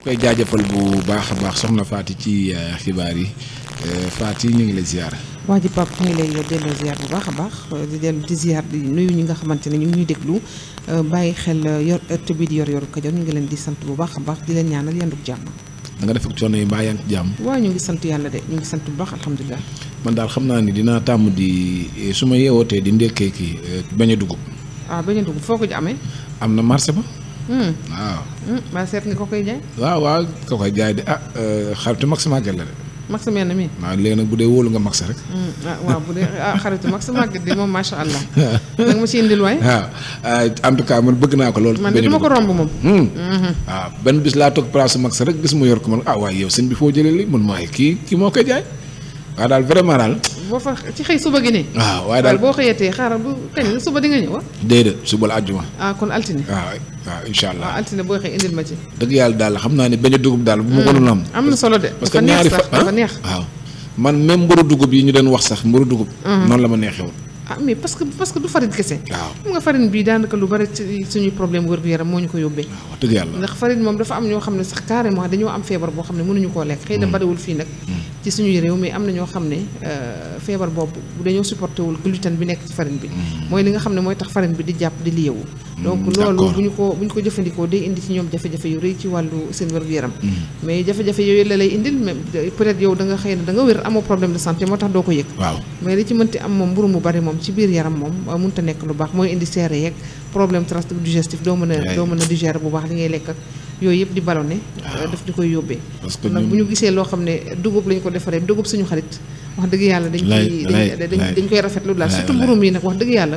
koy jaajëfal bu baax a baax soxna Faty ci euh, xibaar yi euh, Faty ñu ngi la ziar. waa ji Pape ñu ngi lay delloo ziar bu baax a baax di dellu di ziar di nuyu ñi nga xamante ne ñu ngi ñuy déglu euh, bàyyi xel yor ëtt bi di yor yoru Kajoor ñu ngi leen di sant bu baax a baax di leen ñaanal yenduk jàmm. da nga def ak coono yi mbaa yaa ngi ci jàmm. waaw ñu ngi sant yàlla de ñu ngi sant bu baax alhamdulilah. man daal xam naa ni dina tàmm di su ma yeewootee di ndekkee kii bañ dugub. ah bañ a am na marché ba. Hmm. waaw. maa hmm, seet nga ko koy jaay. waaw waaw ko koy jaay de ah euh, xaritu Max Maguette la de. Max meen waaw léegi nag bu dee wóolu nga Max rek. Hmm, ah waaw bu dee ah xaritu Max Maguette de moom macha ma siy ah, en tout cas bëgg naa ko lool. man de duma ko romb moom. waaw mhm. ah, benn bis laa toog place Max rek gis mu ko man ah waaye yow sëñ bi foo jëlee li man mooy kii kii moo koy jaay. waaw daal vraiment daal. boo fa ci xëy suba gi ne. waaw ah, waaye daal boo xëyatee xaaral bu kañ suba di ñëw ah. déedéet suba la àjjuma. kon altine. waaw. waaw incha allah waaw altine boo xëy indil ma ci. dëgg yàlla daal xam naa ne benn dugub daal. bu ma ko doon am. Hmm, am na solo de parce que ah? neex waaw man même mburu dugub yi ñu doon wax sax mburu dugub. Hmm. noonu la ma neexee woon. ah mais parce que parce que du farine kese. waaw xam nga farine bii daanaka lu bari suñu suñuy problème wér gu yaram moo ñu ko yóbbee. waaw yàlla ndax farine moom dafa am ñoo xam ne sax carrément dañoo am feebar boo xam ne mënuñu koo lekk. xëy na hmm. bariwul fii nag ci suñuy réew mais am na ñoo xam ne euh, feebar boobu dañoo supporté wul gluten bi nekk ci farine bi. Mm. mooy li nga xam ne mooy tax farine bi di jàpp di liyewu. Mm, donc loolu bu ñu ko bu ñu ko jëfandikoo day indi ci ñoom jafe-jafe yu rëy ci wàllu seen wér-gu-yaram. Mm. mais jafe-jafe yooyu la lay indil même yow da nga xëy na da nga wér amoo problème de santé moo tax doo ko yëg. waaw mais li ci mënti am moom mburu mu bari moom ci biir yaram moom euh, mënut a nekk lu baax mooy indi seere yeeg problème tract digestif doo mën a. doo mën a digérer bu baax li ngay lekk yooyu yëpp di ballonné ah. daf ñu koy yóbbee parce que nag bu ñu gisee loo xam ne dugub lañ ko defaree dugub suñu xarit wax dëgg yàlla dañ koy dañ koy rafetlu daal surtout mburum yi wax dëgg yàlla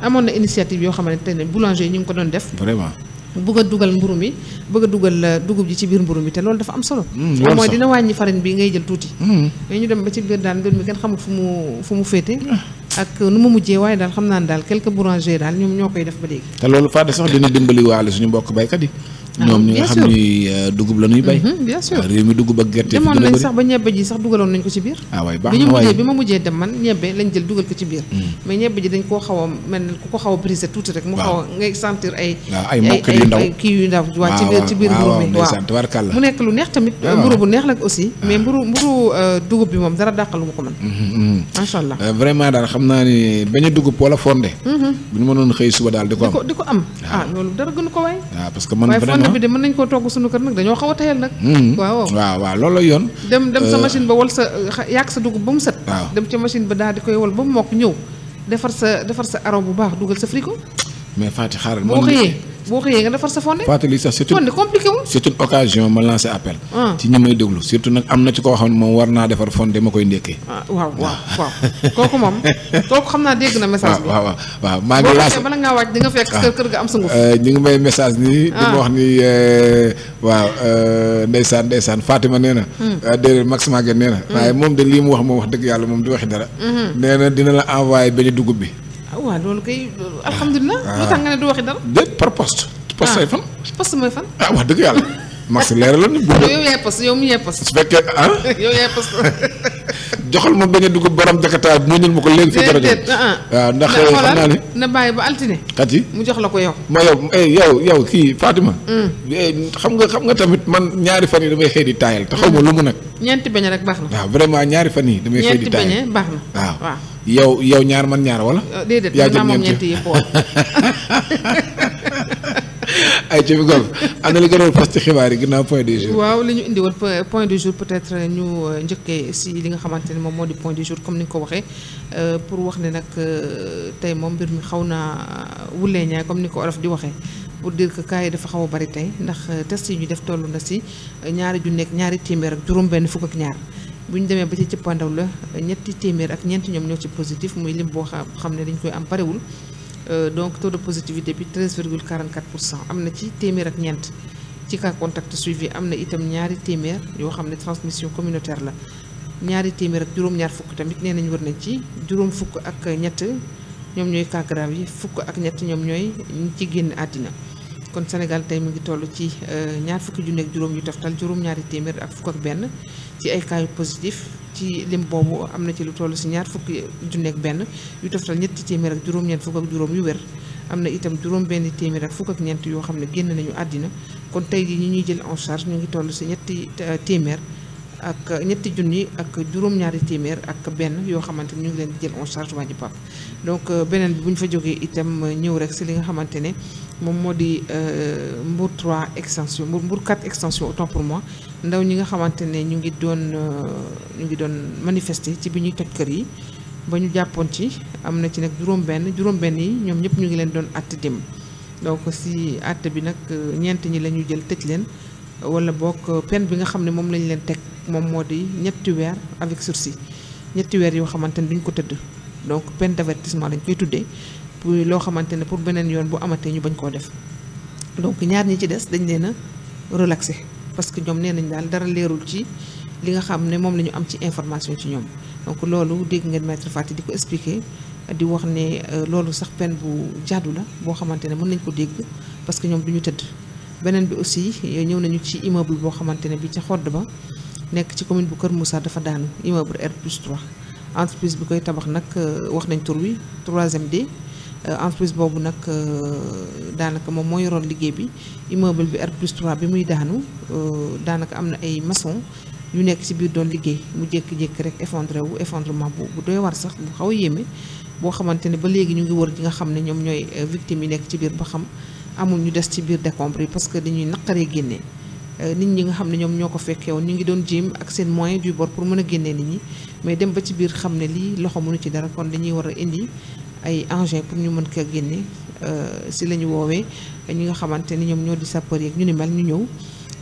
amoon na initiative yoo xamante ne boulanger yi ñu ngi ko doon def vraiment bëgg a dugal mi bëgg dugal euh, dugub ji ci biir mburu mi te loolu dafa am solo a mm, mooy dina wàññi farine bi ngay jël tuuti mm. mais ñu dem ba ci biir daal mbir mi xamul fu mu fu mu féete ah. nu mu mujjee waaye daal xam naa ne daal quelques boulangers daal ñoom ñoo koy def ba léegi te loolu fàtte sax dina dimbali waale suñu mbokk baykat yi ñoom ñi nga xam ni dugub la ñuy bay bien sûr réew mi dugub ak gerte demoon nañ sax ba ñebbe ji sax dugaloon nañ ko ci biir ah waay baax na waay bi ma mujjee dem man ñebbe lañ jël dugal ko ci biir hmm. mais ñebbe ji dañ koo xaw a mel ku ko xaw a brisé tuuti rek mu xaw a ngay sentir ay ay mokk yu ndaw kii yu ndaw waa ci biir ci biir mburu mi waaw mu nekk lu neex tamit ah. ah. mburu bu neex la aussi mais mburu mburu eh, dugub bi moom dara dàqalu ma ko man macha mhm, mhm. eh, vraiment daal xam ni bañ dugub wala fonde mhm. bu ñu mënoon suba daal di am di ko am ah. ah loolu dara gënu ko waay waaw parce que man xamante bi de mën nañ koo togg sunu kër nag dañoo xaw a tayal nag hmm. waaw waaw waaw loolu la yoon dem dem sa euh, machine ba wal sa yàq sa dugub ba mu set dem ca machine ba daal di koy wal ba mu mokk ñëw defar sa defar sa araw bu baax dugal sa frigo mais Fatick xaaral boo xëyee boo xëyee nga defar sa fonde. Fatick sax c'est une compliqué wul. c'est occasion ma lancer appel. Ah. ci ñi may déglu surtout nag am na ci ko xam moom war naa defar fonde ma koy ndékkee. ah waaw waaw waaw kooku moom waaw maa ngi lancé boo bala ngaa waaj di nga fekk kër ah. kër ga am sunguf. Euh, ñu ngi may message nii. Ah. di ma wax ni euh, waaw euh, ndeysaan ndeysaan Fatima nee na. Hmm. déedéet Max Maguette nee hmm. waaye moom de lii mu wax moom wax dëgg yàlla moom di waxi dara. Hmm. nee dina envoyé benn dugub bi waaw loolu kay alhamdulilah. waaw ah. lu tax nga ne du waxi dara. déet par poste. poste ah. ay fan. poste mooy fan. ah wax dëgg yàlla. Max leeraloon bu yow yaay poste yow mu yaay poste. su fekkee ah. yow yaay poste. joxal ma bañ a dugg borom Jakarta mu ñëw ma ko léegi. fii dara waaw ah, ndax eh, xam naa ne na bàyyi ba altine. kat yi mu jox la ko yow. ma yow eh, yow yow kii Fatima. Mm. Eh, xam nga xam nga tamit man ñaari fan yi damay xëy di taayal. te xaw ma lu mu nag. ñeenti bañ rek baax na. waaw vraiment ñaari fan yi damay xëy di taayal ñeenti bañ baax na waaw. yow yow ñaar man ñaar wala. Euh, déedéet man moom ñeenti yi bool ay ci bi golf am na li gënoon fas ci xibaar yi ginnaaw point du jour. waaw li ñu indi woon point du jour peut-être euh, ñu euh, njëkkee si li nga xamante ne moom moo di point du jour comme ni nga ko waxee pour wax ne nag tey moom mbir mi xaw naa wulee ñaay comme ni ko olof di waxee. pour dire que yi dafa xaw a bari tey ndax test yi ñu def tollu na si ñaari ju nekk ñaari téeméer ak juróom-benn fukk ak bu ñu demee ba ci cëppandaw la ñetti téeméer ak ñeenti ñoom ñoo ci positif muy lim boo xam ne dañ koy am parewul euh, donc taux de positivité bi 13 virgule 44 pour cent am na ci téeméer ak ñeent ci cas contact suivi am na itam ñaari téeméer yoo xam ne transmission communautaire la ñaari téeméer ak juróom-ñaar fukk tamit nee nañu war nañ ci juróom fukk ak ñett ñoom ñooy cas yi fukk ak ñett ñoom ñooy ñi ci génn àddina kon Sénégal tey mu ngi toll ci euh, ñaar fukki junneeg juróom yu toftal juróom-ñaari téeméer ak fukk ak benn ci ay cas yu positif ci lim boobu am na ci lu toll si ñaar fukki junneeg benn yu toftal ñetti téeméer ak juróom fukk ak juróom am na itam juróom benn téeméer fukk ak yoo xam ne génn nañu àddina kon tey jii ñi ñuy jël en charge ñu ngi toll si ñetti euh, téeméer ak ñetti junni ak juróom-ñaari téeméer ak benn yoo xamante ni ñu ngi leen di jël en charge waa ji pap donc euh, beneen bi bu ñu fa jógee itam ñëw rek si li nga xamante ne moom moo di euh, Mbour 3 extension mbur Mbour 4 extension autant pour mois ndaw ñi nga xamante ne ñu ngi doon euh, ñu ngi doon manifester ci bi ñuy toj kër yi ba ñu jàppoon ci am na ci nag juróom-benn juróom-benn yi ñoom ñëpp ñu ngi leen doon àtte dem donc si àtte bi nag euh, ñeent ñi la ñu jël tëj leen wala boog peine bi nga xam ne moom lañu leen teg moom moo di ñetti weer avec sursis ñetti weer yoo xamante ne duñ ko tëdd donc peine d'avertissement lañ koy tuddee. loo xamante ne pour beneen yoon bu amatee ñu bañ koo def donc ñaar ñi ci des dañ leen a relaxé parce que ñoom nee nañ daal dara leerul ci li nga xam ne moom la ñu am ci information ci ñoom donc loolu dégg ngeen maître Faty di ko expliquer di wax ne euh, loolu sax peine bu jaadu la boo xamante ne mën nañ ko dégg parce que ñoom du ñu tëdd beneen bi aussi ñëw nañu ci immeuble boo xamante ne bi ca xodd ba nekk ci commune bu Kër Moussa dafa daanu immeuble R plus 3 bi koy tabax nag euh, wax nañ tur wi 3 Euh, entreprise boobu nag euh, daanaka moom moo yoroon liggéey bi immeuble bi R plus bi muy daanu euh, daanaka am na ay maçon yu nekk ci biir doon liggéey mu jékki-jékki rek effondré wu effondrement bu bu doy war sax bu xaw a yéeme boo xamante ne ba léegi ñu ngi wër ji nga xam ne ñoom ñooy victimes yi nekk ci biir ba xam amul ñu des ci biir décombres yi parce que dañuy naqaree génnee nit ñi nga xam ne ñoom ñoo ko fekkee woon ñu ngi doon jéem ak seen moyen du bord mën a génnee nit ñi mais dem ba ci biir xam ne lii loxo mënu ci dara kon dañuy war a indi ay engins pour ñu mën ko génne euh, si la ñu woowee ñi nga xamante ni ñoom ñoo di sapeur yeeg ñu ni mel ñu ñëw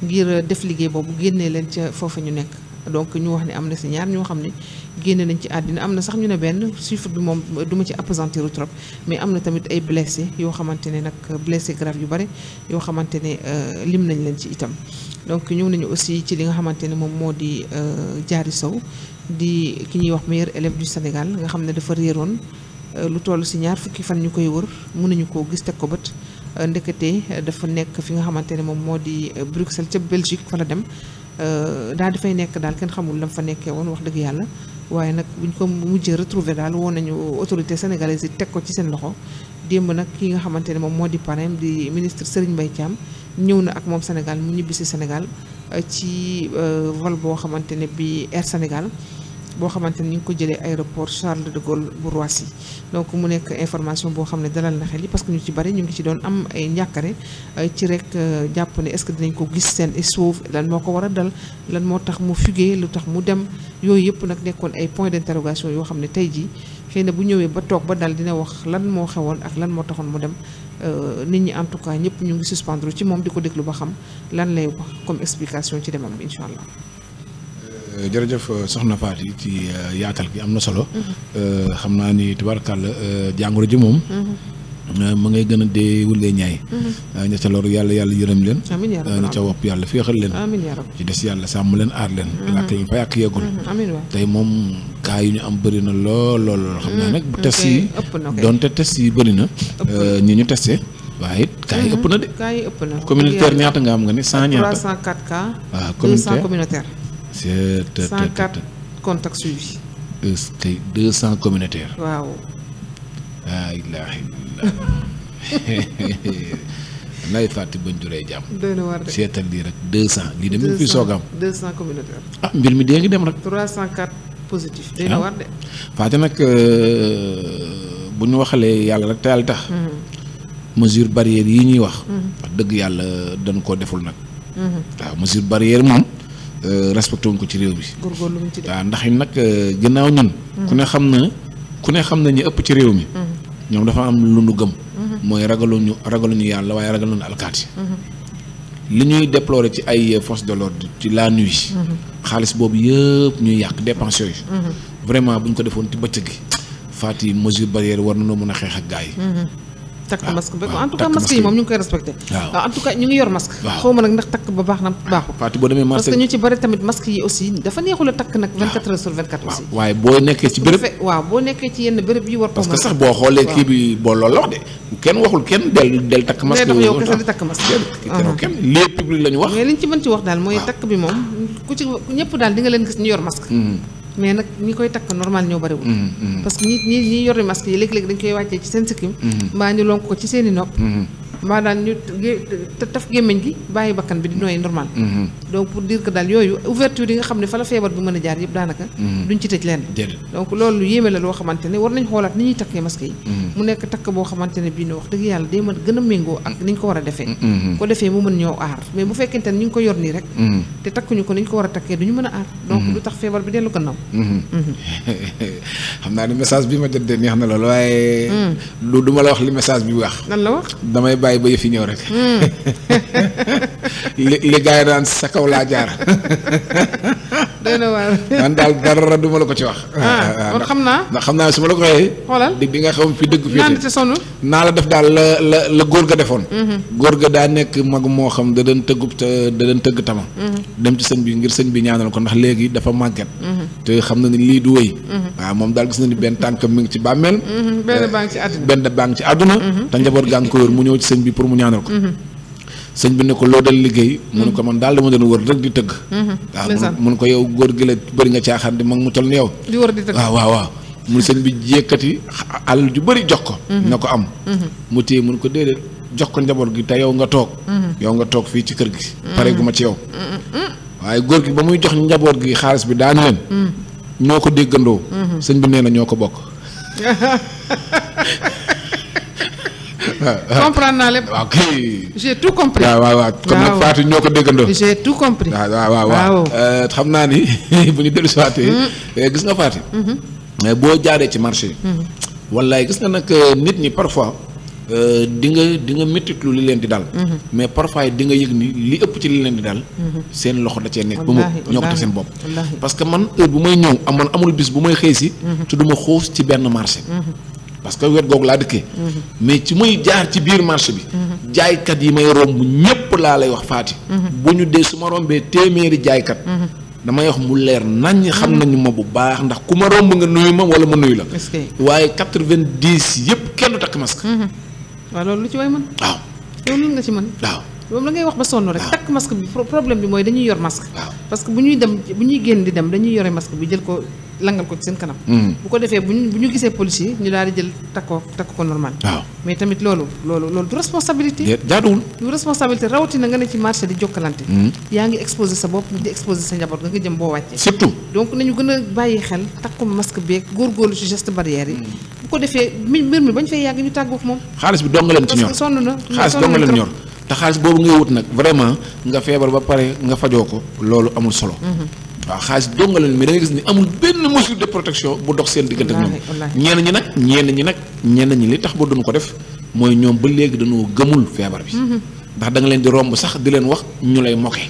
ngir def liggéey boobu génnee leen ca foofa ñu nekk donc ñu wax ni am na si ñaar ñoo xam ne génne nañ ci àddina am na sax ñu ne benn chiffre bi moom du ma ci appesantir trop mais am na tamit ay blessé yoo xamante ne nag blessé grave yu bare yoo xamante ne euh, lim nañ leen ci itam donc ñëw nañu aussi ci li nga xamante ne moom moo di jaari euh, sow di ki ñuy wax meilleur élève du Sénégal nga xam ne dafa réeroon Euh, lu toll si ñaar fukki fan ñu koy wër nañu koo gis teg ko bët euh, ndekete euh, dafa nekk fi nga xamante ne moom moo di Bruxelles ca Belgique fa la dem daal dafay nekk daal kenn xamul lam fa nekkee woon wax dëgg yàlla waaye nag buñ ko mujjee retrouver daal woon nañu autorité sénégalaise yi teg ko ci seen loxo démb nag ki nga xamante ne moom moo di parrain di ministre Serigne mbay Thiam ñëw na ak moom Sénégal mu ñibbi si Sénégal ci vol boo xamante ne bi Air Sénégal boo xamante ni ñu ngi ko jëlee aéroport Charles de Gaulle bu Roissy donc mu nekk information boo xam ne dalal na xel yi parce que ñu ci bari ñu ngi ci doon am ay njàkkare ci rek euh, jàpp ne est-ce que dinañ ko gis seen et lan moo ko war a dal lan moo tax mu fugee lu tax mu dem yooyu yëpp nag nekkoon ay point d'interrogation yoo xam ne tey jii xëy bu ñëwee ba toog ba dal dina wax lan moo xewoon ak lan moo taxoon mu dem euh, nit ñi en tout cas ñëpp ñu ngi suspendre ci moom di ko déglu ba xam lan lay wax comme explication ci demam incha allah Euh, jërëjëf euh, soxna yi ci euh, yaatal gi am na solo. xam naa ni kàll jàngoro ji moom. mu ngay gën a dee wullee ñaay mm-hmm. ña ca loru yàlla yàlla yërëm leen ña ca wopp yàlla féexal leen ci des yàlla sàmm leen aar leen làkk mm-hmm. yi fa yàq yeegul mm-hmm. tey moom kaa yi ñu am bëri na lool lool lool xam naa nag bu test yi donte test yi bëri na ñi ñu testé waaye it kaa yi ëpp na de communautaire ñaata nga am nga ne cent ñaata 304 cas c'est 104 contacts suivis. tey 200 communautaires. waaw. ah ilaahi nay fàtte bañ juree jàmm. doy na de seetal lii rek 200. lii de mi ngi fi soog am 200 communautaires. ah mbir mi dee ngi dem rek. na ah. war de. fàtte nag euh, bu ñu waxalee yàlla rek te yàlla tax. Mm-hmm. mesure barrière yi ñuy wax. Mm-hmm. wax dëgg yàlla dañ koo deful nag. Mm-hmm. waaw mesure barrière moom. Euh, respecté wuñ ko ci réew bi waaw ndax it nag euh, ginnaaw ñun mm-hmm. ku ne xam na ku ne xam na ñu ëpp ci réew mi mm-hmm. ñoom dafa am lu nu gëm mm-hmm. mooy ragaluñu ñu yàlla waaye ragaluñu alkaati li ñuy déplorer ci ay force de l'ordre ci la nuit xaalis boobu yëpp ñuy yàq dépense yooyu vraiment bu ñu ko defoon ci bëccëg gi faat yi mesure barrière war na noo mën a xeex ak gars yi takk masque ba en tout cas masque yi moom ñu ngi koy respecté waaw en tout cas ñu ngi yor masque xaw nag ndax takk ba baax na baaxul a waaye boo nekkee ci béréb waaw boo nekkee ci yenn béréb yi war ko parce que sax boo xoolee kii bi boo loolu de kenn waxul kenn del del takk masque yow di takk uh-huh. kenn les public la wax mais liñ ci mën ci wax daal mooy takk bi moom ku ci ñëpp daal di leen gis ñu yor masque mm-hmm. mais nag ñi koy takk normal ñoo bëriwul mm, mm. parce que ñi ñi ñi yori masque yi léeg-léeg dañ koy wàccee ci seen sikkim mm-hmm. mbaa ñu lonk ko ci seen i nopp mm-hmm. maanaam ñu taf gémmiñ gi bàyyi bakkan bi di nooy normal mm-hmm. donc pour dire que daal yooyu ouverture yi nga xam ne fa la feebar bi mën a jaar yëpp daanaka mm-hmm. duñ ci tëj leen donc loolu yéeme la mm-hmm. a méngoo ak ni ñu ko war a defee ko defee mu mën ñoo aar mais bu fekkente ne ñu ngi ko yor nii rek te takkuñu ko ni ko war a takkee duñu mën a aar donc lu bi dellu gannaaw xam naa ni na loolu waaye mm. lu du ma la wax li message bi wax lan la wax damay bàyyi ba yëf ñew rek li gaay daan sa kaw la jaar man dal dara duma ma la ko ci wax ah, ah, ah, kon xamna da xamna suma naa su ma la ko waxee xoolal di nga xam fi dëgg fii na la def dal le le gor ga defon mhm. gor ga da nek mag mo xam da doon tëggub te da doon tëgg tama mhm. dem ci sëñ bi ngir sëñ bi ñaanal ko ndax legi dafa màgget mhm. te xamna ni li du wéy waaw mom dal gis na ni ben tank mi ngi ci bàmmeel ben bank ci aduna ben bank ci aduna ta ko gankor mu ñew ci sëñ sëñ bi pour mu ñaanal ko. sëñ bi ne ko loo dal liggéey. mu ne ko man daal dama doon wër rek di tëgg. waaw mu ne ko yow góor gi la bëri nga caaxaan di mag mu toll ni yow. di wër di tëgg waaw waaw waaw. mu sëñ bi yëkkati alal ju bëri jox ko. Mm-hmm. na ko am. Mm-hmm. mu téye mu ne ko déedéet jox ko nga mm-hmm. ba ko déggandoo. sëñ bi nee na ñoo ko bokk. comprendre naa lépp. j'ai tout compris. waaw waaw waaw comme nag Fatou ñoo ko déggandoo. j'ai tout compris. waaw waaw waaw euh, xam naa ni bu ñu dellusiwaatee. Mm. Euh, gis nga Fatou. mais mm-hmm. euh, boo jaaree ci marché. Mm-hmm. wallaay gis nga nag nit ñi parfois. di nga di nga méttitlu li leen di daal. Mm-hmm. mais parfois di nga yëg ni li ëpp ci li leen di daal. seen loxo da cee nekk ba mu ñoo ko tax seen parce que man heure bu may ñëw man amul bis bu may xëy si. te du ma xuus ci benn marché. parce laa dëkkee. mais ci muy jaar ci biir marché bi. jaaykat yi may romb ñépp laa lay wax faati. bu ñu dee su ma rombee téeméeri jaaykat. damay wax mu leer naññ xam nañu ma bu baax ndax ku ma romb nga nuyu ma wala ma nuyu la. waaye quatre-vingt-dix yépp kenn du takk masque. waaw loolu lu ci way mën. waaw loolu nga ci mën. waaw moom la ngay wax ba sonn rek. takk masque bi problème bi mooy dañuy yor masque. parce bu ñuy dem bu ñuy génn di dem dañuy yore masque bi langal ko ci seen kanam. Mm. bu ko defee bu ñu bu ñu gisee police yi ñu daal di jël ko takk ko normal. waaw mais tamit loolu loolu loolu du responsabilité. jaaduwul du responsabilité rawatina nga ne ci marché di jokkalante. Mm. yaa ngi exposé sa bopp di exposé sa njaboot nga nga jëm boo wàccee. surtout donc nañu gën a bàyyi xel takkum masque beeg góorgóorlu ci geste barrière yi. Mm. bu ko defee mbir mi bañ fay yàgg ñu tàggoog moom. xaalis bi dong leen ci ñor parce que sonn na xaalis dong leen ñor. xaalis boobu ngay wut nag vraiment nga feebar ba pare nga fajoo ko loolu amul solo. Mm-hmm. waaw xaalis dong nga leen mais da nga gis ni amul benn mesure de protection bu dox seen diggante ak ñoom ñenn ñi nag ñenn ñi li tax ba duñu ko def mooy ñoom ba léegi dañoo gëmul feebar bi mm-hmm. ndax da nga leen di romb sax di leen wax ñu lay moke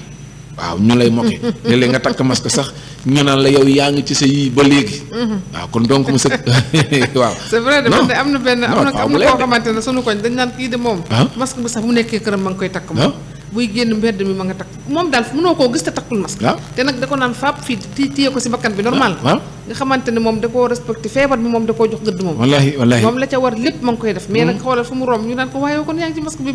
waaw ñu lay moke léeg-léeg nga takk masque sax ñu naan la yow yaa ngi ci sa yii ba léegi mm-hmm. waaw kon donc mu sëg waaw c'est vrai de am na benn am na koo xamante ne sunu koñ dañ naan kii de moom ah? masque bi sax mu nekkee këram buy génn mbedd mi ma nga takk moom daal mënoo koo gis te takkul masque te nag da ko naan faap fii ti ko si bakkan bi normal nga xamante ne moom da koo respecté feebar bi moom da koo jox gëdd moom ma ngi hmm. ko waaye ko ah. ne gis nga ci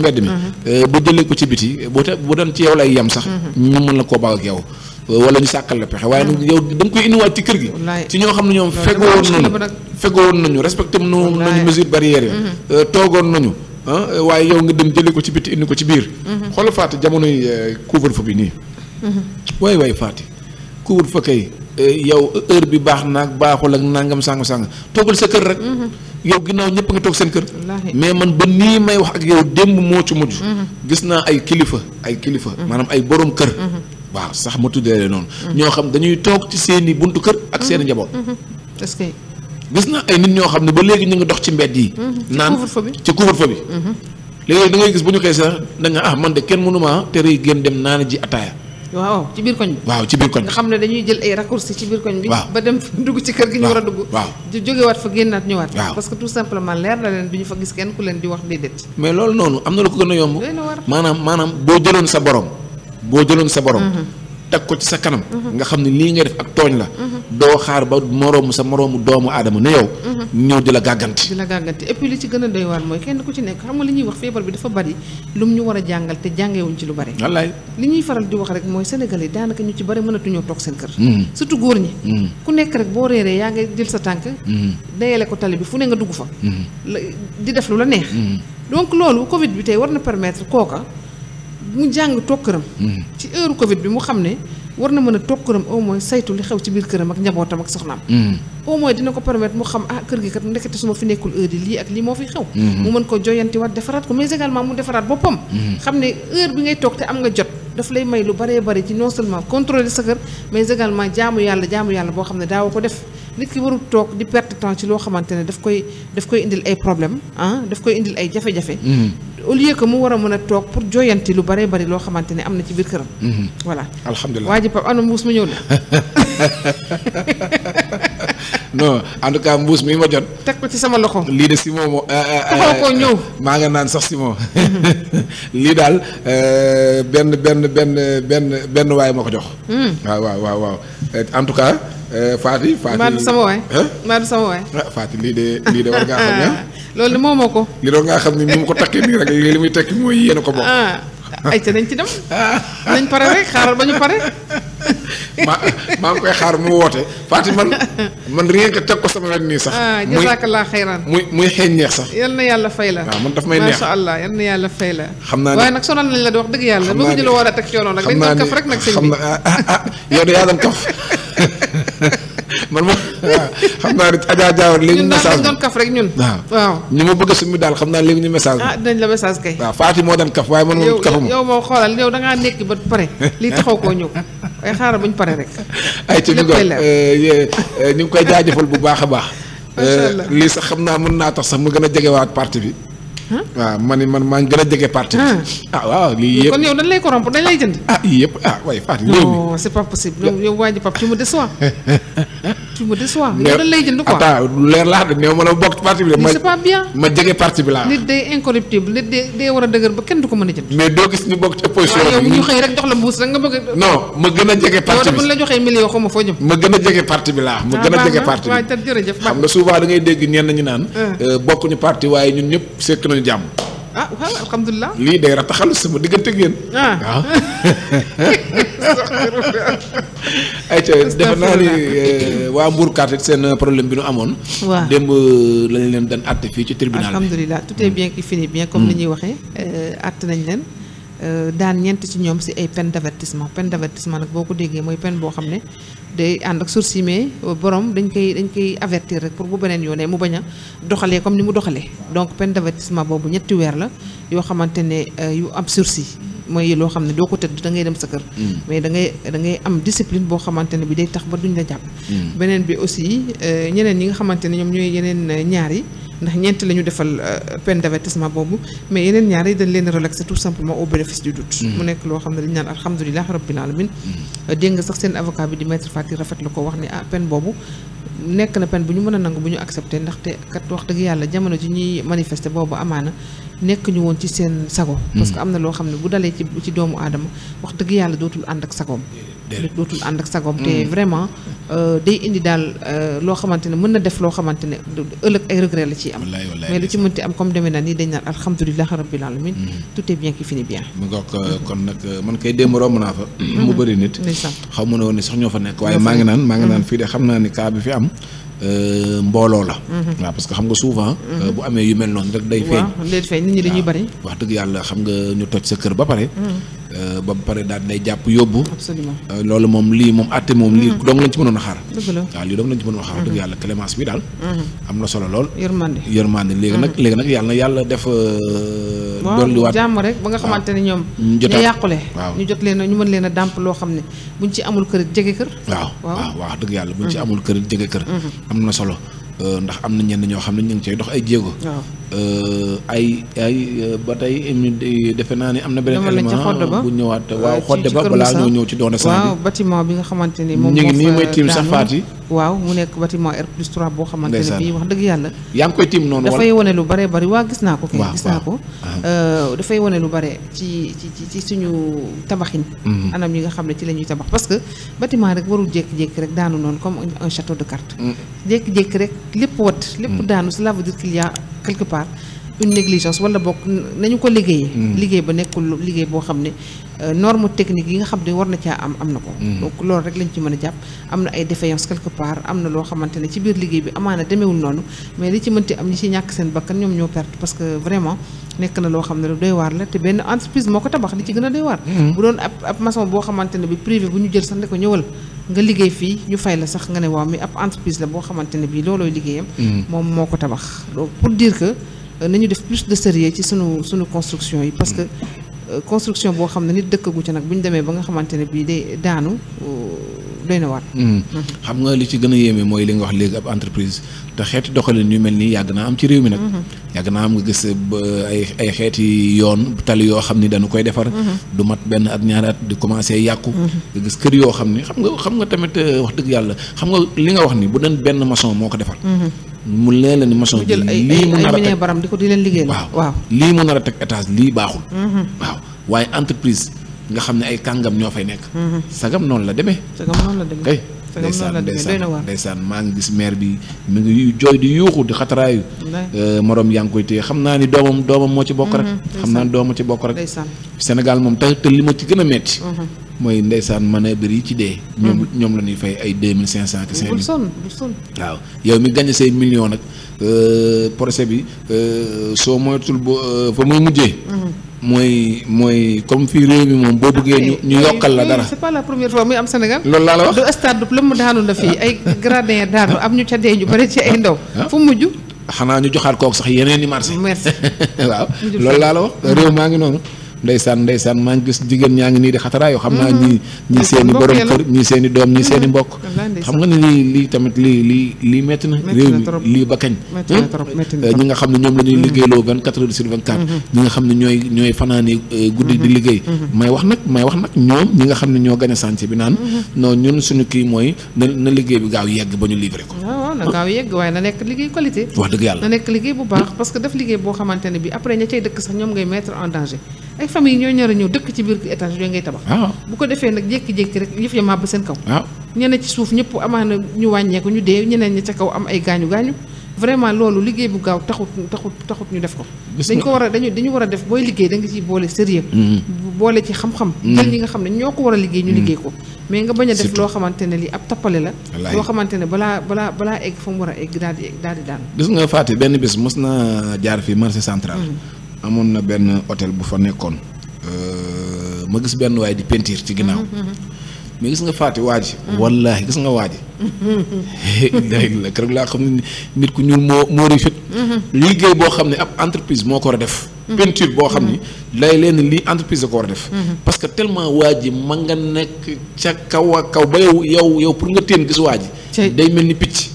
mbedd mi hmm. eh, ba jëlee ko ci biti eh, bu doon ci yow lay yem sax hmm. ñu mën la koo baax ak wala ñu sàkkal la pexe waaye ah. da nga koy indiwaat ci kër ne ñoom fegoon nañu fegoon nañu respecté nañu mesure barrière yi mm-hmm. euh, ah, waaye yow nga dem jëli ko ci bitti indi ko ci biir mm-hmm. xoolal Fatou jamonoy euh, couvre-feu bi nii mm-hmm. waay waay Fatou couvre-feu kay euh, yow heure bi baax naag baaxul ak nangam sàng-sàng toogal sa kër rek yow ginnaaw ñëpp nga toog seen kër mais man ba nii may wax ak yow démb moo ci mujj gis naa ay kilifa ay kilifa maanaam ay borom kër waaw sax ma tuddee leen noonu. ñoo xam dañuy toog ci seen i buntu kër ak seen i mhm. njaboot. Mhm. est-ce ñu ngi dox ci mbedd yi. Mhm. naan ci couvre-feu bi. léeg-léeg da ngay gis bu ah bi. waaw ci a dugg. waaw di leer na leen bi ñu fa gis kenn ku leen di wax déedéet. mais loolu noonu am na lu ko gën a yomb. maanaam maanaam boo jëloon sa borom. boo jëloon sa borom. Mhm. teg ko ci sa kanam. Mhm. nga xam ne lii nga def ak tooñ la. Mhm. doo xaar ba moroomu sa moroomu doomu aadama ne yow. ñëw di la gàggante di la gàggante et li ci gën a doy waar mooy kenn ku ci nekk xam nga li ñuy wax feebar bi dafa bari lum ñu war a jàngal te jàngewuñ ci lu bari. wallaay li ñuy faral di wax rek mooy sénégalais daanaka ñu ci bari mënatuñoo toog seen kër. surtout góor ñi. ku nekk rek boo réeree yaa ngi jël sa tànk. dayale ko tali bi fu ne nga dugg fa. di def lu la neex. donc loolu Covid bi tey war na permettre kooka. mu jàng toog këram. Hmm. ci heure Covid bi mu xam ne war na mën a toog këram au moins saytu li xew ci biir këram ak njabootam ak soxnaam. Hmm. au moins dina ko permettre mu xam ah kër gi kat ndekete su ma fi nekkul heure yi lii ak lii moo fiy xew. Hmm. mu mën ko joyantiwaat defaraat ko mais également mu defaraat boppam. xam ne heure bi ngay toog te am nga jot. daf lay may lu baree bari ci non seulement contrôler sa kër mais également jaamu yàlla jaamu yàlla boo xam ne daawoo ko def. nit ki warul toog di perte temps ci loo xamante ne daf koy daf koy indil ay problème ah daf koy indil ay jafe-jafe. Mm-hmm. au lieu que mu war a mën a toog pour jooyanti lu bare bari loo xamante ne am na ci biir këram. Mm-hmm. voilà alhamdulilah waa ji na. non en tout cas mi ma jot. teg ko ci sama loxo. lii de Simon moo. Eh, eh, eh, maa nga naan sax Simon mm-hmm. daal benn benn benn benn benn waay ma ko mm. waaw waaw waaw en tout cas. Eh, Fati, Fati, Mbadou sama waay. Mbadou sama waay. ah Faati de li de war ngaa xam ne ya? loolu de moomoo ko. lii de war ngaa xam ne ni mu ko takkee nii rek li muy tekki mooy yéen ko bokk. Ah, ay ca dañ ci dem. nañ pare rek xaaral ba ñu pare. ma maa ngi koy xaar mu woote Faati man man rien que teg ko sama wet nii sax. Ah, muy jazakallah xayran muy muy xeeñ neex sax. yal na fay la. Ah, man daf may neex macha allah yal yalla yàlla fay la. xam naa ne waaye nag sonal nañ la de wax dëgg yàlla. xam naa ne bëgguñu la war a teg dañ doon kaf rek nag sëñ bi. xam naa ah ah kaf man ma xam naa ne Adja Diawara léegi ñu message doon kaf rek ñun waaw ñu ma bëgg a summi daal xam naa léegi ñu message ah dinañ la message kay waaw Faati moo daan kaf waaye man moom kafuma yow moo xoolal yow da ngaa nekk ba pare lii taxaw koo ñëw waaye xaaral buñ pare rek ay ci bigo euh, euh, ñu ngi koy jaajëfal bu baax a baax euh, lii sax xam naa mën naa tax sax mu gën a jegewaat parti bi waaw ma ne man maa ngi gën a jege parti ah waaw lii yëpp kon yow dañ lay corrompre dañ lay jënd. ah yii yëpp ah waaye Fatou. non c'est pas possible yow waa ji Pape tu me déçois. tu me déçois yow dañ lay jënd quoi attends lu leer laa xam ne ma la bokk ci parti bi de. ma c'est pas bien ma jege parti bi laa. nit day incorruptible nit day day war a dëgër ba kenn du ko mën a jënd. mais doo gis ñu bokk ci opposition bi. ñu xëy rek jox la mbuus rek nga bëgg a. non ma gën a jege. parti bi loolu la joxee million xaw ma foo jëm. ma gën a jege parti bi laa. ma ah, gën a jege parti bi waaw waaw waaw jërëjëf. xam nga souvent da ngay dégg ñenn ñu naan. Ah. Euh, bokkuñu parti waaye ñun ñëpp sekk nañu jàmm ah waaw alhamdulilah. lii day rataxal sama diggante ak yéen. ah, ah. ay ca defe naa ni eh, waa Mbour carte seen eh, problème bi nu amoon. waaw eh, lañ leen Dan àtte fii ci tribunal bi. tout est bien qui finit bien. comme hmm. ni nañ leen. daan ci ay peine d'avertissement peine d'avertissement nak boko déggé moy peine bo xamné day ànd ak sursis mais borom dañ koy dañ koy avertir rek pour bu beneen yoonee mu bañ a doxalee comme ni mu doxalee donc peine d'avertissement boobu ñetti weer la yoo xamante ne euh, yu am sursis moy lo xamne do ko tedd da ngay dem sa kër mm. mais da ngay da ngay am discipline bo xamante bi day tax ba duñ la japp mm. benen bi aussi euh, ñeneen yi nga xamante ñom ñoy yeneen euh, ñaar yi ndax ñent lañu defal euh, peine d'avertissement bobu mais yeneen ñaar yi dañ leen relaxer tout simplement au bénéfice du doute mm. mu nek lo xamne dañ naan alhamdulilah rabbil alamin dégg nga sax seen avocat bi di maître Fati rafet lako wax ni ah, peine bobu nek na peine bu ñu mën a bu ñu kat wax deug yalla jamono ci ñi manifester bobu amana nek ñu won ci sen sago parce que hmm. amna lo loo bu dalé ci ci doomu adam wax dëgg yàlla dootul ànd ak sagoom dootul ànd ak sagoom te hmm. vraiment euh, day indi dal euh, lo xamante ne mën def lo xamante ne ëllëg ay regret la ci am mais lu ci mënti am comme demee na ni dañ na alhamdoulillah rabbil alamin hmm. tout est bien qui finit bien mu nga euh, kon nak man kay dem romb naa fa mu bari nit xaw mu ne sax ño fa nek waaye ma ngi naan ma ngi naan fi de xamna ni ka bi fi am Euh, mbooloo la. waaw parce que xam nga souvent. Euh, bu amee yu mel noonu rek day. feeñ waaw nit ñi dañuy bari. wax dëgg yàlla xam nga ñu toj sa kër ba pare. Mm. Euh, ba pare daal di lay jàpp yóbbu. Euh, loolu moom lii moom àtte moom lii hmm. dong lañ ci mënoon a xaar. waaw lii dong lañ ci mënoon a xaar dëgg hmm. yàlla clémence bi daal. Hmm. am na solo lool. yërmande yërmande léegi nag léegi nag yàlla na yàlla def. Euh, dolliwaat jàmm rek ba nga xamante ne ñoom. ñu jot a yàqule ñu jot a ñu mën leen a dàmp loo xam ne buñ ci amul kër jege kër. waaw waaw waaw dëgg yàlla buñ ci amul kër jege kër. am na solo. ndax am na ñenn ñoo xam ne ñu ngi cay dox ay jéego Euh, ay ay euh, ba tey defe naa ni am na beneen élément bu ñëwaat euh, waaw xodde ba balaa ñoo ñëw ci doone san bi waaw bâtiment bi nga xamante ni moom ñu ngi nii may tiim sax faat yi waaw mu nekk bâtiment R plus 3 boo xamante ne bii wax dëgg yàlla. yaa ngi koy tim noonu dafay wane lu bare bari waa gis naa ko. kay gis naa ah. euh, dafay wane lu bare ci ci ci suñu tabaxin. Mm-hmm. anam yi nga xam ne ci la ñuy tabax parce que bâtiment rek warul jékki-jékki rek daanu noonu comme un de cartes. Mm. jékki-jékki rek lépp wat. lépp mm. daanu cela veut dire qu'il y a quelque part wala bokk nañu ko liggéeyee. Mm. liggéey ba nekkul liggéey boo xam ne. Euh, norme technique yi nga xam ne war na caa am am na ko hmm. donc loolu rek lañ ci mën a jàpp am na ay défaillance quelque part am na loo xamante ne ci biir liggéey bi amaana demeewul noonu mais li ci mënti am ñi ci ñàkk seen bakkan ñoom ñoo perte parce que vraiment nekk na loo xam ne lu doy waar la te benn entreprise moo ko tabax li ci gën a doy waar hmm. bu doon ab ab boo xamante ne bi privé bu ñu jël sax ne ko ñëwal nga liggéey fii ñu fay la sax nga ne waaw mi ab entreprise la ne bii loolooy liggéeyam hmm. moom moo ko tabax donc pour dire que euh, nañu def plus de sérieux ci sunu sunu construction yi construction boo xam ne nit dëkk gu ci nag bu ñu demee ba nga xamante ne bii day daanu euh, doy na waat. Hmm. xam nga li ci gën a yéeme mooy li nga wax léegi ab entreprise te xeeti doxalin yu mel nii yàgg naa am ci réew mi nag. Hmm. yàgg naa am nga gis ay ay xeeti yoon tali yoo xam ni dañu koy defar. Hmm. du mat benn at ñaari at di commencé yàqu. nga gis kër yoo xam ni xam nga xam nga tamit euh, wax dëgg yàlla xam nga li nga wax ni bu doon benn maçon moo ko defar. mu leen la ni maçon bi lii mu nar a teg baram di ko di leen liggéey waaw lii a teg baaxul mm-hmm. waaw waaye entreprise nga xam ne ay kàngam ñoo fay nekk mm-hmm. sagam noonu la demee sagam noonu la demee kay ndeysaan ndeysaan ndeysaan maa ngi gis maire bi mu ngi jooy di yuuxu di xataraayu euh, moroom yaa ngi koy téye xam naa ni doomam doomam moo ci bokk rek mm-hmm. xam naa ni doomam ci bokk rek Sénégal moom te te li ma ci gën a metti mooy ndeysaan manœuvre yi ci dee. ñoom mm-hmm. ñoom la ñuy fay ay deux mille cinq cent. bul sonn bul sonn waaw yow mi gagné say millions nag euh, procès bi euh, soo moytul bo euh, fa muy mujjee. Mm-hmm. mooy mooy comme fii réew mi moom boo bëggee ñu ñu yokkal la dara. c'est pas la première loolu laa la wax du stade du plomb daanu la fii ay gradin daanu am ñu ca dee ñu bari ci ay ah, ndaw. Ah. fu mujj. xanaa ñu joxaat kook sax yeneen i marché. merci waaw loolu laa la wax réew maa ngi noonu. ndeysaan ndeysaan maa ngi gis jigéen ñaa ngi nii di xataraayu xam naa ñii mm-hmm. ñii seen i borom kër ñii i doom ñii seen mm-hmm. mbokk xam nga ne na réew mi lii hmm? eh, ne ñoom la ñuy mm-hmm. liggéeyloo vingt quatre heures sur vingt quatre ñi nga xam ne ñooy ñooy eh, guddi di liggéey may wax nag may wax nag ñoom ñi nga xam ne ñoo gën a bi naan non suñu kii mooy na na liggéey bi gaaw yegg ba ñu livré ko na gaaw yegg waaye na nekk liggéey qualité wax dëgg yàlla na nekk liggéey bu baax ay famille ñooy ñor a ñëw dëkk ci biir étage yooyu ngay tabax. bu ko defee nag jékki-jékki rek yëf ya màbb seen kaw. waaw ñeneen ci suuf ñëpp amaana ñu wàññeeku ñu dee ñeneen ñi ca kaw am ay gaañu gaañu vraiment loolu liggéey bu gaaw taxut taxut taxut ñu def ko. dañ ko war a dañu dañu war a def booy liggéey da nga ciy boole sérieux. Mm-hmm. boole ci xam-xam. Mm-hmm. jël ñi nga xam ne ñoo ko war a liggéey ñu mm-hmm. liggéey ko. mais nga bañ a def loo xamante ne lii ab tappale la. loo xamante ne balaa balaa balaa egg fa war a egg daal di egg daal di daan. gis nga Fatou benn bis mos jaar fii marché central. amoon na benn hôtel bu fa nekkoon euh, ma gis benn waay di peinture ci ginnaaw mais gis nga faati waa ji wallaahi gis nga waa ji la keroog laa xam ne nit boo xam ne ab entreprise moo ko war a def peinture boo xam lay leen lii entreprise da ko war a def parce que waa ji ma nga nekk ca kaw a kaw ba yow yow yow pour nga téen gis waa ji day mel ni picc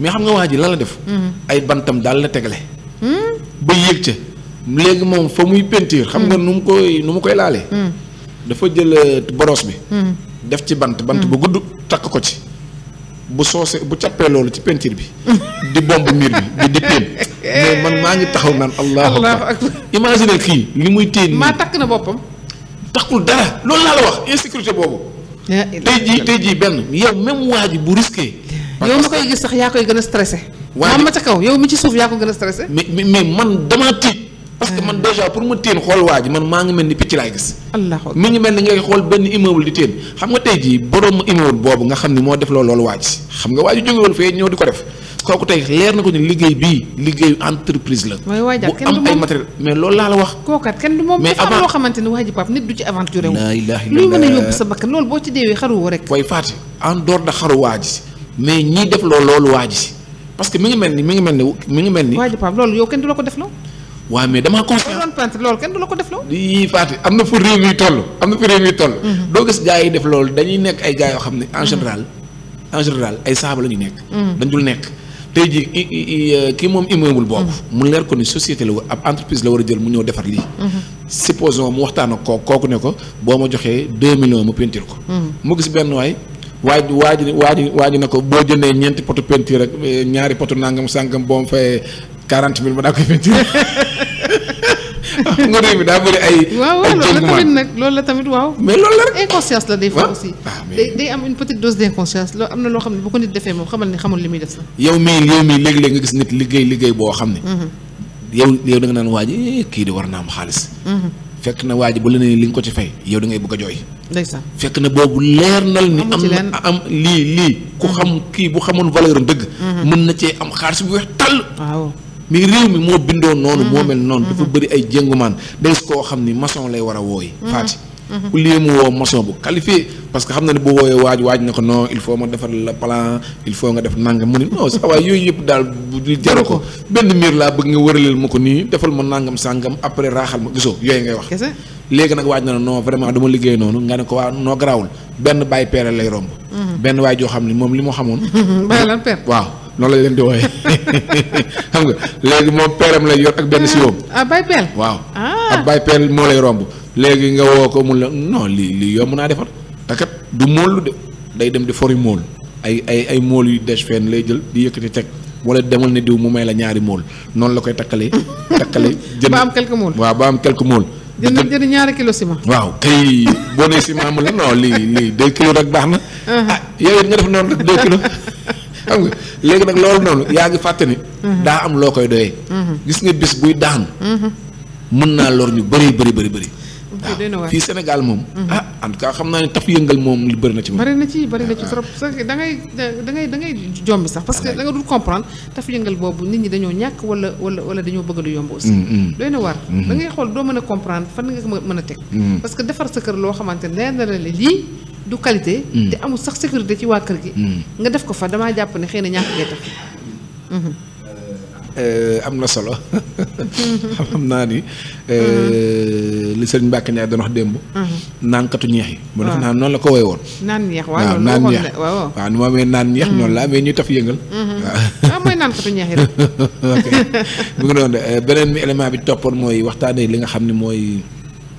mais xam nga waa ji lan la def mm-hmm. ay bantam daal la tegale hmm? ba yéeg ca léegi moom fa muy peinture. xam nga mm. nu mu koy nu mu koy laalee. Mm. dafa jël euh, boros bi. Mm. def ci bant bant bu gudd takk ko ci. bu soosee bu cappee loolu ci peinture bi. di bomb miir bi di di peen. man maa ngi taxaw naan. allahu akbar imagine kii li muy téye maa takk na boppam. takkul dara loolu laa la wax insécurité boobu. tey jii tey jii benn yow même waa ji bu risqué. yow ma koy gis sax yaa koy gën a stressé. waa ma ca kaw yow mi ci suuf yaa ko gën a stressé. mais mais man damaa parce que man déjà pour ma téen xool waa ji man maa ngi mel ni picc laay gis mi ngi mel ni ngay xool benn immeuble di téen xam nga tey jii borom immeuble boobu nga xam ne moo def loolu loolu waa ji xam nga waa ji jógewoon fee ñëw liggéey bii la bu ay matériel mais loolu laa la wax kookat kenn du avant ne waa ji pap nit du ci a loolu boo ci deewee xaruwoo rek koy faati en dehors de xaru waa ji mais ñiy def loolu loolu waa ji parce que mi ngi mel ni mi ngi mel ni mi ngi mel ni waa ji pap loolu yow kenn du la ko def loo waaw mais damaa conscient loolu kenn du la ko def loolu yii Fatou am na fu réew mi toll am na fu réew mi toll mhm. doo gis gars yi def loolu dañuy nekk ay gars yoo xam ne en mhm. général en général ay saaba la nekk mhm. dañ nekk tey jii euh, kii moom immeuble boobu mu leer ko ni société la ab entreprise la war a jël mu ñëw defar lii supposons mu waxtaan kooku ne ko boo ma joxee deux millions mu peinture ko mu gis benn waay waaj waaj waaj waaj na ko boo jëndee ñeenti potu peinture euh, xam nga réew mi daa bëri ay. waaw waaw loolu la tamit nag loolu la tamit waaw. mais loolu la rek inconscience la des fois aussi. Ah, day day am une petite dose d' inconscience loo am na loo xam ne bu ko nit defee moom xamal ni xamul li muy def sax. yow mii yow mii léeg-léeg nga gis nit liggéey liggéey boo xam ne. Mhm. yow yow da nga naan waa eh, kii di war naa am xaalis. Mhm. fekk na waa bu la nee li nga ko ci fay da ngay bëgg a jooy. ndeysaan fekk na leer nal ni am na am lii lii ku mhm. xam kii bu xamoon valeur am dëgg. na cee am xaalis mais réew mi moo bindoo noonu moo mm-hmm. mel noonu mm-hmm. dafa bëri ay jéngumaan da gis koo xam ni maçon lay war a wooy mm-hmm. faati ku lii mu woo maçon bu qualifié parce que xam na ne bu woowee waaj waaj na ko non il yëpp daal bu jaru ko benn miir laa bëgg nga wëraleel ma ko nii defal ma nangam sàngam après raaxal ma gisoo yooyu ngay wax léegi nag waaj na ne non vraiment dama noonu nga ne ko waa noo garaawul benn bàyyi peere lay romb benn waay xam ne moom li moo xamoon waaw noonu la leen di wooyee xam nga léegi moom peeram lay yor ak benn ah, si ah, woom. Ah. ab bay waaw. ab bay peel moo lay romb. léegi nga woo ko mun la non lii lii yomb naa defar te kat du mool day dem di fori mool ay ay ay mool yu des lay jël di yëkkati teg wala demal ne diw mu may la ñaari mool noonu la koy takkalee. takkalee jënd am quelques mool waaw ba am quelques mool. jënd ñaari kilo ciment. waaw tey boo nee mu la non lii lii deux kilos rek baax na. Uh-huh. ah yow nga def noonu rek deux xam nga. léegi nag loolu noonu yaa ngi fàtte ni. Mhm. daa am loo koy doyee. Mhm. gis nga bis buy daanu. Mhm. mën na lor ñu bëri bëri bëri bëri. fii Sénégal moom. Mhm. ah en tout xam naa ne taf yëngal moom li bëri ci moom. bëri na ci bëri na ci ah. trop da ngay da ngay da ngay jombi sax parce que ah. da nga dul comprendre taf yëngal boobu nit ñi dañoo ñàkk wala wala wala dañoo bëgg lu yomb aussi. Mm-hmm. doy na war mm-hmm. da xool doo mën a comprendre fan nga mën a teg. Mm-hmm. parce que defar sa kër loo xamante ne leer na la lii. du qualité. te amul sax sécurité ci waa kër gi. nga def ko fa damaa jàpp ne xëy na ñàkk ngay tax. Eh, am amna solo xam naa ni eh, mm-hmm. li serigne Mbacke Ndiaye doon wax dembu mm-hmm. nan katu ñeex yi. waaw defe naa noonu la ko woy woon. naan ñeex waaw naan ñeex wa wa ni ma amee nan ñeex mm-hmm. non la amee ñu taf yeengal waaw ah, moy nan katu ñeex yi rek. ok ngi noonu eh, benen mi element bi topor moy waxtane li nga xamni moy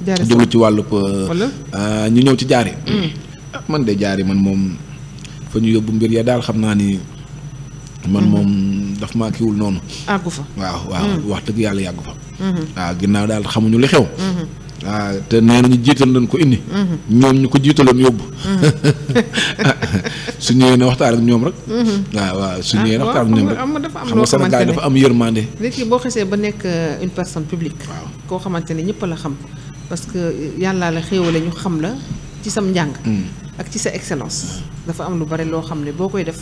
mooy. ci walu wàllub ah, ñu ñew ci jaare mm. ah, man de jaare man mom fa ñu yobbu mbir ya dal xam ni man mom. daf maa kiiwul noonu. àggu fa waaw waaw. Hmm. wax dëgg yàlla yàggu fa. Hmm. waaw ginnaaw daal xamuñu li xew. Hmm. waaw te nee nañu jiital nañ ko indi. ñoom ñu ko jiitaloon yóbbu. su ñëwee na waxtaan ak ñoom rek. waaw waaw su ah, ñëwee na waxtaan ak ñoom rek. dafa am yërmande. nit boo xasee ba nekk euh, une personne publique. koo xamante ne ñëpp la xam. parce que euh, yàllaa la xéewale ñu xam la ci sam njàng. ak ci sa excellence. dafa am lu bari loo xam ne boo koy def.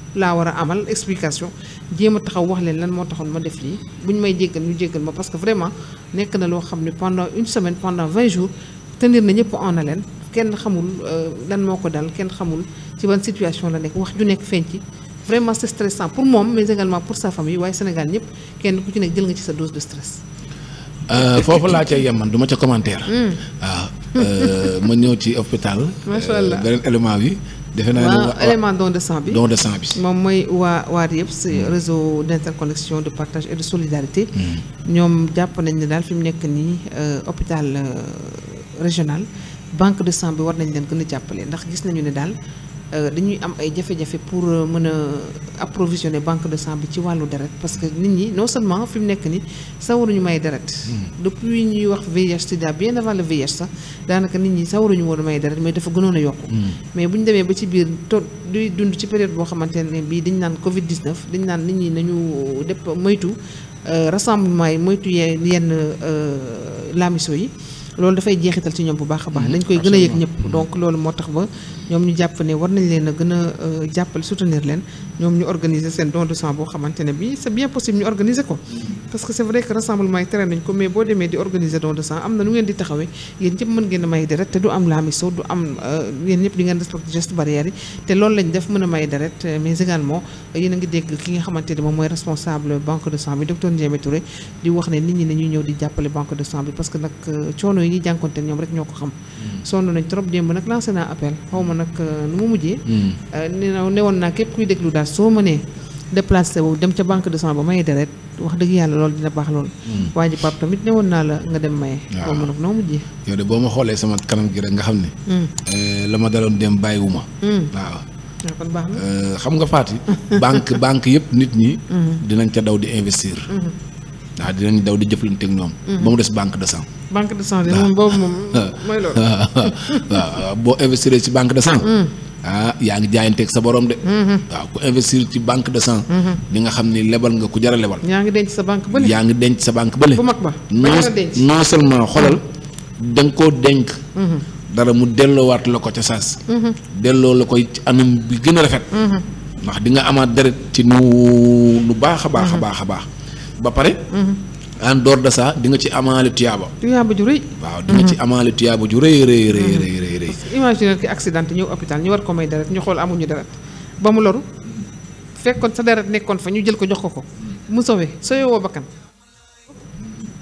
la war amal explication djema taxaw wax leen lan mo taxone ma def li buñ may djegal ñu djegal ma parce que vraiment nek na lo xamni pendant une semaine pendant 20 jours tenir na ñep en haleine kenn xamul euh, lan moko dal kenn xamul ci ban situation la nek wax ju nek feeñ vraiment c'est stressant pour mom mais également pour sa famille way Sénégal ñep kenn ku ci nek jël nga ci sa dose de stress. Euh, foofu laa cay yem man duma ci commentaire. Hmm. Ah, euh ma ñew ci hôpital. macha euh, élément wi defe naa élément don de sang bi de sang bi. moom mooy hmm. réseau d'interconnexion de partage et de solidarité. Hmm. ñom japp nañ ni dal fi nek ni euh, hôpital euh, régional banque de sang bi war nañ leen gën jappalé ndax gis nañu ni dal euh, dañuy am ay jafe-jafe pour euh, mën a approvisionner banque de sang bi ci wàllu deret parce que nit ñi non seulement fi mu nekk ni sawaruñu may deret hmm. depuis ñuy wax VIH sida bien avant le VIH sax daanaka nit ñi sawaruñu woon may deret mais dafa gënoon a yokku hmm. mais bu ñu demee ba ci biir to di dund ci période boo xamante ne bii dañ naan Covid 19 dañ naan nit ñi nañu dépp moytu euh, rassemblement yi moytu yenn lamiso yi loolu dafay jeexital ci ñoom bu baax a baax hmm. dañ koy gën a yëg ñëpp donc loolu moo tax ba ñom ñu japp né war nañ leena gëna gën a euh, soutenir leen ñom ñu organiser sen don de sang bo xamantene bi c'est bien possible ñu organiser ko parce que c'est vrai que rassemblement terrain tere nañ ko mais bo démé di organiser don de sang amna na nu ngeen di taxawé yeen ci mën ngeen a may deret te du am laamiso du am euh, yeen ñëpp di ngeen respecté geste barrière yi te loolu lañ def mën may deret mais également yeen nga dégg ki nga xamantene mom moy responsable banque de sang bi docteur Ndiémé Touré di wax né nit ñi nañu ñëw di jappalé banque de sang bi parce que nak euh, choono yi ñi jankonté ñom rek ñoko xam mm. sonu nañ trop démb nak lancé na appel xawma nag euh, nu mu mujjee. Hmm. Euh, nee na newoon naa képp kuy déglu daal soo mënee déplacé wu dem ca banque de sang ba maye deret wax dëgg yàlla loolu dina baax lool. Hmm. waa ji pap tamit newoon naa la nga dem maye. waaw moom nag noo mujjee. yow de boo ma xoolee sama kanam gi rek nga xam ne. Hmm. Euh, la ma daloon dem bàyyiwu ma. waaw. Ah, kon baax na xam nga Faty banque banque yëpp nit ñi. dinañ ca daw di investir. waaw dinañ daw di jëflante ak mm-hmm. ba mu des banque de sang. banque de sang de ah. moom boobu ah, boo investir ci banque de mm-hmm. ah, yaa ngi jaayanteeg sa borom de. Mm-hmm. waaw ku investir ci banque de sang. di nga xam ni lebal nga ku jar a lebal. yaa ngi denc sa banque sa banque bële. bu mag ba non seulement xoolal da nga koo denc. dara mu delloowaat la ko ca saas. delloo la koy ci anam bi gën a rafet. ndax di nga amaat deret ci nu nu baax a baax a baax a baax. ba pare. en dehors de ça di nga ci amaale tuyaaba. tuyaaba ju rëy. waaw di nga ci amaale tuyaaba ju rëy rëy rëy mm-hmm. rëy rëy. imaginer ki accident ñëw hôpital ñu war ko may deret ñu xool amuñu deret ba mu loru fekkoon sa deret nekkoon fa ñu jël ko jox ko ko mu sowe sooyewoo bakkan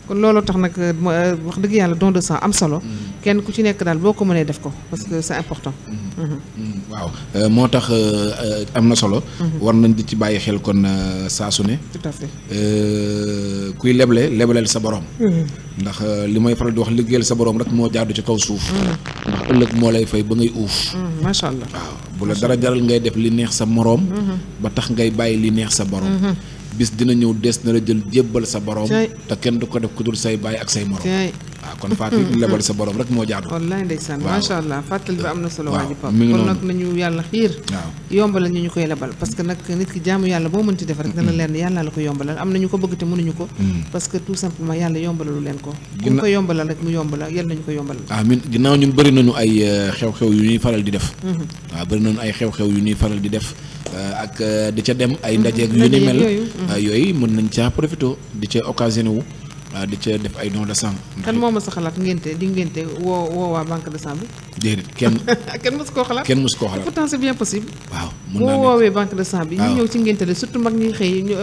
kon looloo tax nag euh, euh, wax dëgg yàlla don de sang am solo. Mm. kenn ku ci nekk daal boo ko mënee def ko parce que c'est important. Mm. Mm-hmm. Mm. waaw euh, moo tax am na solo. Mm-hmm. war nañ di ci bàyyi xel kon saa su ne. tout à fait. kuy leble lebleel sa borom. Mm-hmm. ndax li may faral di wax liggéeyal sa borom rek moo jaadu ci kaw suuf. ndax ëllëg moo lay fay ba ngay uuf. macha allah waaw bu la dara jaral ngay def li neex sa morom. ba tax ngay bàyyi li neex sa borom. bis dina ñëw des na la jël jébbal sa borom. te kenn du ko def ku dul say baay ak say morom. waaw ah, kon fàttali hmm. lebal sa borom rek moo jaadu. wallaay allah fàttali am na solo. waaw mi ngi noonu kon nag yàlla xiir. yombalal ñu ñu koy lebal parce que nag nit ki jaamu yàlla boo mënti def rek. dana hmm. leen yàlla la ko yombalal am na ñu ko bëgg hmm. yombalal rek mu yombalal yal nañu ko yombalal. amiin ginnaaw ñun bëri nañu ay euh, xew-xew yu ñuy faral di def. waaw bëri nañu ay xew-xew yu ñuy faral di def. Euh, ak euh, di ca dem ay ndajeeg yu ni mel yooyu ah, mën nañ caa profito di ca occasion di ca def ay don de sang. kan moo ma sa xalaat ngénte di ngénte woo woo waa banque de sang bi. déedéet kenn. kenn mosu koo xalaat kenn koo xalaat pourtant c'est bien possible. waaw mun naa boo woowee banque de sang bi. ñu ñëw ci ngénte la surtout mag ñi xëy ñu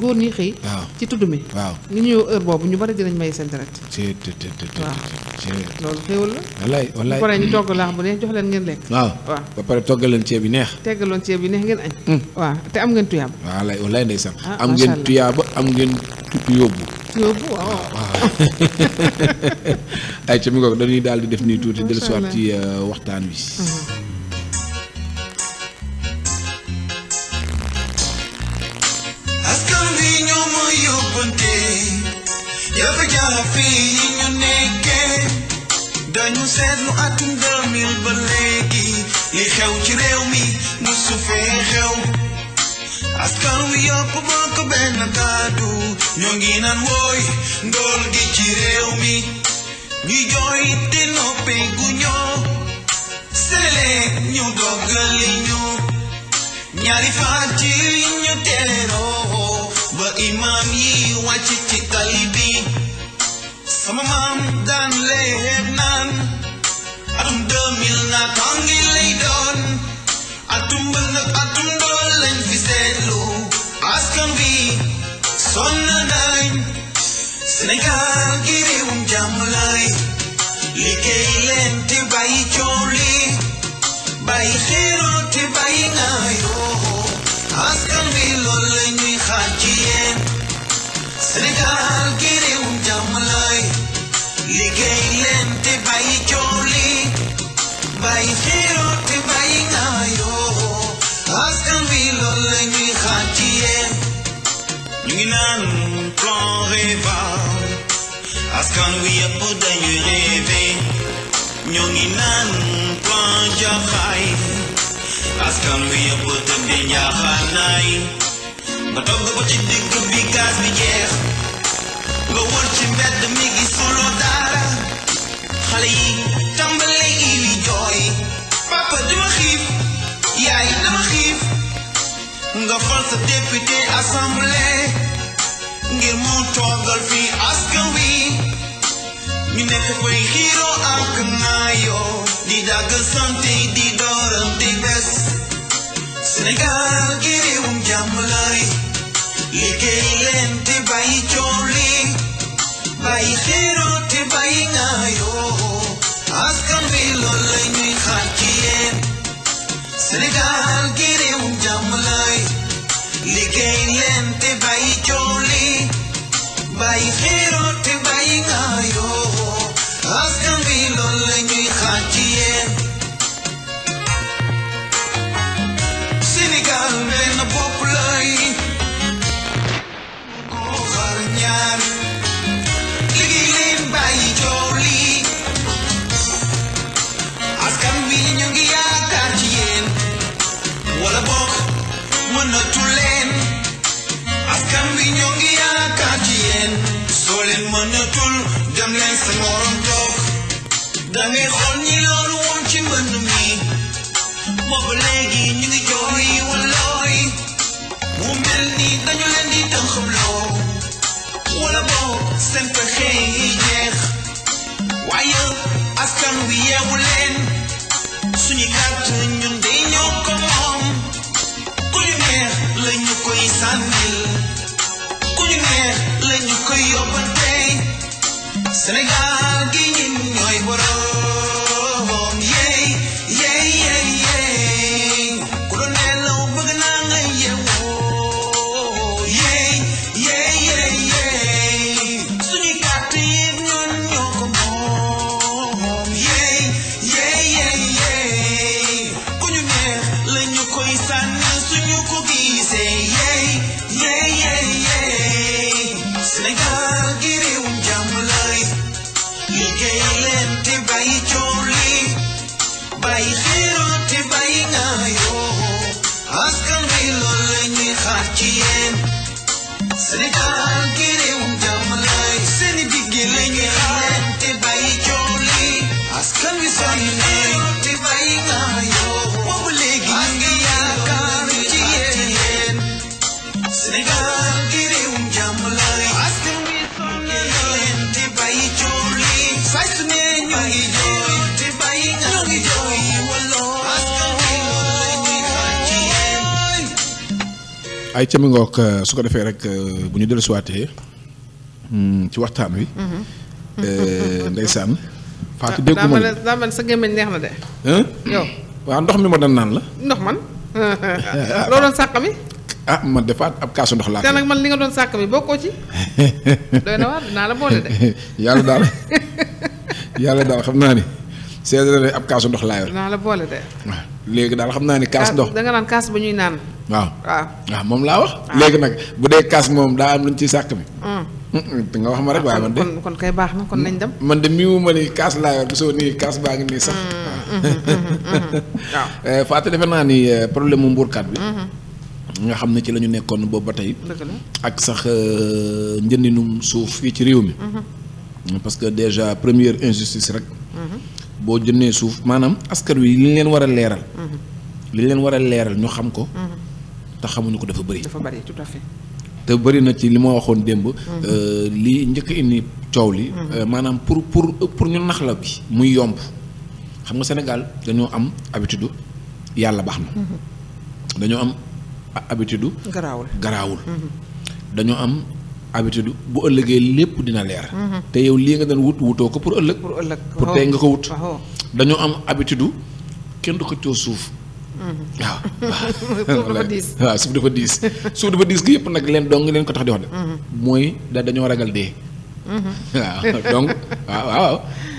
góor ñi xëy. waaw ci tudd mi. waaw ñu ñëw heure boobu ñu bari dinañ may seen direct. ci te te te te loolu xéwal la. wallaay wallaay bu paree ñu togg laax bu neex jox leen ngeen lekk. waaw waaw ba pare toggaleen ceeb bi neex. teggaloon ceeb bi neex ngeen añ. Mm. waaw te am ngeen tuyaaba. wallaay wallaay ndeysaan ah, am ngeen tuyaaba am ngeen tukki yóbbu ay ca mi ngoog dañuy daal di def nii tuuti dellusiwaat ci euh, waxtaan wi. askan wi ñoo ma yóbbante jafe-jafe fii yi ñu nekkee dañu seetlu atum 2000 ba léegi li xew ci réew mi musu fee xew. Askari yapma kabena tadu Nyonginan woy Gol gichireumi Ngiyoy tinope gunyo Sele nyudogalinyo Nyari facilinyo tero Ba imam yi wachiti talibi Sama mam dan lehebnan Adum demil na kangilidon Atum benak atum dolen viselo kan vi Sånne nei Senegal giri un jamulai Like ilen til bai kjoli Bai kjero til bai nai Askan vi lollen i khajien Senegal giri un jamulai Like ilen til bai kjoli Bai nan plan reva Askan wiya e po danyo reve Nyongi nan plan jafay Askan wiya e po tebden jafanay Batog da po chitik ka bigas mi jeex Nga wër ci mbedd mi gi solo dara Xale yi tàmbale yi li jooy Papa dama xiif Yaay dama xiif nga fal sa député assemblée ngir mu toogal fi askan wi ñu nekk koy xiiro ak naayoo di daggal sante di doorante des Sénégal gi réewum jàmm lay liggéey leen te bàyyi coow li te bàyyi naayoo askan wi loolu la ñuy Sénégal gi réewum jàmm lay liggéey leen te bàyyi ay cami ngoog euh, su ko defee rek euh, bu ñu dellu siwaatee hmm, ci waxtaan wi. Mm-hmm. Euh, mm-hmm. ndeysaan. Fatou ah, déggu ma daa man sa gémmiñ neex na de. yow waaw ndox mi ma dan naan la. ndox man. loo doon sàq mi. ah man defaat ab kaasu ndox laa. te nag man li nga doon sàq mi bokkoo ci. doy na waar dinaa la boole de. yàlla daal yàlla daal xam naa ni. seetlu na ne ab kaasu ndox laa yor. la boole de. Ah, léegi daal xam naa ni kaas ndox. da naan kaas ba ñuy naan. waaw waaw moom laa wax. Ah. léegi nag bu dee kaas moom daa am luñ ci sàkk bi. Mm. nga wax ma rek waaye man de. Ah, kon kon kay baax na kon nañ dem. Mm, man de mii ma nii kaas laa yor gisoo nii kaas baa ngi nii sax. Mm, waaw eh, Fatou defe naa ni eh, problème mu mbuurkat bi. Mm-hmm. nga xam ne ci lañu nekkoon boobu ba tey. ak sax eh, njëndinum suuf fii ci réew mi. Mm-hmm. parce que déjà première injustice rek. Mm-hmm. boo jëndee suuf maanaam askan wi li leen war a leeral. li leen war leeral ñu xam ko. te xamuñu ko dafa bëri. dafa bëri tout à te bëri na ci li ma waxoon démb. Mm-hmm. Euh, li njëkk indi coow li. Mm-hmm. Euh, maanaam pour pour pour ñu nax la bi. muy yomb xam nga Sénégal dañoo am habitude yàlla baax na. Mm-hmm. dañoo am habitude. garaawul garaawul. dañoo am habitude bu ëllëgee lépp dina leer. te yow lii nga doon wut wutoo ko pour ëllëg. pour tey nga ko wut. dañoo am habitude kenn du ko coo suuf. waaw ya, suuf dafa nah, diis waaw nah, suuf dafa diis suuf dafa diis gi yëpp nag leen dong leen ko tax di wax de mooy da dañoo ragal dee waaw donc waaw waaw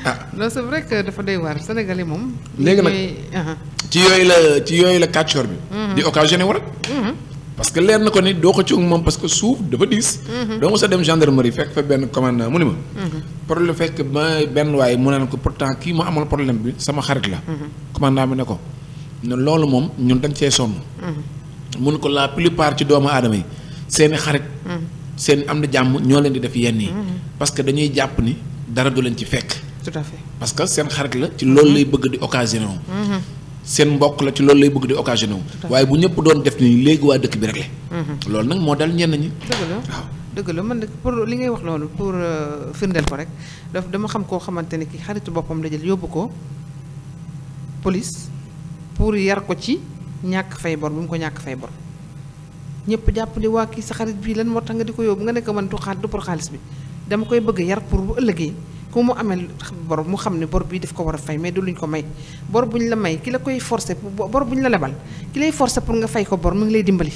ah non c'est vrai que dafa doy waar Sénégal yi moom léegi nag ci yooyu la ci yooyu la kàccoor bi di mhm. occasionné wu rek mhm. parce que leer na ko ni doo ko ci moom parce que suuf dafa diis mhm. donc sa dem gendarmerie fekk fa benn commandant mu ni ma problème fekk ma benn waaye mu naan ko pourtant kii ma amal problème bi sama xarit la commandant bi ne ko ñun loolu mom ñun dañ sonu hmm mun ko la plupart ci doomu adamay mm-hmm. seen xarit seen amna jamm ñoo leen di def yenn yi mm-hmm. parce que dañuy japp ni dara du leen ci fekk tout à fait parce que seen xarit la ci loolu lay mm-hmm. bëgg di occasioner hmm seen mbokk la ci loolu lay bëgg di occasioner waye bu ñepp doon def ni légui wa dëkk bi rek hmm loolu nak mo dal ñenn ñi deug la man pour li ngay wax lolu pour euh, firndel ko rek dama xam ko xamanteni ki xaritu bopam la jël police pour yar ko ci ñak fay bor bu mu ko ñak fay bor ñëpp jàpp ne waa kii sa xarit bi lan moo nga di ko nga nek man du xat du pour xaliss bi dama koy bëgg yar pour bu ëllëgee ku mu amel bor mu xamni bor bi daf ko wara fay mais du luñ ko may bor buñ la may ki la koy forcer bor buñ la lebal ki lay forcer pour nga fay ko bor mu ngi lay dimbali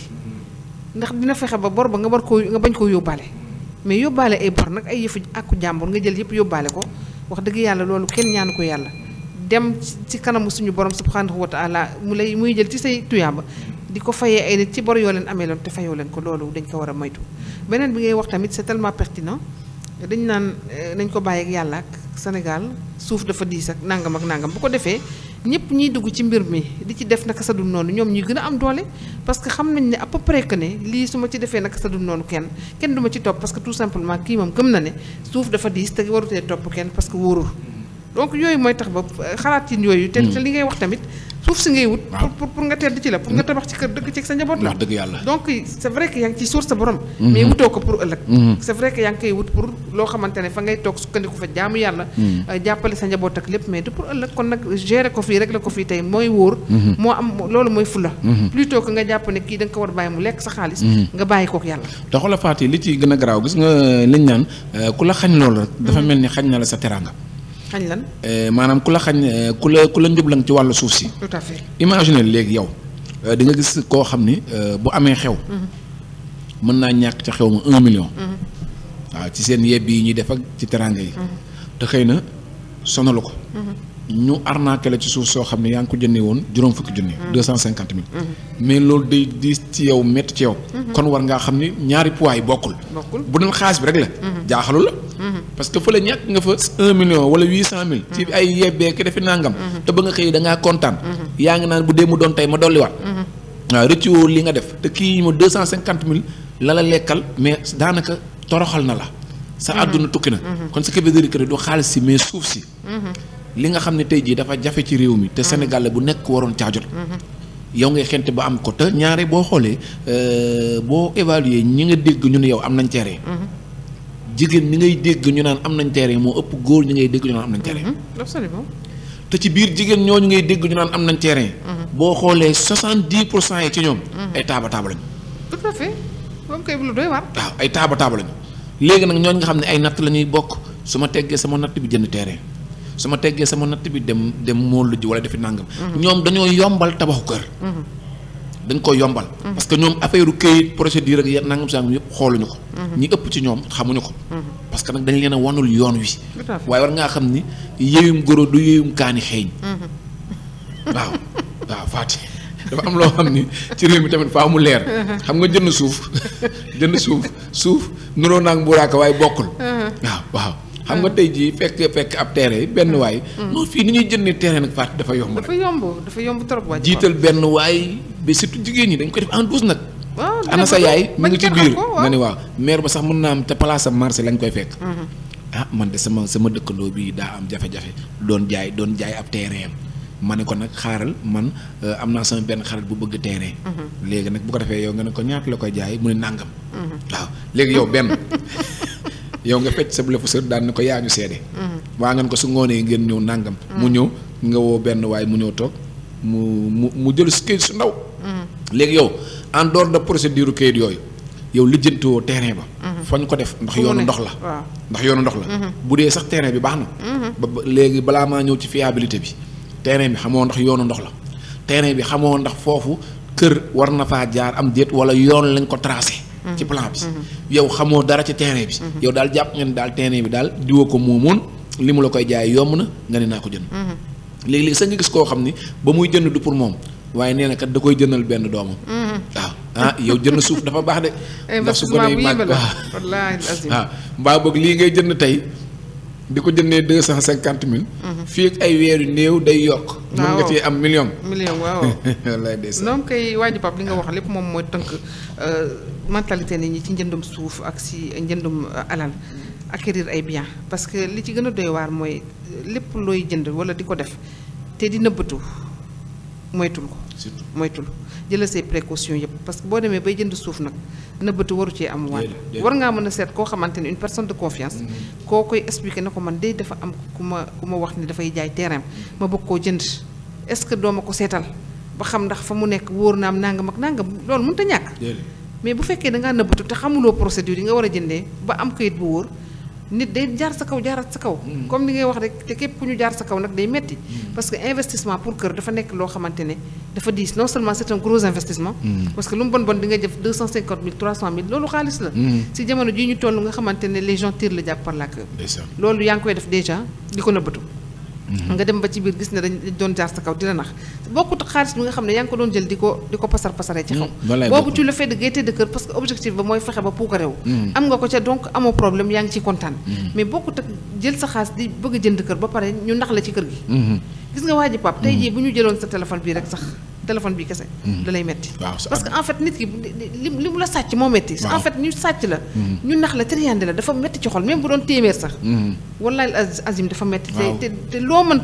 ndax dina fexé ba bor ba nga bor ko nga bañ ko yobalé mais yobalé ay bor nak ay yefu akku jambour nga jël yépp yobalé ko wax deug yalla lolu kenn ñaan ko yalla dem ci kanamu suñu borom subhanahu wa taala mu lay muy jël ci say tuyaaba di ko fayee ay nit ci bor yoo leen amee loon te fayoo leen ko loolu dañ ko war a moytu beneen bi ngay wax tamit c'est tellement pertinent dañ naan eh, nañ ko bàyyi ak yàlla ak Sénégal suuf dafa diis ak nangam ak nangam bu ko defee ñëpp ñiy dugg ci mbir mi di ci def naka sa dul noonu ñoom ñuy gën a am doole parce que xam nañ ne à peu que ne lii su ma ci defee naka sa dul noonu kenn kenn du ma ci topp parce que tout kii moom gëm na ne suuf dafa diis te warutee topp kenn parce que wóorul donc yooyu mooy tax ba euh, xalaat ci yooyu. Hmm. te li ngay wax tamit suuf si ngay wut. pour pour nga tedd ci la pour nga hmm. tabax ci kër dëgg ci sa njaboot la. dëgg yàlla donc c'est vrai que yaa ngi ci source borom. Hmm. mais wutoo ko pour ëllëg. c'est vrai que yaa ngi koy wut pour loo xamante ne fa ngay toog sukkandiku fa jaamu yàlla. Euh, jàppale sa njaboot ak lépp mais du pour ëllëg kon nag gérer ko fii rek la ko fii tey mooy wóor. moo am loolu mooy fula. plutôt que nga jàpp ne kii da nga ko war a bàyyi mu lekk sa xaalis. nga bàyyi kook yàlla. te xoola Fatou li ci gën a garaaw gis nga euh, liñ naan ku la xañ loolu rek dafa mel ni xañ na la sa teranga xañ lan. Eh, maanaam ku la xañ eh, ku la ku la njublang ci wàllu suuf si. tout à fait imagine léegi yow eh, di nga gis koo xam ni bu amee xew. Mm-hmm. mën naa ñàkk ca xew ma un million. Mm-hmm. waaw ci seen yebbi yi ñuy def ak ci teraanga yi. Mm-hmm. te xëy na sonalu ko. ñu arnaqué la ci suuf soo xam ne yaa ngi ko jëndee woon juróom fukki junni. Mm-hmm. deux cent cinquante mille. Mm-hmm. mais loolu day diis ci yow métti ci yow. Mm-hmm. kon war ngaa xam ni ñaari poids yi bokkul. bu doon xaalis bi rek la. jaaxalu la. parce fële ñàkk nga fa million wala huit cent mille. ci ay yebbee ki defi nangam. te ba nga xëy da ngaa kontaan. yaa ngi naan bu dee mu doon tey ma dolliwaat. waaw rëccu woo li nga def te kii ma deux cent cinquante mille la la lekkal mais daanaka toroxal na la. sa àdduna li nga xam ne tey jii dafa jafe ci réew mi te mm-hmm. Sénégal bu nekk waroon caa jot mm-hmm. yow ngay xente ba am ko te ñaare boo xoolee euh, boo évaluer ñi nga dégg ñu ne yow am nañ terrain mm-hmm. jigéen ñi ngay dégg ñu naan am nañ terrain moo ëpp góor ñi ngay dégg ñu naan am nañ terrain te ci biir jigéen ñooñu ngay dégg ñu naan am nañ terrain boo xoolee soixante-dix pour cent yi ci ñoom ay taaba taaba lañu waaw ay taaba taaba lañu léegi nag ñooñu nga xam ne ay natt la ñuy bokk su ma teggee sama natt bi jënd terrain su ma teggee sama natt bi dem dem moolu ji wala defi nàngam ñoom dañoo yombal tabaxu kër dañ ko yombal parce que ñoom affaire këyit procédure ak yéen nangam sangam yëpp xooluñu ko ñi ëpp ci ñoom xamuñu ko parce que nag dañ leen a wanul yoon wi waaye war ngaa xam ni yéyum a du yéyum kaani xeeñ waaw waaw Faty dafa am loo xam ni ci réew mi tamit faa mu leer xam nga jënd suuf jënd suuf suuf nuroo naag mburaaka waaye bokkul uh-huh. waaw xam nga tey jii fekk fekk ab terrain benn hmm. waay. Hmm. non fii ni ñuy jëndee terrain nag parti dafa yomb. dafa yomb dafa yomb trop waay. jiital benn waay bi surtout jigéen ñi dañ ko def en douce nag. ana sa yaay mu ngi ci biir ma ne waaw maire ba sax mën naa am te place am lañ koy fekk. Hmm. ah man de sama sama dëkkandoo bi daa am jafe-jafe doon jaay doon jaay ab terrain ma ne ko nag xaaral man euh, am naa sama benn xarit bu bëgg terrain. léegi nag bu ko defee yow nga ne ko ñaata la koy jaay mu ne nàngam. waaw léegi yow benn. yow nga fecc sa bu la fa sër ko yañu sédé wa ngeen ko su ngone ngeen ñëw nangam mu ñëw nga wo benn way mu tok mu mu jël si su ndaw légui yow en dehors de procédure këyit yoy yow lijeentu terrain ba fañ ko def ndax yoonu ndox la ndax yoonu ndox la budé sax terrain bi baxna mhm. légui bala ma ñew ci fiabilité bi terrain bi xamoo ndax yoonu ndox la terrain bi xamoo ndax fofu kër warna fa jaar am diat wala yoon lañ ko tracer ci plan bi. yow xamoo dara ci terrain bi. yow daal jàpp ngeen daal terrain bi daal a ko moomoon li mu la koy jaay yomb na nga ne naa ko jënd. léegi-léegi sax nga gis koo xam ni ba muy jënd du pour moom waaye nee na kat da koy jëndal benn doomam. waaw ah yow jënd suuf dafa baax de. ndax su gone yi mag waaw ah, mbaa boog lii ngay jënd tey. di ko jëndee deux cent cinquante mille. Mhm. fii ak ay weer yu néew day yokk. waaw nga cee am million. million waaw. wallaay des na donc kay waa ji Pape li nga wax lépp moom mooy tënk euh, mentalité nit ñi ci njëndum suuf ak si njëndum euh, alal. acquérir ay biens parce que li ci gën a doy waar mooy euh, lépp looy jënd wala di ko def te di nëbbatu. moytul ko moytul jëlal say précaution yëpp parce que boo demee bay jënd suuf nag nëbbatu waru cee am wàll war ngaa mën a seet koo xamante ne une personne de confiance mm-hmm. koo koy expliquer na ko man de dafa am ku ma ku ma wax ni dafay jaay terrain ma bëgg koo jënd est-ce que doo ma ko seetal ba xam ndax fa mu nekk wóor naam nangam ak nangam loolu mënut a ñàkk mais bu fekkee dangaa ngaa nëbbatu te xamuloo procédure yi nga war a jëndee ba am kayit bu wóor nit day jaar sa kaw jaarat sa kaw. Mm. comme ni ngay wax rek te képp ku ñu jaar sa kaw nag day metti mm. parce que investissement pour kër dafa nekk loo xamante ne dafa diis non seulement c'est un gros investissement. Mm. parce que lu mu bon bon di nga jëf deux cent cinquante mille trois mille loolu xaalis la. si jamono ji ñu toll nga xamante ne les gens tirent le diable par la queue. loolu yaa ngi koy def déjà di ko nëbbatu. Mhm. nga dem ba ci biir gis ne dañ doon jaar sa kaw dina nax bokkut xaalis bi nga xam ne yaa ngi ko doon jël di ko di ko pasar pasaree ci xaw mhm. boobu tu le fait de gaieté de cœur parce que objectif ba mooy fexe ba puuka mhm. am nga ko ca donc amoo problème yaa ngi ciy kontaan mais bokkut ak jël sa xaalis di bëgg a jënd kër ba pare ñu nax la ci kër gi gis nga waa ji pap tey jii bu ñu jëloon sa téléphone bii rek sax téléphone bi kese. Mm. parce que en fait en fait ñu sat la. Mm. ñu nax la la dafa metti ci xol même bu doon sax. Mm. azim dafa metti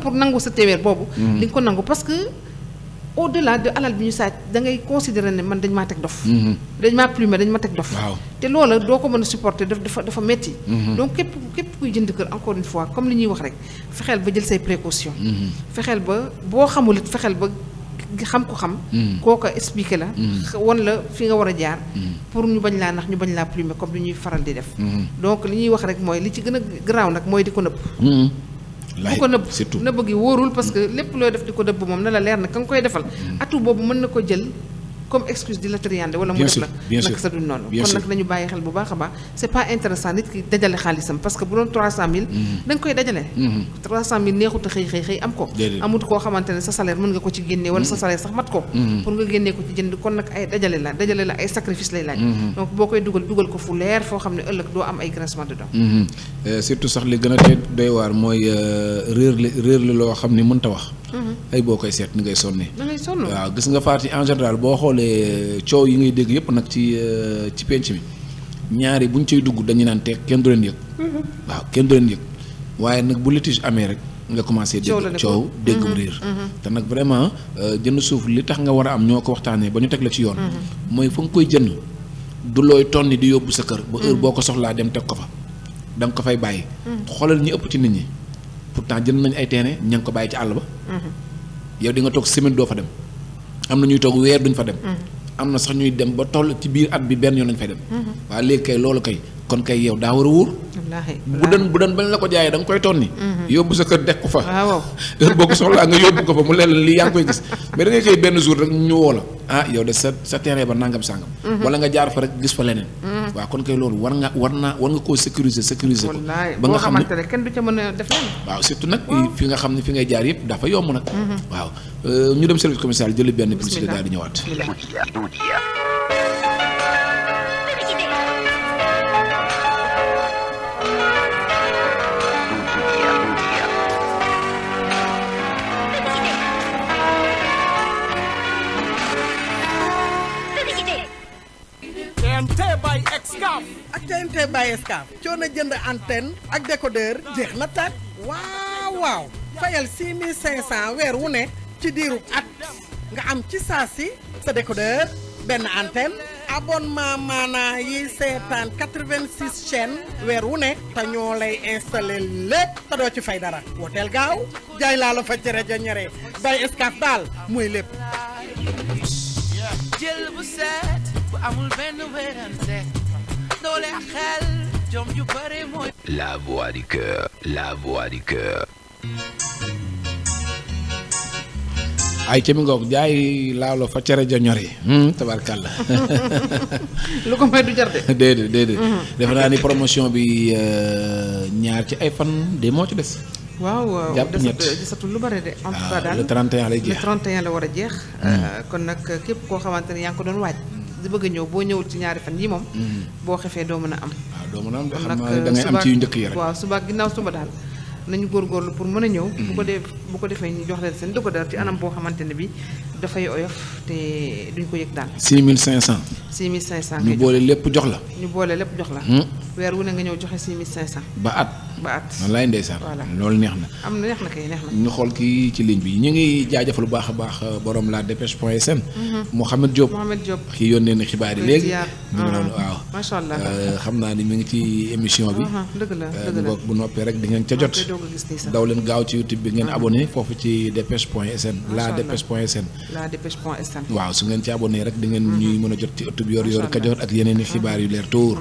pour nangu sa parce que au delà de alal bi ñu da ngay considérer né man dañ mm-hmm. ma tek dof. dañ supporter dafa mm-hmm. donc kuy jënd encore une fois comme li ñuy wax rek ba précautions. Mm-hmm. xam ko xam. Mm. koo ko expliqué la. Mm. won la fi nga war a jaar. Mm. pour ñu bañ laa ndax ñu bañ laa plumer comme li ñuy faral di def. Mm-hmm. donc li ñuy wax rek mooy li ci gën a garaaw nag mooy di ko nëbb. bu mm-hmm. ko nëbb surtout nëbb gi wóorul parce que lépp looy def di ko dëbb moom na la leer na ka nga koy defal. atu boobu mën na ko jël. comme excuse de la tëriande wala mu def la nak sa du noonu kon nak nañu bàyyi xel bu baax ba c'est pas intéressant nit ki dajale xaalisam parce que bu don 300000 dang koy dajale 300000 neexut a xëy xëy xëy am ko amut ko xamantene sa salaire meun nga ko ci guenné wala sa salaire sax mat ko pour nga guenné ko ci jënd kon nak ay dajale la dajale la ay sacrifice lay laaj donc bokoy duggal duggal ko fu leer fo xamné euleuk do am ay grincement dedans dents surtout sax li gëna tey doy war moy réer li lo xamné loo ta wax ay boo set ni ngay sonné da ngay sonno waaw gis nga faati en général bo xool xoolee coow yi ngay dégg yëpp nag ci euh, ci penc mi ñaari bu ñu cay dugg dañuy naan teg kenn du leen yëg. Mm-hmm. waaw kenn du leen yëg waaye nag bu litige amee rek. nga commencé dégg coow dégg mm-hmm. riir mm-hmm. te nag vraiment euh, jënd suuf li tax nga war a am ñoo ko waxtaanee ba ñu teg la ci yoon. mooy fa nga koy jënd du looy tonni di yóbbu sa kër. ba heure mm. boo ko soxlaa dem teg ko fa da nga ko fay bàyyi. xoolal ñi ëpp ci nit ñi pourtant jënd nañ ay teene ña ngi ko bàyyi ci àll ba. yow di nga toog semaine doo fa am na ñuy toog weer duñ fa dem. Mm-hmm. am na sax ñuy dem ba toll ci biir at bi benn yoon lañ fay dem. Mm-hmm. waaye léegi kay loolu kay kon kay yow daa war a wóor. bu doon bu doon bañ la ko jaayee da nga koy tonni. Mhm. yóbbu sa kër deg ko fa. waaw heure boo ko soxlaa nga yóbbu ko fa mu leen lii yaa ngi koy gis mais da ngay benn jour rek ñu woo la ah yow de sa sa terrain ba nangam sangam. Mhm. wala nga jaar fa rek gis fa leneen. Mhm. waaw kon kay loolu war nga war naa war nga koo sécuriser sécuriser ko. ba nga xam ne boo kenn a def lenn. waaw surtout nag fi nga xam ne fi ngay jaar yëpp dafa yomb nag. waaw euh, ñu dem service commercial jëli benn di Excaf ak TNT by Excaf coono jënd antenne ak décodeur jeex na tàkk waaw waaw fayal 6500 weer wu ne ci diiru at nga am ci saa sa décodeur benn antenne abonnement mana yi seetaan 86 chaîne weer wu ne ta ñoo lay installer lépp ta doo ci fay dara wooteel gaaw jaay laa la fa ci ja ñere bay Excaf daal muy lépp. jël bu set bu amul benn weerante doole xel jom ju bare mooy la voix du cœur la voix du cœur ay ca mi ngoog jaay laalo fa cere ja ñor yi hmm, tabarkàlla lu ko may du jar de déedéet déedéet hmm. defe naa ni promotion bi euh, ñaar ci ay fan de moo ci des waaw jàpp ñett desatul lu bare de en tout cas ah, daal le 31 lay jeex le 31 la war a jeex hmm. euh, kon nag képp koo xamante ne yaa ngi ko doon waaj di bëgg ñëw boo ñëwul ci ñaari fan yi moom mm-hmm. boo xefee doo mën a am waaw ah, doo mën a am ndax xam naa am ci yu njëkk yi rek waaw suba ginnaaw suba daal nañu góorgóorlu pour mën a ñëw bu ko mm-hmm. dee bu ko defee ñu jox leen seen dëkk daal ci anam boo xamante ne bi dafay oyof te duñ ko yëg daal. 6500. 6500 ñu boole lépp jox la. ñu boole lépp jox la. Hmm. weer wu ne nga ñëw joxe 6500. ba at. ba at wallaay ndeysaan. voilà loolu neex na. am na neex na kay neex ñu xool ki ci ligne bi ñu ngi jaajëfal lu baax a baax euh, borom la dépêche point sn. Mouhamed mhm. Diop Mouhamed Diop. kii yónnee xibaar yi léegi. mu ngi noonu waaw. macha euh, xam naa ni mu ngi ci émission bi. Uh-huh. dëgg la euh, dëgg la bu noppee rek di ngeen ca jot. daw leen gaaw ci youtube bi ngeen uh-huh. abonné foofu ci dépêche point sn la dépêche point la dépêche point sn waaw su ngeen ci abonné rek di ngeen ñuy mën a jot ci ëttub Yoor Yooru Kajoor ak yeneen i xibaar yu leer tóor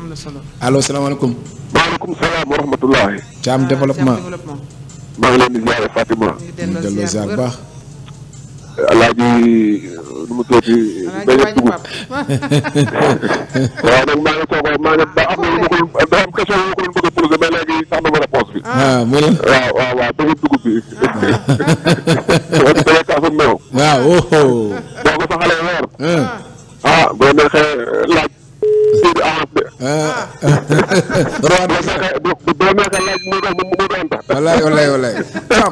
allo salaamaaleykum waaleykum salaam wa rahmatullahi Thiam ah, développement maa ngi leen di ziare Fatima ñu delloo ziar bu baax alaaji euh, nu mu tuuti béy ak dugub waaw nag maa ngi toog maa ngi ba am na lu ma ko am question lu ma ko doon bëgg a posé mais léegi sax na wax bi waaw mu ne waaw waaw waaw bëgg dugub bi soo dalee kaasum meew waaw boo ko saxalee weer ah boo neexee laaj tiir avance de boo neexee laaj moo tax mu doon tax wallaay wallaay wallaay caam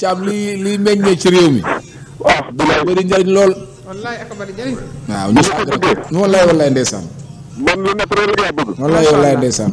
caam li li meññee ci réew mi waaw bëri njëriñ lool wallaay ak bëri njëriñ waaw ñu wallaay wallaay ndeysaan man lu nekk rek laa bëgg wallaay wallaay ndeysaan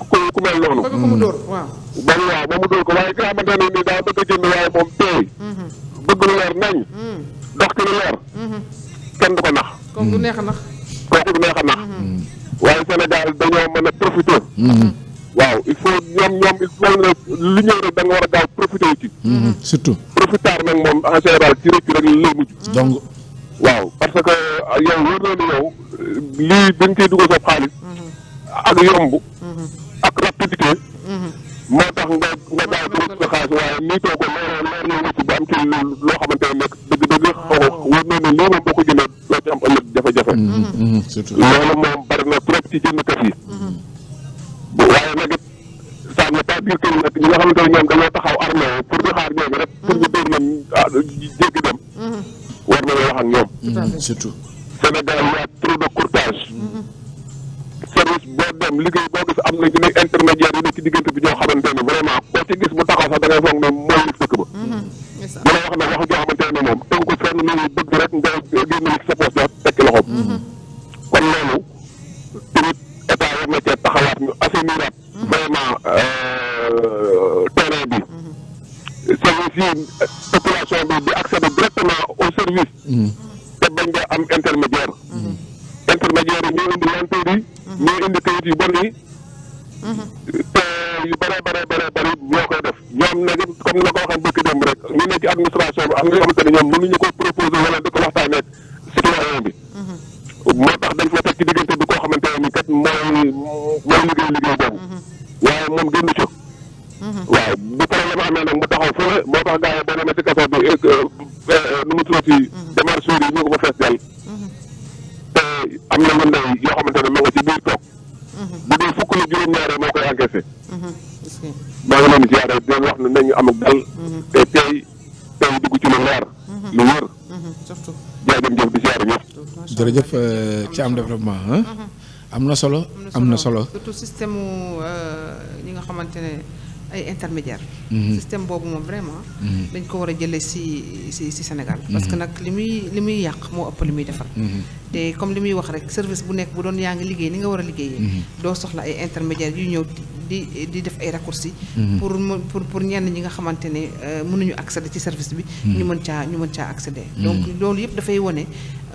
ku ku mel noonu. ba mu dóor hmm. waaw. ba mu dóor ko waaye ki nga ne nii daa bëgg jënd waaye moom tey. Hmm. bëgg lu leer nañ. Hmm. dox ci lu leer. kenn du ko nax. kooku du neex a nax. kooku du neex a nax. waaye Sénégal dañoo mën a profité. waaw il faut ñoom ñoom il faut nga lu ñëw rek da war a gaaw profité wu ci. surtout profitar nag moom en général ci rëcc rek lay mujj. donc waaw parce que yow wóor na ni yow lii dañ koy dugal sa xaalis. ak yomb. ak rapidité. Mhm. moo tax nga nga gaaw ci wut sa xaalis waaye nii too ko leer am loo xamante ne na ne lii moom boo ko jëndee doo ci am ëllëg jafe-jafe. Mhm. Mhm. surtout loolu moom bari na trop ci jëndkat yi. waaye nag it ça ne veut pas nga xamante ne ñoom dañoo taxaw armé pour di xaar ñooñu rek pour ñu dóor leen ah jéggi dem. war nañoo wax ñoom. surtout Sénégal a trop de courtage. gis boo dem liggéey boo gis am na ñu ne intermédiaire yi ne ci diggante bi ñoo xamante ne vraiment koo ci gis bu taxaw sax da ngay foog ne mooy li dëkk ba mm-hmm. dina wax nag waxu joo xamante ne moom tënk ko fenn lu bëgg rek nga génn ci sa poos loxoom mm-hmm. kon loolu tamit état war na cee taxawaat ñu assainiraat mm-hmm. vraiment euh, terrain bi service yi euh, population bi di accéder directement au service te bañ nga am intermédiaire intermédiaire yi ñoo indi lenteur yi mhm. ñoo indi kayit yu bon yi mhm. te yu bëree bëree bëree bëri ñoo koy def ñoom nag comme na ko waxee bëkk démb rek ñu nekk ci administration bi am nga xamante ne ñoom ko proposé wala di ko waxtaanee ak bi mhm. moo tax dañ fa teg koo xamante ne kat mooy mooy liggéey liggéey boobu waaye moom génn ci waaw bu problème amee nag mu taxaw fële moo tax gars yi boo demee ci kaso bi euh, euh, euh, nu mu tuddati démarche yi ñoo ko fees dell am na mën na yoo xamante ne nga ci biir toog. Mhm. bu dee fukk la juróom-ñaareel moo koy encaissé. Mhm. maa ngi leen di ziare di leen ne nañu am ak dal. Mhm. te tey tey dugg ci lu leer. lu wër. jaay dem jëf di ziare ñëpp. jërëjëf euh, ci am développement am na solo am na solo surtout système euh, ñi nga xamante ne ay intermédiaire système boobu moom vraiment dañ ko war a jëlee si si si Sénégal parce que nag li muy li muy yàq moo ëpp li muy defar te comme li muy wax rek service bu nekk bu doon yaa ngi liggéey ni nga war a liggéeyee. Mm-hmm. doo soxla ay intermédiaires yu ñëw di di def ay raccourcis. Mm-hmm. pour pour pour ñenn ñi nga xamante ne euh, mënuñu accéder ci service bi. Mm-hmm. ñu mën caa ñu mën caa accéder. donc loolu yëpp dafay wane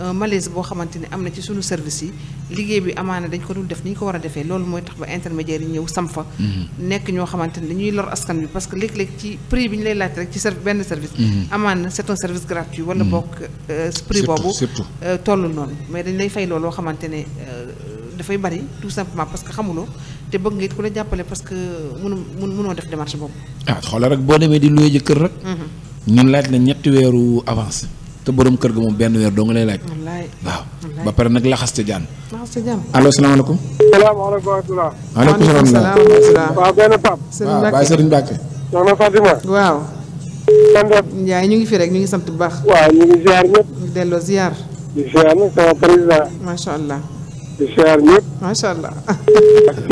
euh, malaise boo xamante ne am na ci suñu service yi liggéey bi amaana dañ ko dul def ni ñu ko war a defee loolu mooy tax ba intermédiaires yi ñëw sam fa. nekk ñoo xamante ne dañuy lor askan bi parce que léeg-léeg ci prix bi ñu lay laaj rek ci ser benn service. amaana c'est un service gratuit. wala bokk euh, prix boobu. surtout toll noonu. mais dañ lay fay looloo xamante ne euh, dafay bari tout simplement parce que xamuloo te bëgg nga it ku la jàppale parce que mënu mënoo def démarche boobu. ah xoolal rek boo demee di loué ji kër rek. Mm-hmm. ñun laaj la ñetti weeru avance. te borom kër ga moom benn weer doo nga lay laaj. waaw ba pare nag la xaste jaan. laxaste jaan allo salaamaaleykum. salaamaaleykum wa rahmatulah. maaleykum salaam wa rahmatulah. waaw benn Pape. Serigne Mbacke waaw Baye Serigne Mbacke. soxna Fatima. waaw. kon de. Ndiaye ñu ngi fi rek ñu ngi sant bu baax. waaw ñu ngi ziar di Ciamis sama Prida Masya Allah di Ciamis Masya Allah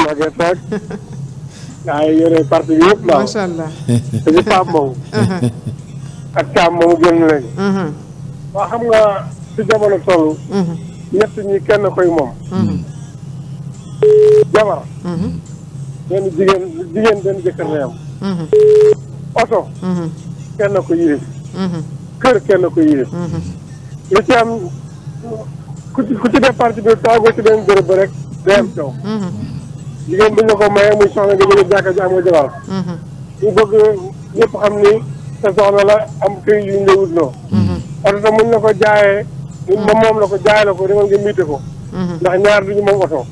Magetak Nah, yore parti yëpp la. Masha Allah. jadi pamong. Ak tammo gën lañ. Hmm. Waa xam nga ci jamono tollu. Hmm. Ñett ñi kenn koy moom. Hmm. Jabar. Hmm. Benn jigéen jigéen benn jëkkër lay am. Hmm. Oto. Hmm. Kenn ko yilif. kuchide parti bi toogo ci benn bërëb ba rek dem taw jigéen buñ la ko maye muy soxna nga jëlee jàkka ji amoo jabar ñu bëgg ñëpp xam ni sa soxna la am këy yuñ la wut loo oto tam muñ la ko jaayee ba moom la ko jaay la ko demal nga miite ko ndax ñaar duñu moom oto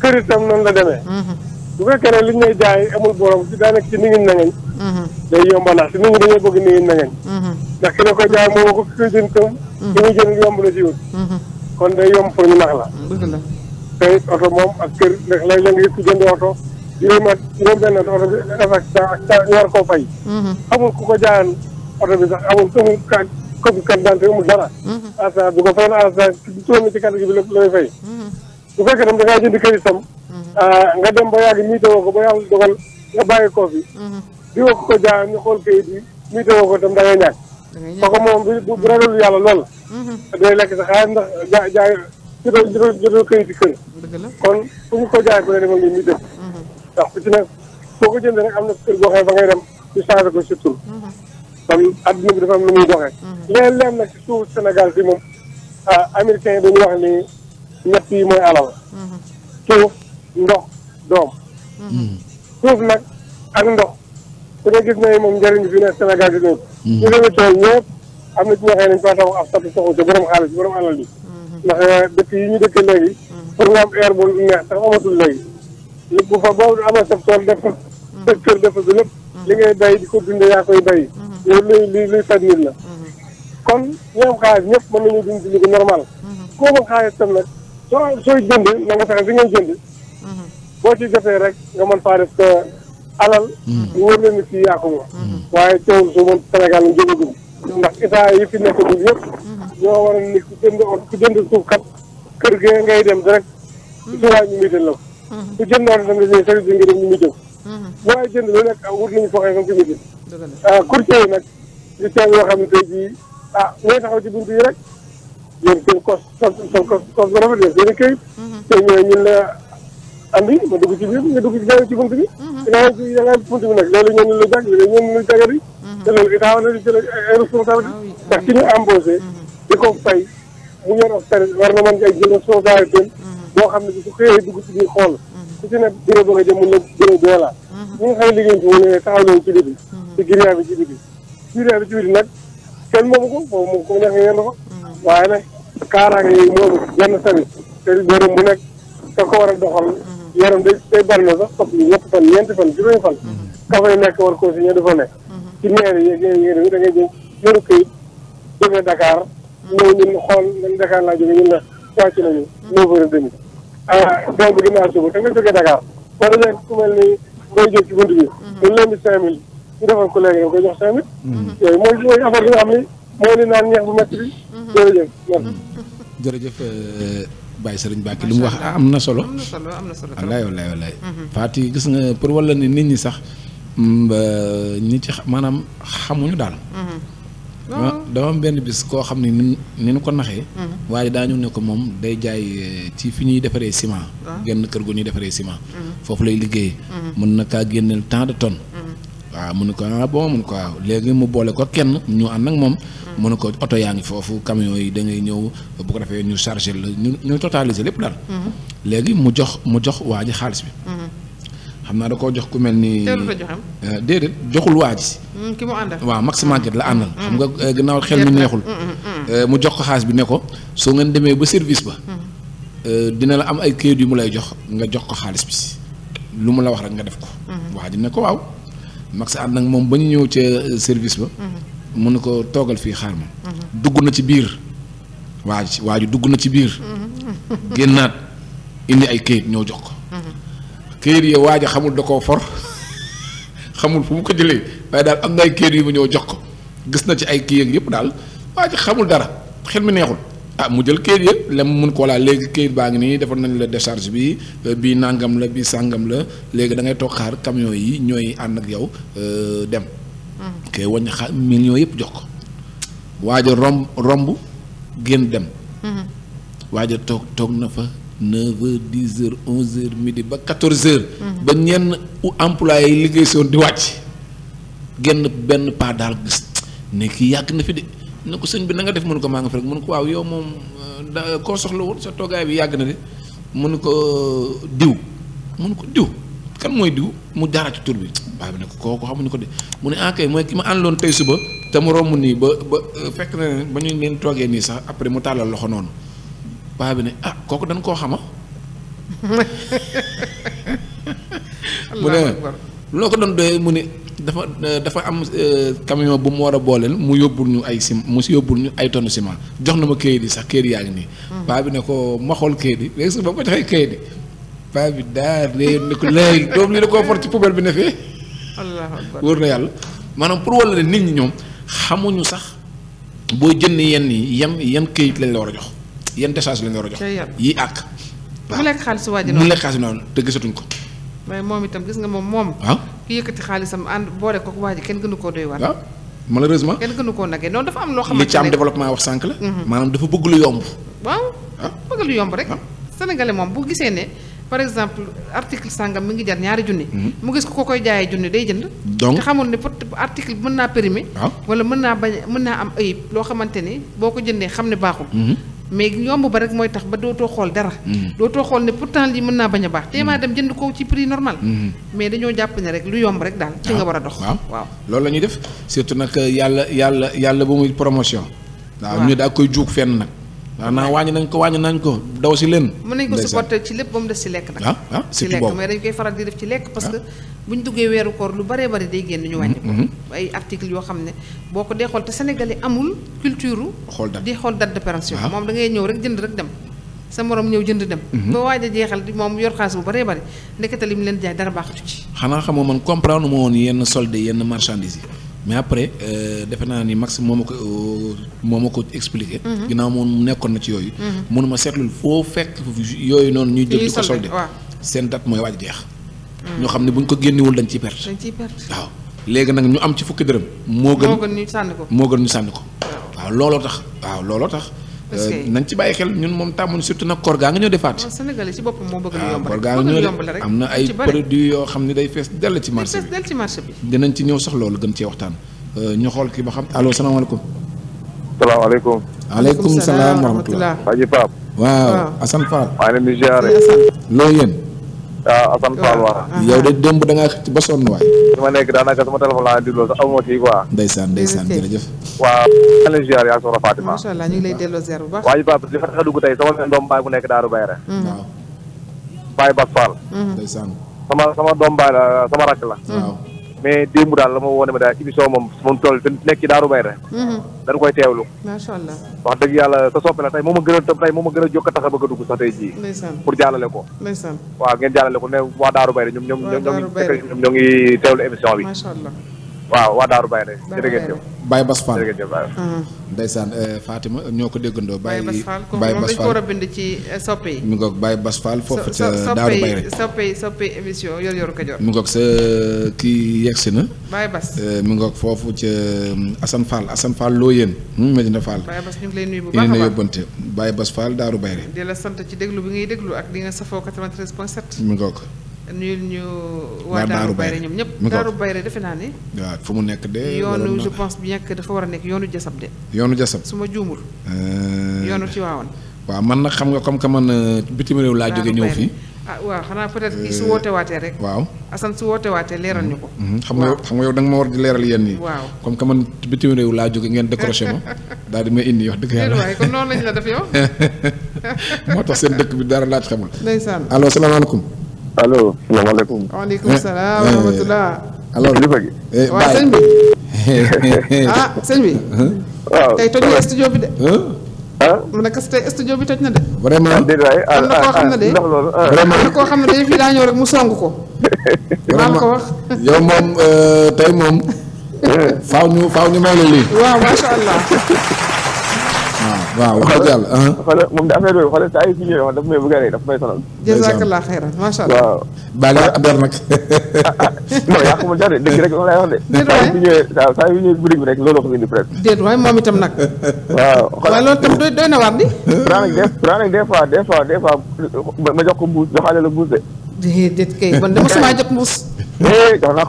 kër itam noonu la demee bu fekkee ne liñ lay jaay amul borom si daanaka ci ni ngi nangañ day yombalal te nit ñi dañoo bëgg nii na ngeen. ndax ki ne ko jaay moo ko ki jën kam ki muy jën yomb la si wut. Mm-hmm. kon day yomb pour ñu nax la. Mm-hmm. tey oto moom ak kër ndax lay la nga yëpp oto yooyu ma ñoom benn oto bi def ak war koo fay. Mm-hmm. amul ku ko jaayan oto bi sax amul amul ka kooku kat amul dara. asa bu ko fayoon asa turam ci kàddu gi bi la lay fay. bu fekkee tam da ngaa jënd kër a ah, nga dem ba yàgg miitewoo ko ba dogal nga bàyyi koo di wax ko jaay ñu xool kayit yi muy déggoo ko itam da ngay ñàkk. da ngay moom bu ragalul yàlla lool. Mhm. day lekk sa a ndax jaay jaay jotoo jotoo jotoo kayit kër. kon fu ñu ko jaay ku ne ni ma ngi muy dëkk. ko jëndee rek am na ba ngay dem ñu changé ko si tur. Mhm. kon lu muy doxee. Mhm. leen leen nag si suuf Sénégal bi moom ah américain dañuy wax ni ña yi mooy alal. suuf ndox doom. suuf nag ak ndox. su nga gis ne moom njëriñ bi ne Sénégal di doon. ñu leen a am na ci ñoo xam ne dañu faa taxaw ab satu soxu ci bi mm-hmm. euh, yi ñu dëkk léegi mm-hmm. pour nga am air bu sa tool def mm-hmm. sa kër li ngay bay di ko dundee yaa koy bay loolu luy ñëpp mën nañu dund li ko normal koo mën xaalis tam nag soo sooy jënd na boo ci jotee rek nga mën faa def alal. wóor na ni kii yaa ko moom. waaye teewul su moom Sénégal nga jëmagum. ndax état yi fi nekkagum yëpp. ñoo waral ni ku jënd ku jënd suuf kat kër gee ngay dem direct. su waay ñu miital la ko. ku jënd lu nekk wut nañu fooxee nga ko miital. ah courtier yi nag li teew yoo xam ne tey jii ah ñooy taxaw ci buntu yi rek yéen seen i këyit. te la. am bi ma dugg ci biir nga dugg ci gaaw ci bunt bi. Mhm. dinaa am ci da ngaa am bunt bi nag loolu ñoom ñu la jàng ñoom ñu jàngat yi. Mhm. te loolu état war na di jël ay responsabilité ah ah ndax ki ñu embauché. Mhm. di ko fay mu yor ab pare war na mën ay jël responsabilité boo xam ne su xëyee dugg ci biir xool. ku ci nekk na bureau ci biir. bi nag kenn moomu ko foofu moom ko ko. waaye nag kaaraange yooyu moomu yenn service te borom bu nekk da ko war a doxal yaram day day bari na sax topp yi ñetti fan ñeenti fan juróomi fan mhm. kafa yi nekk war ko si ñu dafa nekk mhm. ci maire yi da ngay jël yoru këyit jógee Dakar mhm. ñëw ñun xool man Dakar laa jógee ñun la wàcc nañu neuf ah, da nga jógee Dakar wala léegi ku mel ni ngay jóg ci bunt bi dañ leen di cinq mille ñu defal ko léegi da koy jox cinq mille yooyu mooy mooy affaire bi nga ni naan ñeex bu métti bi jërëjëf merci jërëjëf euh, Baye Serigne Bakki li mu wax a na solo. am na solo am na solo wallaay wallaay wallaay. Mhm. Fati gis nga pour wala ne nit ñi sax mm, ñi ci maanaam xamuñu daal. Mhm. dama benn bis koo xam ne ni ni ñu ko naxee. Mhm. waaye daañu ne ko moom day jaay eh, ci fi ñuy defaree ciment. Ah. genn kër gu ñuy defaree ciment. foofu lay liggéey. mën na kaa génneel tant de tonnes. waaw mu ne ko ah bon mu ne ko waaw léegi mu boole ko kenn ñu ànd ak moom. mu ne ko oto yaa ngi foofu camion yi da ngay ñëw bu ko defee ñu chargé la ñu ñu totaliser lépp daal. Mhm. léegi mu jox mu jox waa ji xaalis bi. Mhm. xam naa da koo jox ku mel ni. Euh, déedéet joxul waa ji. Mhm, ki mu àndal waaw Max Market la àndal. xam nga euh, ginnaaw xel mi neexul. Euh, mu jox ko xaalis bi ne ko soo ngeen demee ba service ba. dina la am ay kayit mu lay jox nga jox ko xaalis bi lu mu la wax rek nga def ko. waa ji ko waaw Max ànd nag moom ba ñu ñëw ca service ba. mu ne ko toogal fii xaar ma. dugg na ci biir waa ji dugg na ci biir. génnaat indi ay këyit ñoo jox ko. këyit yi waa xamul da koo for xamul fu mu ko jëlee waaye daal am na ay këyit yu mu ñëw jox ko gis na ci ay kii yeeg yëpp daal waa ji xamul dara xel mi neexul. ah mu jël kayit yëpp lem mun ko voilà léegi kayit baa ngi nii defar nañ la décharge bi euh, bii nangam la bii sàngam la léegi da ngay toog xaar camion yi ñooy ànd ak yow euh, dem kay wañ million yep jox ko waaja romb romb génn dem mhm. wajjo tok tok na fa 9 h 10 h 11 h midi ba 14 h mhm. ba ñen ñenn employé liggéey son di wacc genn ben pa dal gis ne ki yàgg na fi de ne ko sëñ bi na nga def mun ko ma nga fi rek mun ko waaw yow mom euh, ko soxla won sa togaay bi yag na de mun ko diw mun ko diw kan mooy diw mu jaaraat ci tur bi bàyyi bi ne ko kooku xamuñu ko de mu ne ah kay mooy ki ma àndaloon tey suba te mu romb nii ba ba euh, fekk na ne ba ñu leen toogee nii sax après mu tàllal loxo noonu bàyyi bi ne ah kooku dañ koo xama mu ne loo ko doon doyee mu ne dafa euh, dafa am euh, camion bu mu war a booleel mu yóbbul ñu ay sim mu si yóbbul ñu ay tonne ciment jox na ma kayit yi sax kayit yaa ngi nii. Hmm. baa bi ne ko ma xool kayit léegi su ba ko joxee kayit yi paa bi daa réer ne ko léegi doom lii da koo for ci poubelle bi ne fee. na yàlla maanaam pour wala ne nit ñi ñoom xamuñu sax boo jënd yenn yi yan yan këyit lañ la war a jox yan décharge lañ la a jox. yi àkk. mu lekk xaalis waa ji noonu mu lekk xaalis noonu te gisatuñ ko. mais moom itam gis nga moom moom. waaw ah? ki yëkkati xaalisam ànd boole ko waa ji kenn gënu koo doy waar. waaw ah? malheureusement. kenn gënu koo nagee noonu dafa am loo xamante ne li ci am développement wax sànq la. Mhm. maanaam dafa bëgg lu ah? lu yomb rek. moom bu gisee ne par exemple article sangam mi ngi jar ñaari junni. Mhm. mu gis ko ko koy jaayee junni day jënd. donc te xamul ne pot article bi mën naa périmer. Ah. wala mën naa bañ mën naa am ayib loo xamante ni boo ko jëndee xam ne baaxul. Mhm. mais yomb ba rek mooy tax ba dootoo xool dara. Mhm. dootoo xool ne pour pourtant lii mën naa bañ a baax. tey maa dem jënd ko ci prix normal. mais dañoo jàpp ne rek lu yomb rek daal. ci nga ah. war a dox ah. waaw loolu la ñuy def surtout nag yàlla yàlla yàlla ba muy promotion. daa koy juug fenn nag. naa wàññi nañ ko wàññi nañ ko daw si leen. mën nañ ko supporter ci lépp ba mu des si lekk nag. ah ah si lekk mais dañ koy faral di def ci lekk parce que ah. bu ñu duggee weeru koor lu baree bari day génn ñu wàññi ko. Mm-hmm. ay article yoo xam ne boo ko dee xool te sénégalais amul culture. xool date di xool date ah. moom da ngay ñëw rek jënd rek dem. sa morom ñëw jënd dem. Mm-hmm. ba waaj a jeexal moom yor xaalis bu bëree bëri ndekete li mu leen jaay dara baaxatu ci. xanaa xamoo man comprendre woon yenn solde yenn marchandise mais après euh, defe naa ni Max moom ma ko moo ma ko expliqué. Mhm. ginnaaw moom nekkoon na ci yooyu. mënuma mhm. seetlul foo fekk yooyu noonu ñuy jël di ko soldé seen date mooy waaj jeex. Mhm. ñoo xam ne bu ñu ko génnewul dañ ci perte. dañ ciy waaw léegi nag ñu am ci fukki dërëm. moo gën moo ko moo gën ñu sànni ko. waaw looloo tax waaw looloo tax. Euh, nañ ci bàyyi xel ñun moom tàmmuñ surtout nag koor gaa nga ñëw defaat. Sénégalais ci boppam moo bëgg lu ah, yomb rek koor gaa yomb la am na ay produits yoo xam ne day fees dell ci marché bi dell ci marché dinañ ci ñëw sax loolu gën cee waxtaan euh, ñu xool kii ba xam allo salaamaaleykum. salaamaaleykum. waaleykum salaam wa rahmatulah. Aji Pape. waaw Assane Fall. maa ngi leen di ziare. loo yéen. waaw ah, Assane Fall waaw. Ah. yow de démb da ngaa xëcc ba sonn waay. fi ma nekk daanaka sama téléphone laa di lool sax amoo ci quoi. ndeysaan ndeysaan jërëjëf. waaw maa ngi ziar yaa soxna Fatima. macha lay delloo ziar bu baax. waa ji Pape li fa tax a dugg tey sama benn doom baay bu nekk Daaru Bayre. Mm-hmm. waaw. Baye Bas Fall. Mm-hmm. ndeysaan. sama sama doom baay la sama rakk la. waaw. mais démb daal la ma woo ne ma daal émission moom moom tool te nekk ci Daaru Bayra mhm. dañu koy teewlu macha allah wax dëgg yàlla sa soppe la tey moom a gën a tey moom a gën a jokk a tax a bëgg a dugg sax tey jii pour jàllale ko waaw ngeen jàllale ko ne waa Daaru Bayra ñoom ñoom ñoom ñoo ngi teewlu émission bi waaw waa Daaru Baye de jërëjëf jëf Baye Bas Fall jërëjëf Baye hmm. eh, ñoo ko déggandoo Baye Bas Fall Baye Bas Fall ko ci eh, soppe yi mi Bas Fall foofu ca Daaru Baye rek soppe yi soppe sa kii yegsi na Baye Bas eh, mi ngoog foofu ca mm, Assane Fall Assane Fall loo hmm, yéen ñu ngi lay a baax yóbbante Baye Bas Daaru Baye rek di la sant ci déglu bi ngay déglu ak di nga safoo 93 point 7 mi ngoog nul ñu waa Daaru Bayre ñoom ñëpp Daaru Bayre defe naa ni waa fu mu nekk de yoonu je pense bien que dafa war a nekk yoonu jasab de yoonu jasab su ma juumul euh, yoonu ci waawoon waaw man nag xam nga comme que man euh, bitim réew laa jóge ñëw fii ah waaw xanaa peut-être kii euh, rek waaw Assane su leeral ñu ko mm-hmm. xam nga xam nga yow da nga ma war di leeral yéen yi waaw comme que man bitim réew laa jóge ngeen décroché ma daal di ma indi wax dëgg yàlla waaye noonu lañ la def yow moo tax seen dëkk bi dara laaj xamul ndeysaan allo salaamaaleykum allo salaamaaleykum. waaleykum salaam wa eh, eh. rahmatulah. alors kilifa gi. Eh, waaw sëñ bi. ah sëñ bi. tey toj na studio bi de. Ah? mu ne kas tey studio bi toj na de. vraiment ah, ah, am na koo xam ne na koo xam ne de fii daa ñëw rek mu song ko. vraiment ko wax. yow moom euh, tey moom. faaw ñu faaw ñu may la lii. waaw macha allah. waaw waaw wax yàlla xoolal uh-huh. moom de affaire boobu xoolal saa yu si ñëwee wax daf may bëgg a rey daf may sonal. jazakallah xayran allah waaw. baal yaa ab yar nag. non yaa xamul rek moom laay wax de. déet waay saa yu ñëwee saa yu ñëwee itam nag. waaw xoolal waaye loolu itam doy doy na war di. raa nag des raa nag des fois des fois ma jox ko mbuus joxaale la mbuus de. déedéet kay bon dama sama jot mbuus. eh jox naa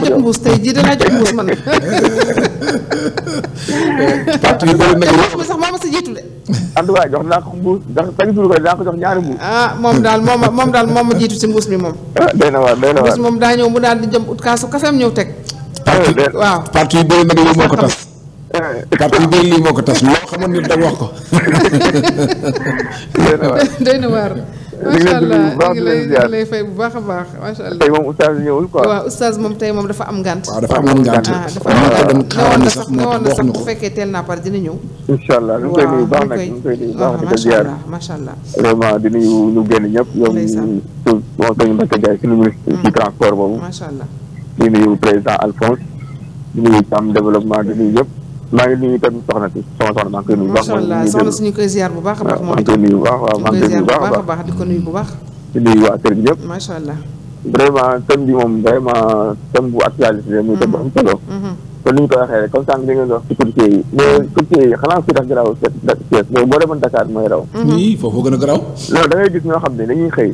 ko mbuus tey jii danaa jot mbuus tey jii danaa jot mbuus man. sax ma si jiitu de. ànd waay jox jox chaque jour ko dinaa ko jox ñaari mbuus. ah moom daal moom moom daal moom ma jiitu si mbuus mi moom. day na waar day na moom daa ñëw mu daal di jëm ut kaasu kafeem ñëw teg. waaw eh, parti yu bëri nag lii moo ko tas. parti yu bëri lii moo ko tas loo xamoon nit da ko. day na waar. macha allah ñu ngi bu baax a baax macha allah. tey moom oustaz ñëwul quoi. waaw oustaz moom moom dafa am ngànt. am ngànt ah dafa am ngànt bu fekkee teel naa par dina ñëw. incha allah ñu ngi baax nag ñu ngi koy nuyu baax ñu génn ñëpp ñoom moom sëñ Mbacke boobu. macha allah di nuyu président Alphonse di nuyu tam développement di nuyu yëpp. maa ngi nuyu tamit soxna si sama soxna maa ngi koy nuyu. macha allah soxna si ñu koy ziar bu baax a baax. maa ngi koy nuyu bu baax waaw maa ngi koy nuyu bu baax a baax di ko nuyu bu baax. bi moom vraiment thème bu actualité muy thème bu am solo. Mm-hmm. kon ni ñu ko waxee rek comme sànq da ngeen wax ci courtier yi mais courtier yi xanaa si daf garaaw Thiès mais boo demoon Dakar mooy raw. oui foofu gën a garaaw. non da ngay gis ñoo xam ne dañuy xëy.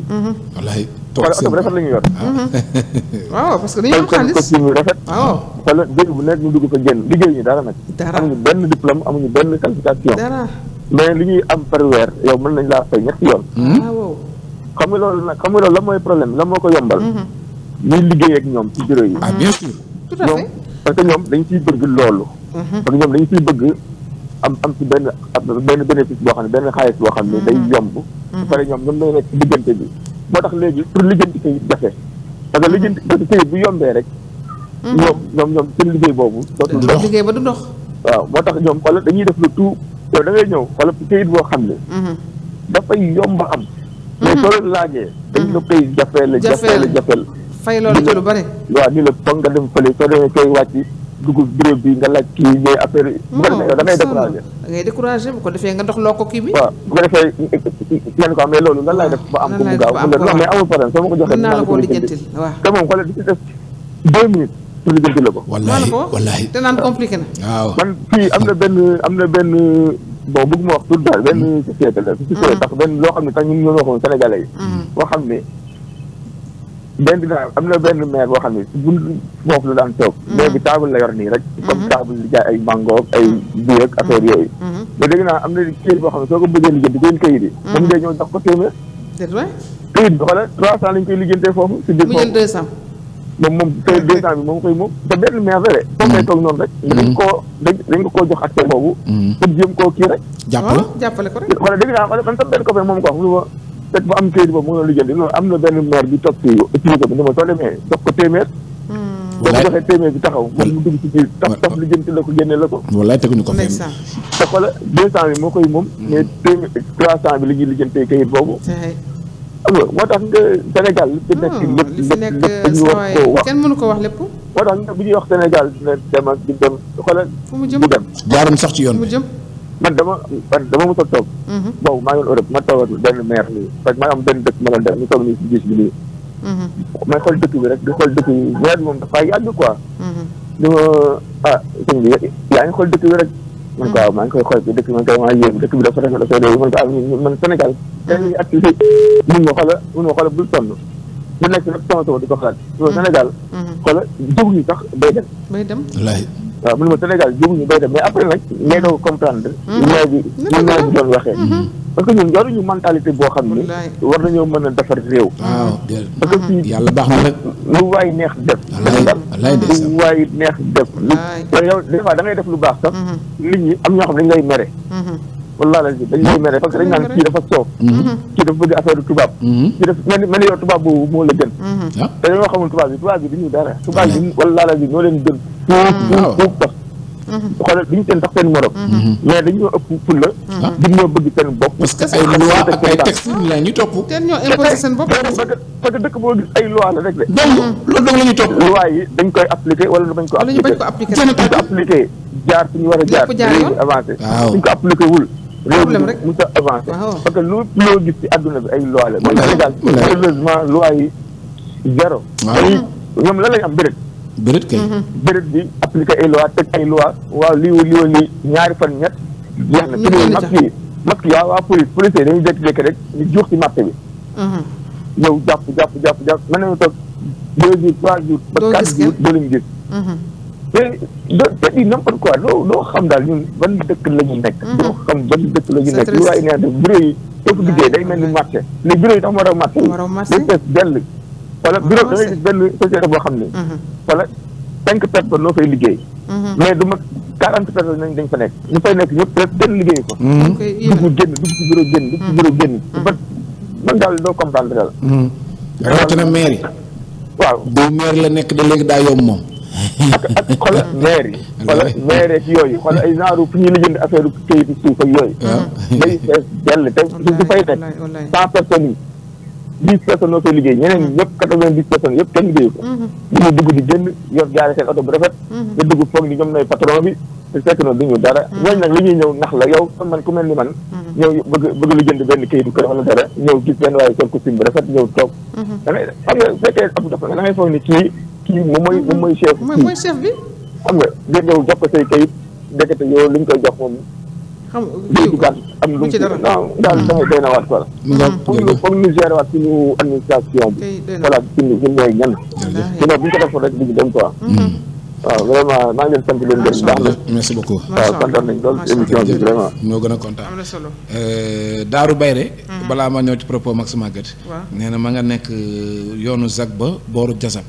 wallaay toog seen la ñuy yor. waaw parce rafet. waaw xoolal dégg bu ñu dugg fa génn liggéey ñu dara nag. dara amuñu benn diplôme amuñu benn qualification. dara mais li ñuy am par weer yow mën nañ laa fay ñetti yoon. xam nga loolu nag xam nga loolu la mooy problème la moo ko yombal. ñuy liggéey ak ñoom ci bureau yi. ah bien sûr. tout parce que ñoom dañ ciy bëgg loolu. Mhm. parce que ñoom dañ ciy bëgg am am ci benn benn bénéfice boo xam ne benn xaalis boo xam ne day mhm. yomb. ba mhm. pare ñoom ñoom ñoo nekk bi moo tax léegi pour lijjanti kayit jafe parce que lijjanti parce que kayit bu yombee rek. ñoom ñoom ñoom seen liggéey boobu. dootul dox liggéey ba du dox. waaw moo tax ñoom wala dañuy def le tout yow da ngay ñëw wala kayit boo xam ne. dafay yomb am. mais soo leen laajee. dañ la koy jafeel jafeel jafeel. fay loolu ci lu bari. waaw nii la foog nga dem fële soo demee koy wàcc dugub bureau bi nga laaj kii ñooy affaire yi. bu ko defee yow da ngay découragé. da ngay découragé bu ko defee nga dox loo ko kii bi. waaw bu ko defee yan quoi mais loolu ma ko joxee. dinaa te moom xoolal di ci def deux minutes. pour lijjantil la ko. wallaahi te naan compliqué na. waaw man fii am na benn am na benn. bon bëgg ma wax tout daal benn société la. Mm. société tax benn loo xam ne tax ñun ñoo waxoon sénégalais yi. Mm. boo benn dinaa na benn maire boo xam ne buñ foofu la daan toog. léegi mm. taabal la yor nii rek. Mm-hmm. comme taabal li ay mango ay mm-hmm. biir ak affaire yooyu. te mm-hmm. dégg am na këyit boo xam ne soo ko bëggee liggéey di koy këyit yi. moom day ñëw jox ko téeméer. c'est vrai këyit bi xoolal 300 lañ koy liggéeyantee foofu. si biir foofu mu jël 200. moom moom këyit 200 moom koy moom te benn maire la de. foofu toog noonu rek. dañ koo ko koo jox ak kër boobu. pour jéem koo kii rek. Ah, jàppale jàppale ko rek. wala dégg naa man sax benn copain fekk mu am téere boobu mu ngi doon lijjanti loolu am na benn maire bi toog ci kilifa bi ni ma soo demee jox ko téeméer. Hmm. boo ko joxee taxaw moom mu dugg ci biir taf taf lijjanti la ko génne la ko. walaay teguñu ko fenn. te xoola deux cent bi moo koy moom. Hmm. mais téeméer trois cent bi la ñuy lijjantee kayit boobu. xam moo tax nga Sénégal. li fi nekk hmm, lépp lépp kenn mënu ko wax lépp. moo tax nga bu ñuy wax Sénégal dina dem ak di fu mu jëm dem jaaroon sax ci yoon bi. man dama man dama mos a toog. Mhm. boobu maa ngi woon Europe ma toogoon benn maire nii parce que maa ngi am benn dëkk ma doon def ñu toog nii si gis bi nii. Mhm. may xool dëkk bi rek di xool dëkk bi nawet moom dafa yàgg quoi. li mhm. ma ah sëñ bi yaa ngi xool dëkk bi rek. man ko waaw maa ngi koy xool dëkk bi man kay maa yéem dëkk bi dafa rafet dafa doy man ko am man Sénégal. tey at yii mun ma xoola mun ma xoola bul sonn bu nekk rek sama sama di ko xalaat. Sénégal. xoola jiw yi sax day dem. day dem wallaahi. waaw mu ne ma Sénégal jëmuñu béy mais après nag ngay doog comprendre. ñu nawet ñu nawet doon waxee. Mm-hmm. parce que ñun yoruñu mentalité boo xam ne war nañoo mën a defar réew. waaw ah, parce que mm-hmm. fii yàlla baax na rek. lu waay neex def. wallaay lu waay neex def. yow des fois da ngay def lu baax sax. li mm-hmm. ñi am ñoo xam ne lay mere. wallaahi la dañ may mere parce que dañ naan kii dafa soof mhm. kii dafa bëgg affaire tubaab mhm. kii daf mel ni yow tubaab boobu moo la gën mhm. ah. te dañoo xamul tubaab bi tubaab bi du ñu dara ah. tubaab bi wallaahi la ñoo leen gën ah. fuuf fuuf sax xoolal duñ seen tax seen morom mais dañoo ëpp fulla dañoo bëgg seen bopp parce dañ koy appliqué wala dañ ko appliqué dañ jaar fi ñu war a jaar avancé suñ ko appliqué problème rek mu tax avancé parce que lu loo gis ci bi ay loi la mais Sénégal malheureusement ma yi zéro ñoom lan lañ am béréb béréb kay mm-hmm. béréb bi appliqué ay loi teg ay loi waaw lii lii woon lii ñaari fan ñett jeex na te masque yi masque yi waaw waa police police yi dañuy jékki-jékki rek ñu juux ci marché bi mm-hmm. ñëw jàpp jàpp jàpp jàpp mën nañu toog deux jours trois jours ba quatre jours doo mais c'est n'importe quoi loo xam daal ñun ban dëkk la ñu nekk. Mhm. loo xam ban dëkk la ñu nekk lu waay neex def bureau yi dafa liggéey day mel ni marché les bureaux yi dafa war a marché day fees dell wala bureau da ngay gis benn société boo xam ne mhm. wala cinq personnes noo fay liggéey mhm. mais du ma quarante personnes nañ dañ fa nekk ñu fay nekk ñëpp presque benn liggéey ko dugg génn dugg ci bureau génn dugg ci bureau génn ba man daal doo comprendre daal rawatina maire yi waaw bu la nekk da léegi daa yomb moom ak ak xoolal maire yi. xoolal maire ak yooyu xoolal ay genre fu ñuy lijjanti affaire kayitu suuf ak yooyu. Ah. day fees dell te du fay teg cent personnes yi dix personnes ñoo fay liggéey ñeneen ñëpp quatre-vingt-dix personnes yëpp kenn liggéeyu ko. ñu mm-hmm. dugg di génn yor jaare seen oto bu rafet. Mm-hmm. nga dugg foog ni ñoom ñooy patron bi te fekk na duñu dara. Mm-hmm. ñooñu nag li ñëw nax la yow man ku mel ni man. ñëw bëgg bëgg lu jënd benn kayitu kër wala dara ñëw gis benn waaye sol costume bu rafet ñëw toog. da fekkee ab dafa da ngay foog ni kii kii moom mooy moom mooy chef. moom mooy chef bi. xam nga ngeen ñëw jox ko say kayit ndekete yow li ñu koy jox moom. xam nga am lu mu ci dara daal hmm. dafay doy na waat quoi. foog ñu foog ñu gérer waat suñu administration bi. voilà ñun ñooy ñan. sinon bu ñu ko defoon rek du ñu dem quoi. Hmm. waaw ah, vraiment maa ngi leen sant di leen gërëm baax na. merci beaucoup waaw ah, ñoo gën a kontaan am solo. Euh, Darou Bayre. Hmm. balaa ma ñëw ci propos Max Maguette. waaw nee na ma nga nekk euh, yoonu Zag ba booru Jasab.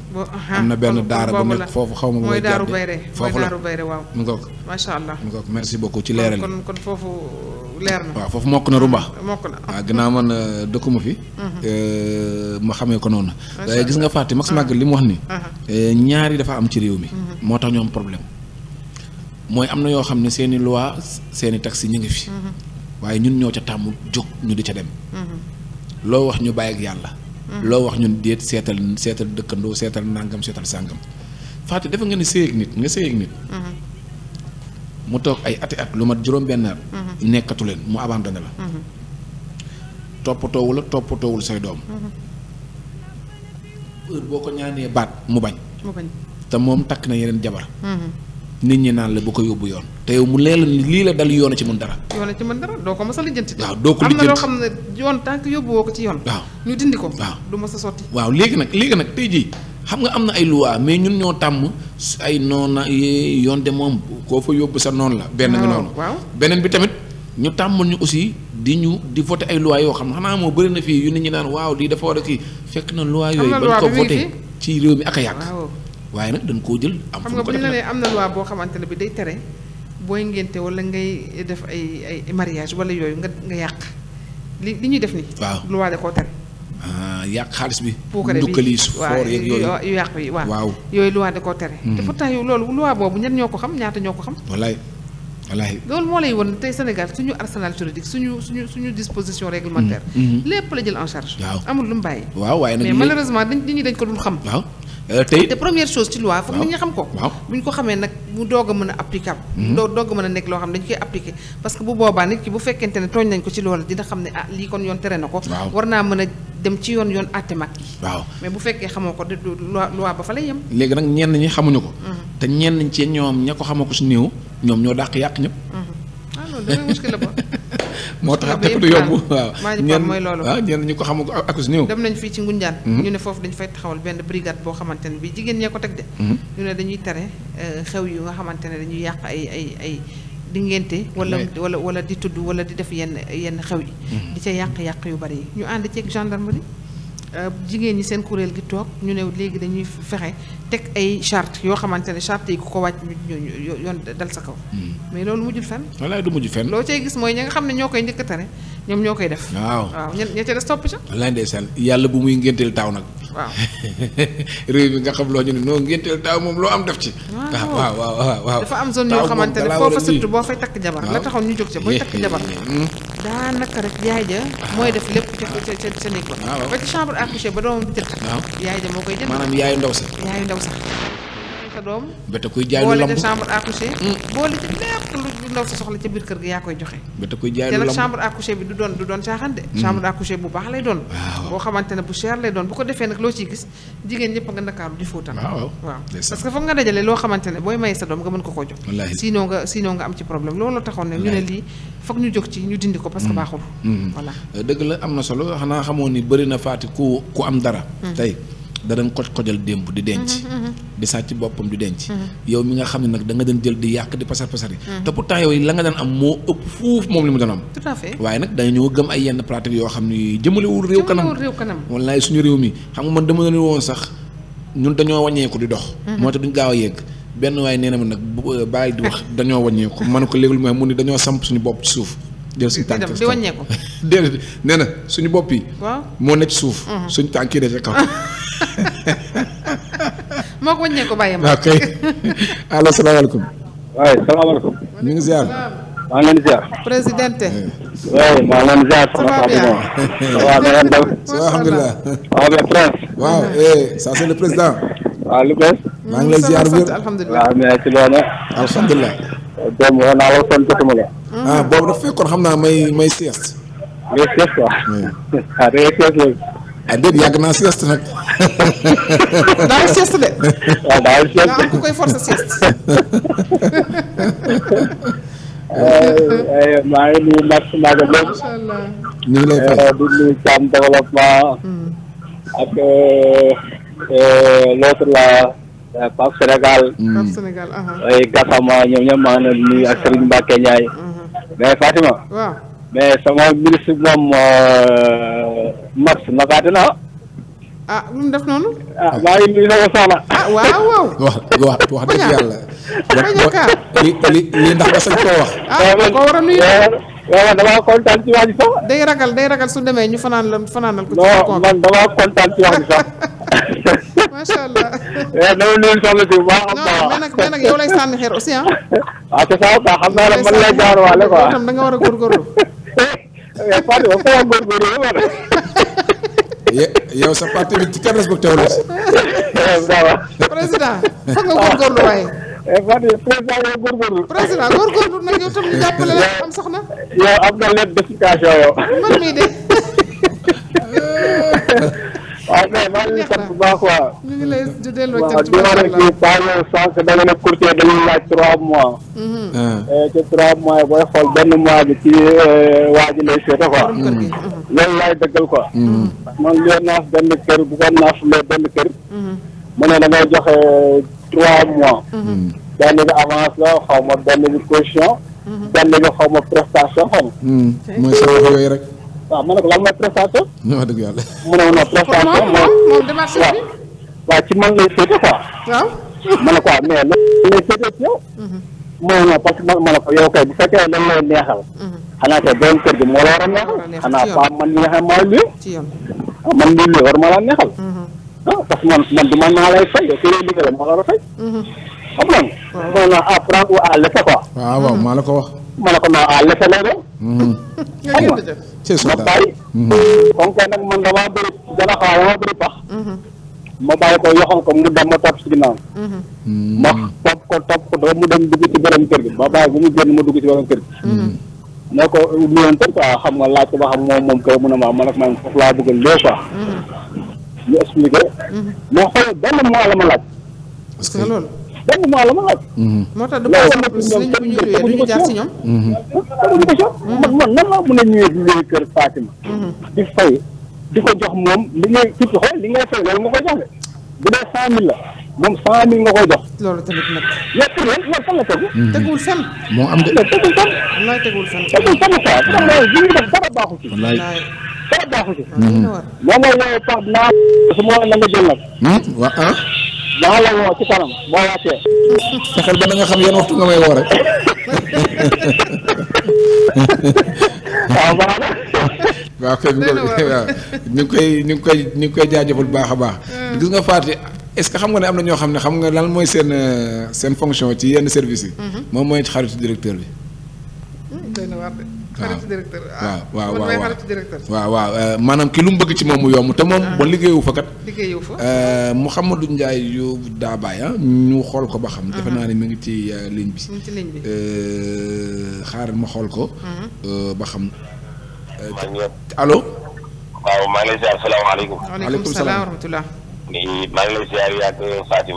am na benn daara bu nekk foofu xaw ma mooy Darou Bayre foofu la mu ngoog macha allah mu ngoog merci beaucoup ci leeral kon leer na waaw foofu mokk na rumba mokk na waaw ginnaaw man euh, dëkkuma fi mhm. euh, ma xamee ko noonu gis nga fàtte max ah. màgg li mu wax ni ah. euh, ñaari dafa am ci réew mi mhm. moo tax ñu am problème mooy am na yoo xam ne seeni loi seeni taxi ñu ngi fi mhm. waaye ñun ñoo ca tàmm jóg ñu di ca dem loo wax ñu bàyyi ak yàlla loo wax ñu déet seetal seetal dëkkandoo seetal nàngam seetal sàngam fàtte dafa nga ne séy nit nga séy nit mu toog ay ati at lu ma juróom-benn at. Mm-hmm. nekkatu leen mu abandonné la. Mm-hmm. toppatoowul la toppatoowul say doom. Mm-hmm. boo ko ñaanee baat mu bañ. mu bañ te moom takk na yeneen jabar. nit ñi naan la bu ko yóbbu yoon. te yow mu leela lii la dal yoon ci mën dara. yoon ci mën dara doo ko mës a lijjanti. waaw doo ko lijjanti yoon tànk yóbbuwoo ko ci yoon. waaw ñu dindi ko. waaw du mës a sotti. waaw léegi nag léegi nag tey jii. xam nga am na ay loi mais ñun ñoo tàmm ay noon na yoon de moom koo fa yóbbu sa noon la. benn bi noonu beneen bi tamit ñu tàmmul ñu aussi di ñu di voté ay loi yoo xam ne xanaa moo bëri na fii yu nit naan waaw lii dafa a kii fekk na loi yooyu. bañ ko voté ci réew a yàq. waaye nag dañ koo jël. am fu xam nga bu ñu am na loi boo xamante ne bi day tere booy ngénte wala ngay def ay ay mariage wala yooyu nga nga yàq li li ñuy def nii. waaw loi da koo tere. Ah, yàq xaalis bi. puukare bi ndukkal yi foor yeeg yooyu yàq yi waaw. yooyu loi da koo tere. Hmm. te pourtant loolu loi boobu ñenn ñoo ko xam ñaata ñoo ko xam. wallaay wallaay. loolu moo lay won tey Sénégal suñu arsenal juridique suñu suñu suñu disposition réglementaire. Hmm, hmm. lépp la jël en charge. waaw amul lu mu bàyyi. waaw waaye nag mais malheureusement ko dul xam. waaw euh, tey te xam ko. waaw bu ñu mu doog a mën a applicable. doo doog a mën a nekk loo xam ne dañu koy appliqué. parce que bu boobaa nit ki bu fekkente ne tooñ nañ ko ci loolu dina xam ne ah lii kon yoon tere na ko. war naa a dem ci yoon yoon àtte mag yi. waaw mais bu fekkee xamoo ko de loi ba fa lay yem. léegi nag ñenn ñi xamuñu ko. Mhm. te ñenn ci ñoom ña ko xamoo ko si néew ñoom ñoo dàq yàq ñëpp. Mhm. ah loolu moo tax àtte ko du yomb waaw ñenn mooy loolu waaw ñenn ñi ko xamu ko ak si néew. dem nañ fii ci Ngunjaan. Mhm. ñu ne foofu dañ fay taxawal benn brigade boo xamante ne bii jigéen ñee ko teg de. ñu ne dañuy tere euh, xew yu nga xamante ne dañuy yàq ay ay ay. di ngénte wala wala wala di tudd wala di def yenn yenn xew yi mhm. di ca yàq-yàq yu bari yi ñu ànd ceeg gendarmerie euh, jigéen ñi seen kuréel gi toog ñu ne léegi dañuy fexe teg ay charte yoo xamante ne charte yi ku ko wàcc ñu yoon dal sa kaw mhm. mais loolu mujjul fenn wallaay du mujj fen loo cay gis mooy ña nga xam ne ñoo koy njëkk a ñoom ñoo koy def waaw waaw ña ca des topp ca wallaay ndeysaan yàlla bu muy ngénteel taaw nag waaw réew mi nga xam loo ñu ne noo ngénteel taaw moom loo am def ci. waaw waaw waaw waaw. dafa am zone yoo xamante ne foofa surtout boo fay takk jabar la taxaw ñu jóg ca booy takk jabar. Hmm. daanaka rek yaay ja mooy def lépp ca ca ca néeg ba. ba ci chambre à ba doomam di tëdd. yaay ja moo koy dem maanaam yaayu ndaw sax. yaayu ndaw sax. sa doom. bete kuy jaay lu chambre à coucher. boole ci lépp lu ndaw sa soxla ca biir kër gi yaa koy joxe. bete kuy jaay lu lamb te nag chambre à bi du doon du doon caaxaan de. Hmm. chambre à bu baax lay doon. waaw boo xamante ne bu cher lay doon bu ko defee nag loo ciy gis jigéen ñëpp nga ndakaaru di fóotal. waaw waaw parce nga dajale loo xamante ne booy maye sa doom nga mën ko koo jox. wallaahi sinon nga sinon nga am ci problème looloo taxoon ne ñu ne lii foog ñu jóg ci ñu dindi ko parce que hmm. baaxul. Hmm. voilà dëgg la am na solo xanaa xamoon ni bëri na faati ku ku am dara da dañ koj-kojal démb di denc mm-hmm, mm-hmm. di sacc bopam di denc mm-hmm. yow mi nga xamni nak da nga dañ jël di yak di passer passer te pourtant yow la nga dañ am mo upp fouf mom limu dañ am tout à fait waye nak dañ ñoo gëm ay yenn pratique yo xamni jëmele wu rew kanam wallahi suñu rew mi xam nga man dama doon won sax ñun dañoo ko di dox mo tax duñ gaaw yegg benn way neena na ma nag euh, bàyyi di wax dañoo ko man ko legul mooy mu ni dañoo samp suñu bop ci suuf jël suñu tank di wàññeeku ko nee neena suñu bop yi mo ne ci suuf suñu tànk yi da ca kaw moo ko wëññee ko bàyyi ma. ok allo salaamaaleykum. waaye salaamaaleykum. ñu ngi président. waaye maa ngi leen di ziar. ça alhamdulilah. waaw mais waaw eh ça c'est le président. waaw lu bees. maa ngi lay ziar bu alhamdulilah alhamdulilah. Ah, boobu dafa fekkoon xam naa may may sieste. may sieste waaw. ah da ngay ah déet yàgg naa nag. daawul sieste de. waaw ah, daawul sieste daa ku koy force sieste. maa ngi nuyu Max Maga Diop. macha allah eh, di nuyu Thiam développement. Hmm. ak eh, eh, l'autre la. Pape Sénégal. Hmm. Pape Sénégal. ay ñoom ñoom maa ngi leen nuyu ak Serigne Mbacke Ndiaye. Hmm. mais Fatima. mais sama ministre moom euh, Max nakaate na ah lu mu def noonu. ah maa ngi nuyu na ko ah waaw waaw. wax wax wax dëgg yàlla. li li li ndax ba sañ koo wax. Ah, war a nuyu. waaw damaa kontaan ci day ragal day ragal su demee ñu fanaan la fanaanal ko. ci kaw man damaa kontaan ci waa ji sax. macha allah. waaw eh, dama nuyu soxna si bu baax. am na waaw nag yow lay sànni xeer aussi ah. waaw ah, c'est ça xam naa ne man lay jaarwaale quoi. da nga war a góorgóorlu. Eh, parti yow sa parti bi ci kenn respecté président fa nga góorgóorlu waaye. Eh, président yow góorgóorlu. nag yow tam ñu jàppale la am soxna. yow am na leen décision yow. man mii de. waaw ah, mais maa ngi sant bu baax waaw. ñu ngi lay di delloo cant bu baax waaw sànq da nga ne courtier dañuy laaj trois mois. Mhm. Ah. Eh, te trois mois yi booy xool benn mois bi ci eh, waa ji lay seete quoi. Mhm. loolu laay dëggal quoi. Mhm. man loo naaf benn kër bu ko naaf lee benn kër. mu ne da ngay joxe eh, trois mois. benn bi avance la xaw ma benn bi caution. benn bi xaw ma prestation xaw ma. Hmm. mooy sa rek. waaw ma ne ko lan mooy prestation. waaw a yàlla. mu ne ma prestation moom moom démarche bi. waaw ci man a féete quoi. waaw ma ne ko a ah, mais lay féete ci yow. Mhm. a non parce man ma ko yow kay bu fekkee lan lay neexal. Mhm. xanaa kay benn kër gi moo la war a neexal. xanaa paa man li nga xam ah, man lii luy war ma la neexal. Mhm. ah man man du man maa lay fay yow kii lay liggéeyal moo la war a fay. xam nga. waaw ah prendre ou ko ma ne ko naa a sa léegi. xam mhm. nga ma bàyyi. kon mhm. kay nag man damaa bëri a damaa bëri pax. Mhm. ma bàyyi ko yoxal ko mu dem ma topp si ginnaaw. ma topp ko topp ko mu dem dugg ci borom kër gi ma bàyyi bu mu génn ma dugg ci borom kër gi. ne ko nuyoon tënk quoi xam nga laaj ko ba xam moom moom kaw mun a maa man ak man foofu laa bëgg a léegi quoi. ñu expliqué. xool benn mois la ma laaj. benn mois la ma laaj. Mhm. moo tax du ma ñu jaar si ñoom. teguñu ko si man man nan la mën a ñëwee di kër Fatima. Mhm. di fay di ko jox moom li ngay ci xool li ngay fay loolu nga koy joxe bu dee cent mille la moom cent mille nga koy jox. loolu tamit nag. yow tëjee yow fan la tegu. Mhm. teguwul fenn. moo am de teguwul fenn. wallaay teguwul fenn. teguwul fenn quoi. wallaay li ñuy def dara baaxu ci. wallaay dara baaxu ci. moom mooy yow Pape naa. su ma la nga jël nag. Hmm? wa ah. dama la woo ci kanam boo wàccee. fexeel ba da nga xam yan waxtu nga may woo rek. waaw ah, baax na. waaw ñu ngi koy ñu ngi koy ñu ngi koy jaajëfal bu baax a baax. Hmm. gis nga Fatou est-ce que xam nga ne am na ñoo xam ne xam nga lan mooy seen euh, seen ci yenn service yi. Hmm. moom mooy xaritu directeur bi. Hmm, Ah, xaritu directeur waaw waaw waaw euh, waaw maanaam ki lu mu bëgg ci moom mu yomb te moom ba ah. liggéeyu fa kat. liggéeyu fa. Euh, Mouhamadou Ndiaye yu Daabaya ah, ñu xool ko ba xam. Uh-huh. defe naa ne mi ngi ci euh, ligne bi. mi ngi ma xool ko. Uh-huh. ba xam. allo. waaw maa ngi lay ziar salaamaaleykum. salaam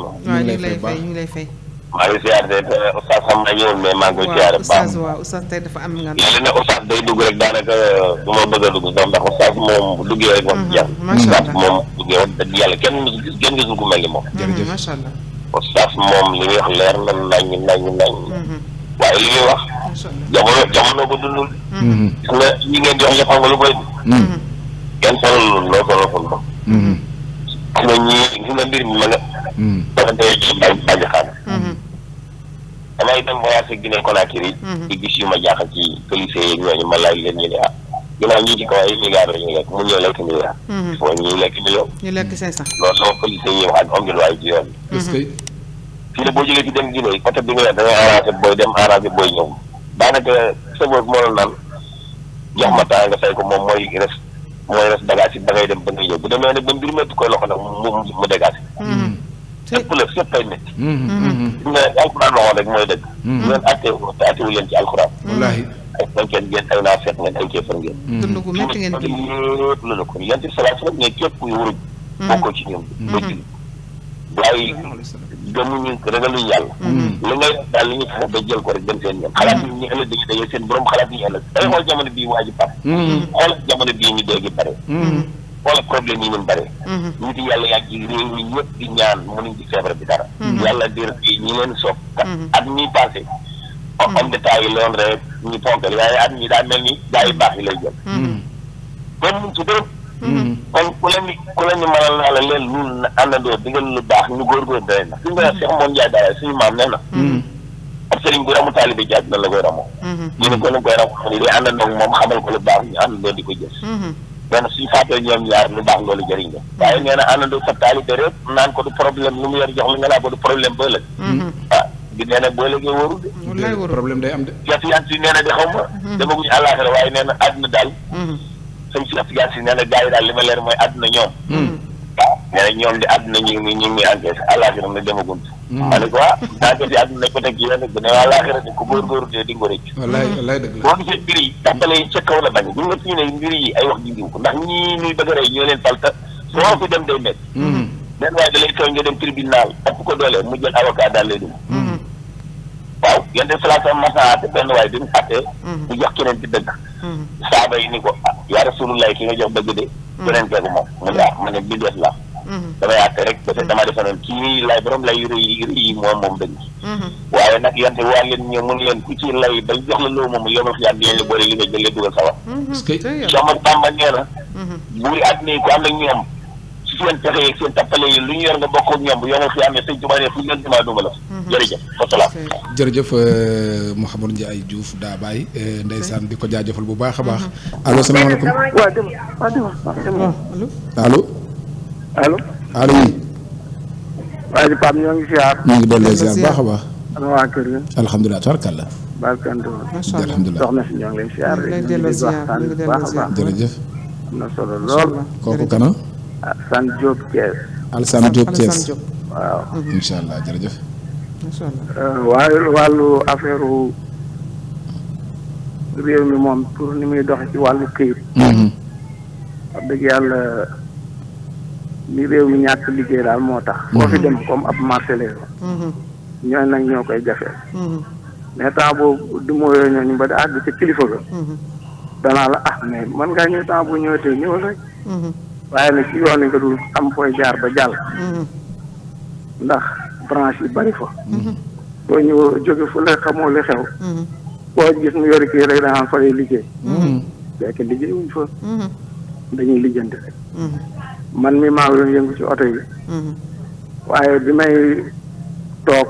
wa ñu lay fay ñu lay fay. maa ngi ziar de euh, oustaz xam naa ñëwul mais maa ngi koy ziar baax oustaz waaw dafa am nga léegi nag oustaz day dugg rek daanaka euh, du bëgg a dugg sax ndax oustaz moom bu duggee rek wax jeex mm-hmm, oustaz moom yàlla kenn mësu gis kenn gisul ku mel ni moom mm-hmm, li muy wax leer na nañ nañ nañ mm-hmm. waaye li muy wax jamono jamono ko dundul gis nga ñi ngeen di wax yëpp xam nga lu koy kenn sonalul loo sonal kon ko gis nga ñi gis nga mbir mi ma nga dafa dee bañ bañ xaar damay dem voyage ak Guinée Conakry. Mhm. di gis yu ma jaaxal ci policiers yeeg ma laaj leen ñu ne ah. ginnaaw ñi ci kaw ay milliards la ñuy lekk mun ñoo lekk milliards. Mhm. foo ñuy lekk million. ñu lekk cinq cent. loolu sama policiers yi wax ak homme de loi yi ci yoon bi. Mhm. est-ce que. fii la boo jógee ci dem Guinée côté da ngay arrangé booy jox ma taa nga fay ko moom mooy res mooy res bagage yi da ngay dem ba ngay ñëw bu demee nag ba mbir métti koy loxo nag mu mu lépp lépp lépp ay métti. gis nga alxuraan waxoon rek mooy dëgg. bu mm-hmm. leen àttee te àttewu leen ci alxuraan. wallaahi ay fenkat ngeen ay naa fekk ngeen ay kéefar ngeen. Mm-hmm. dund gu métti ngeen kii lépp la ko yan ci salaat rek ne képp kuy wuruj. Mm-hmm. bokkoo ci ñoom. bëccëg waaye gëmuñu ragaluñu yàlla. li ngay daal li ñu fexe ba jël ko rek dem seen yoon. xalaat yi ñu ëllëg dañuy dañuy seen borom xalaat yi ñu ëllëg. day xool jamono bii waa ji pare. xool jamono bii ñu dee gi pare. wala problème yi ñu bëri. Mhm. nit yàlla yàgg yi réew mi ñëpp di ñaan mënuñ ci feebar bi dara. Mhm. yàlla dir ci ñi leen soog. Mhm. at mi passé. homme d'état yi loon rek ñu ponkal waaye at mi daa ni gaa yi baax yi lay jël. kon mu ci dërëm. kon ku leen di ku leen di mënal naa la leen lu àndandoo digal lu baax ñu góorgóorlu day na suñu beneen Cheikh Mawone Ndiaye daal suñu maam nee na. ab sëriñ bu ramu taalibe jaaj nan la koy ramoo. ñu ne ko lañ koy ramoo xam ne day àndandoo moom xamal ko di ko jëf. nee na suñu faatoo ñoom ñaar lu baax loolu jëriñ la mm-hmm. waaye nee na àndandoo sa taalibe rek naan ko du problème lu mu yor jox li nga laa ko du problème ba ëllëg waaw mm-hmm. ah, di nee na boo léegee wóorul de problème day am de gerte yan si nee di xaw ma mm-hmm. demaguñu àllaaxira waaye nee àdduna daal sëñ si af si nee na daal li ma leer mooy àdduna ñoom mais ñoom di àdduna ñu ngi ñu ngi encaissé àllaaxira na demagul. Mm. ma ne ko ah daanaka di àdduna ko teg yéen a bu ne àllaaxira ku góorgóorlu dee di nga ko rëcc. wallaay wallaay dëgg la boo gisee mbir yi tàmbale yi ca kaw la bañ. bu ñu la ne mbir yi ay wax ji ndax ñii ñuy bëgg a ñoo leen falta soo fi dem day métti. Mm. Mm. benn waaye da lay tooñ nga dem tribunal ëpp ko doole mu jël avocat daal lay dum waaw yéen de salaa sama masaa te benn waaye bi mu àttee. mu jox keneen ci dëgg. saaba yi ni ko ah, yaa rasulullah ki nga jox dëgg de. keneen kee Mm-hmm. dama yaakaar rek parce que mm-hmm. dama defoon kii lay borom lay rëy rëy yi moom moom dëgg. Mm-hmm. waaye nag yante waa leen ñëw mun leen ku ci lay bañ jox la loo moom yomal xiyaam dinañ la boole li nga jël la na. buuri àddina la ñoom su seen pexe yeeg seen tappale yi lu ñu yor nga bokk ak ñoom bu yomal a ne sëñ Tuubaa ne fu ñu leen dimaa duma la. jërëjëf wasalaam. jërëjëf euh, Mouhamadou Ndiaye Diouf daa bàyyi euh, ndeysaan di ko jaajëfal bu a baax. allo salaamaaleykum. waaw dégg nga waaw alo allo oui. waaye di Pape ñoo ngi ziar. ñoo ngi delloo ziar baax a baax. ana waa kër gi. alhamdulilah baax a baax. jërëjëf. am na solo lool. kooku kana. Alassane Diop Thiès. Alassane Diop Thiès. waaw. Mhm. incha allah jërëjëf. macha euh, waaye wàllu affaire réew mi moom pour ni muy doxee ci wàllu këyit. Mhm. wax dëgg yàlla. li réew mi ñàkk liggéey daal moo tax. boo mhm. fi dem comme ab marché lay doon. Mhm. ñooñu nag ñoo koy jafe. Mhm. mais temps du ma yooyu ñooñu ba di àgg ca kilifa ga. danaa la ah mais man ngaa ñëw temps bu ñëwatee ñëwal rek. waaye nag ci yoon yi nga dul am fooy jaar ba jàll. ndax branche yi bari fa. boo ñëw jóge fu la xamoo li xew. boo gis mu yori rek danaan fa lay liggéey. fekk liggéey fa. dañuy lijjanti rek. man mi maa yëngu ci oto yi. Mm-hmm. waaye bi may toog.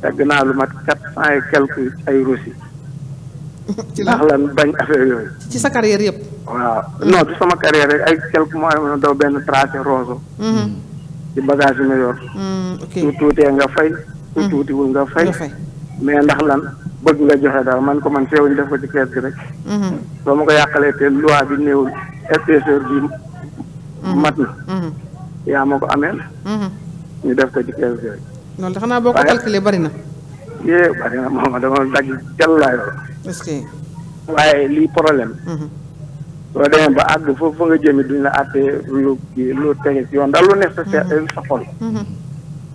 teg mm-hmm. naa lu mat quatre cent et quelques ay russi. ci ndax lan bañ affaire yooyu. ci sa carrière yëpp. waaw non du sama carrière rek ay quelques mois ma daw benn tracé roso. Mm-hmm. ci bagage yi ma tuutee nga fay. su tuutiwul nga fay. mais ndax lan bëgg nga joxe daal man ko man teewuñ def ko ci kees gi rek. soo ma ko yàqalee te loi bi néewul épaisseur bi. Mm-hmm. mat na. Mm-hmm. yaa ma ko ameel. Mm-hmm. ñu def ko ci kees yooyu. loolu de xanaa boo ko calculé bari yee bari na moom dama dagg jàll laa waaye lii problème. soo demee ba àgg foofu fa nga jëmi duñ la àttee lu kii lu tege si yoon daal lu nekk sa xol.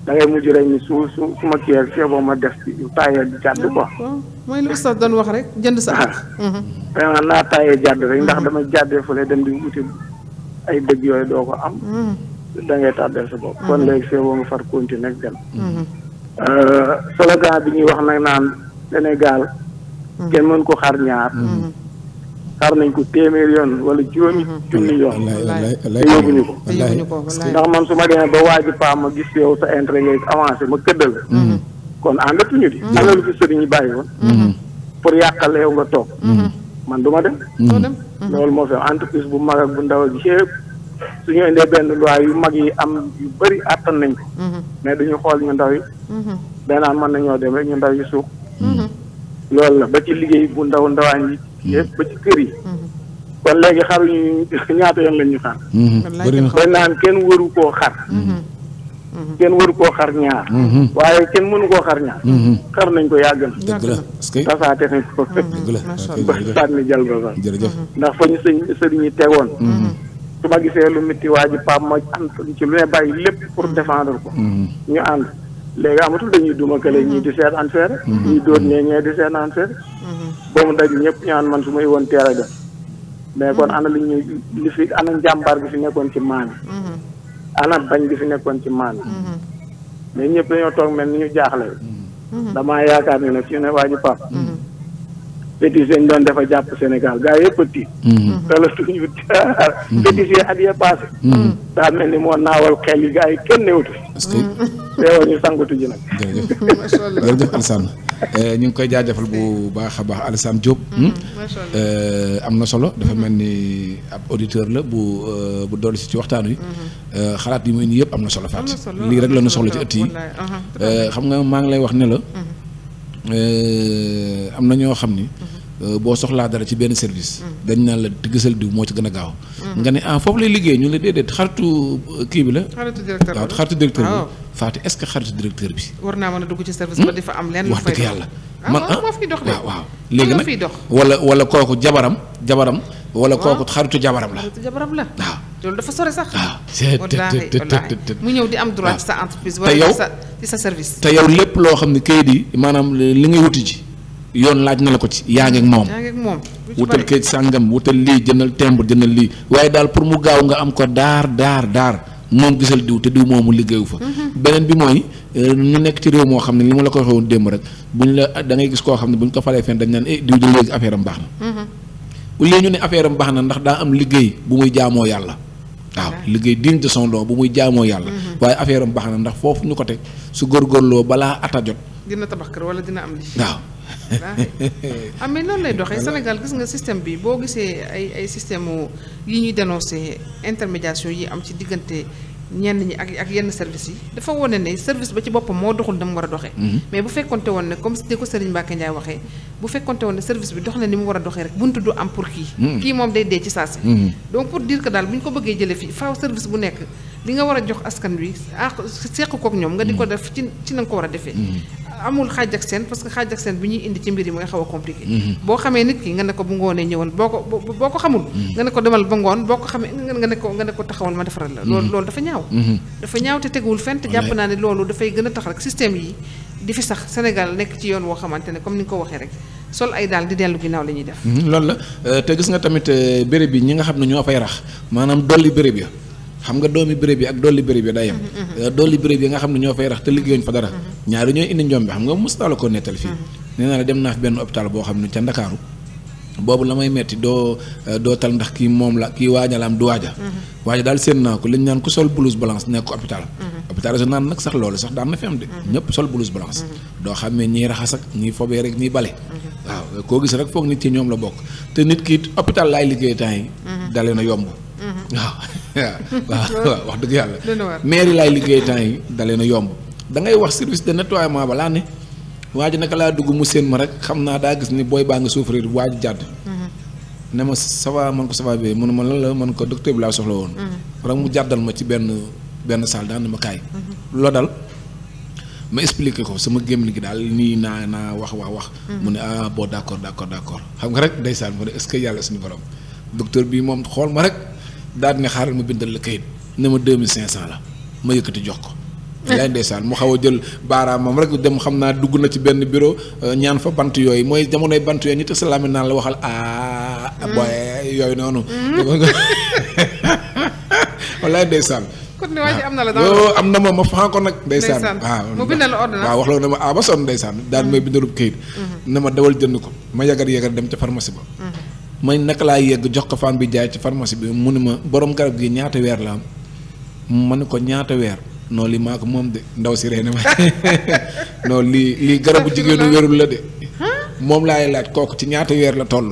da ngay mujj rek ni su su su ma kii rek ma def ci jàdd quoi. Ah, mooy lu sax doon wax rek jënd sa. Ah. vraiment naa taayee jàdd rek ndax dama jàddee fële dem di wuti ay dëgg yooyu doo ko am mm. da ngay tàddeel sa bopp kon mm-hmm. léegi see boo nga far continuer dem mm-hmm. euh, slogan bi ñuy wax nag naan Sénégal mm-hmm. kenn mën ko xar ñaar xar nañ ko téeméer yoon wala juróomi junni yoon te ñu ko ndax man su ma demee ba waaji paa ma gis yow sa intérêt ngay avancé ma këddal kon àndatuñu di ana lu fi sëriñ yi bàyyi woon pour yàqal yow nga toog man du ma dem. Mm. doo dem mm-hmm. loolu moo fi entreprise bu mag ak bu ndaw ak yëpp su ñu indee benn loi yu mag yi am yu bëri àttan nañ ko. Mm-hmm. mais duñu xool ñu ndaw yi. danaa mm-hmm. mën nañoo dem rek ñu ndaw yi suuf. loolu la ba ci liggéey bu ndaw ndawaan yi. yëpp ba ci kër yi. kon léegi xaruñu ñaata yoon lañ ñu xar. wallaahi naan kenn waru koo xar. Mhm. kenn waru koo xar ñaar. Mhm. waaye kenn mënu koo xar ñaar. Mhm. xar nañ ko yàgg na. dëgg la parce que ko. dëgg la ba sànni jàll ba sax. jërëjëf ndax fa ñu sëñ sëriñ yi tegoon. su ma gisee lu métti waa ji Pape ma ànd ci lu ne bàyyi lépp pour défendre ko. ñu ànd léegi amatul dañuy duma kële ñii di seet an feere. ñii doon ñee di seet an feere. ba mu daj ñëpp ñaan man su may woon teel a def mais kon ana li ñuy li fi ana njàmbaar gi fi nekkoon ci maam anam bañ bi fi nekkoon ci maan mm-hmm. mais ñëpp dañoo toog mel ni ñu jaaxle mm-hmm. damaa yaakaar ne nag su ne waa ji pap mm-hmm. fétiche doon dafa jàpp Sénégal gaa yëpp a tiit talatuñu jaar fétiche at yee passé daa mel ni moo naawal xel yi gaa yi kenn newutu teewoo ñu sangatu ji nag. jërëjëf jërëjëf Alassane eh, ñu ngi koy jaajëfal bu baax a baax Alassane Diop. Mm, hmm? eh, am na solo dafa mm-hmm. mel ni ab auditeur la bu eh, bu dolli si ci waxtaan wi. Mm-hmm. xalaat yi muy nii yëpp am na solo faat lii rek la ñu soxla ci ëtt yi. Uh-huh, xam nga maa ngi lay wax ne la. Mm-hmm. am na ñoo xam ni. Euh, boo soxlaa dara ci benn service. Mm. dañ naan la gisal diw moo ci gën a gaaw. Mm. nga ne ah foofu lay liggéey ñu ne déedéet xaritu euh, kii bi la. xaritu directeur bi waaw xaritu directeur bi. Ah, que xaritu directeur bi. war naa mën a dugg ci service ba di fa am lenn. lu hmm? fay dox wax dëgg yàlla. Ah, man ah waaw léegi nag wala wala kooku jabaram jabaram. wala kooku xaritu jabaram la. xaritu jabaram la waaw. dafa sore sax. Ah, waaw te mu ñëw di am sa entreprise. wala ci sa ci sa te yow lépp loo xam ne kayit yi maanaam li ngay wuti ji yoon laaj na la ko ci yaa ngi ak moom wutal kayit sàngam wutal lii jëndal timbre jëndal lii waaye daal pour mu gaaw nga am ko daar daar daar moom gisal diw te diw moomu liggéeyu fa mhm. beneen bi mooy euh, ñu nekk ci réew moo xam ne li la ko waxee woon démb rek bu koo xam ne bu ñu ko falee fenn dañ naan eh diw di léegi affaire baax na mhm. au lieu ñu ne affaire am baax na ndax daa am liggéey bu muy jaamoo yàlla waaw liggéey digne de son nom bu muy jaamoo yàlla mhm. waaye affaire baax na ndax foofu ñu ko teg su góorgóorloo balaa ata jot dina tabax kër wala waaw ah mais noonu lay doxee Sénégal gis nga système bi boo gisee ay ay système yi ñuy dénoncé intermédiation yi am ci diggante ñenn ñi ak ak yenn service yi dafa wane ne service ba ci boppam moo doxul dama war a doxee mhm. mais bu fekkonte woon ne comme ni ko Serigne Mbacke Ndiaye waxee bu fekkonte woon ne service bi dox na ni mu war a doxee rek buntu du am pour kii mhm. kii moom day dee ci saasi mhm. donc pour dire que daal bu ñu ko bëggee jëlee fii faaw service bu nekk li nga war a jox askan wi ah seq kook ñoom nga di ko mm. def ci ci na nga ko war a defee mm. amul xaaj ak seen parce que xaaj ak seen bi ñuy indi ci mbir yi mu nga xaw a compliqué mm-hmm. boo xamee nit ki nga ne ko ngoonee ñëwal boo boo ko xamul mm. nga ne ko demal ba ngoon boo ko xamee nga ne ko nga ne ko taxawal ma defaral la loolu mm-hmm. loolu dafa ñaaw mm-hmm. dafa ñaaw te teguwul fenn te jàpp naa ne loolu dafay gën a tax rek système yi di fi sax Sénégal nekk ci yoon woo xamante ne comme ni nga ko waxee rek sol ay daal di dellu ginnaaw la ñuy def loolu la euh, te gis nga tamit euh, béréb yi ñi nga xam ne ñoo fay rax maanaam dolli béréb ya xam nga doomi bërebi ak doli bërebi day am mm-hmm, mm-hmm. euh, doli bërebi nga xam ne ñoo fay rax te liggéeyuñ fa dara mm-hmm. ñaari ñooy indi njom bi xam nga mus ko netal fi neena la dem na fi benn hôpital bo xam ne ca ndakaaru bobu lamay metti do euh, do tal ndax ki mom la ki waaja la du waja waja dal sen naa ko liñ naan ku sol blouse blanche nek hôpital hôpital je régional nak sax loolu sax da na fi am de ñep sol blouse blanche do xamé ñi raxas ak ñi fobé rek ñi balé waaw ko gis rek fokk nit ci ñom la bok te nit ki hôpital lay liggéey tan yi dalena yomb waaw wax dëgg yàlla mairie laay liggéey temps yi dalee na yomb da ngay wax service de nettoiement balaa ne waa naka laa dugg mu seen ma rek xam naa gis ni boy baa nga souffrir waa ji jàdd ne ma ça va man ko ça va bee mu ne ma lan la man ko docteur bi soxla rek mu ma ci salle ma dal ma expliquer ko sama gémmiñ gi daal nii naa naa wax wax wax mu ne ah bon d' accord d' accord d' accord xam nga rek ndeysaan mu ne est ce que suñu borom docteur bi ma rek daal di ne xaaral ma bindal la kayit ne ma deux mille la ma yëkkati jox ko. yaay ndeysaan mu xaw a jël baaraamam rek dem xam naa dugg na ci benn bureau euh, ñaan fa bant yooyu mooy jamonoy bant yooyu ñetti salaami naan la waxal ah. ah mm. booy yooyu noonu. Mm. wallaay ndeysaan. kon ne waa ah. am na la am na ma ma faa ko nag. ndeysaan waaw mu ah, bindal ordonnance waaw wax la ne ma ah ba sonn ndeysaan. daan may mm. bindalub kayit. Mm-hmm. ne ma dawal jënd ko ma yagar yagar dem ca pharmacie ba. Mm-hmm. may naka laa yegg jox ko femme bi jaay ci pharmacie bi mu ne ma boroom garab gi ñaata weer la am ma ne ko ñaata weer non lii maa ndaw si rey na ma garabu jigéenu wérul la de moom laay laaj kooku ci ñaata weer la toll.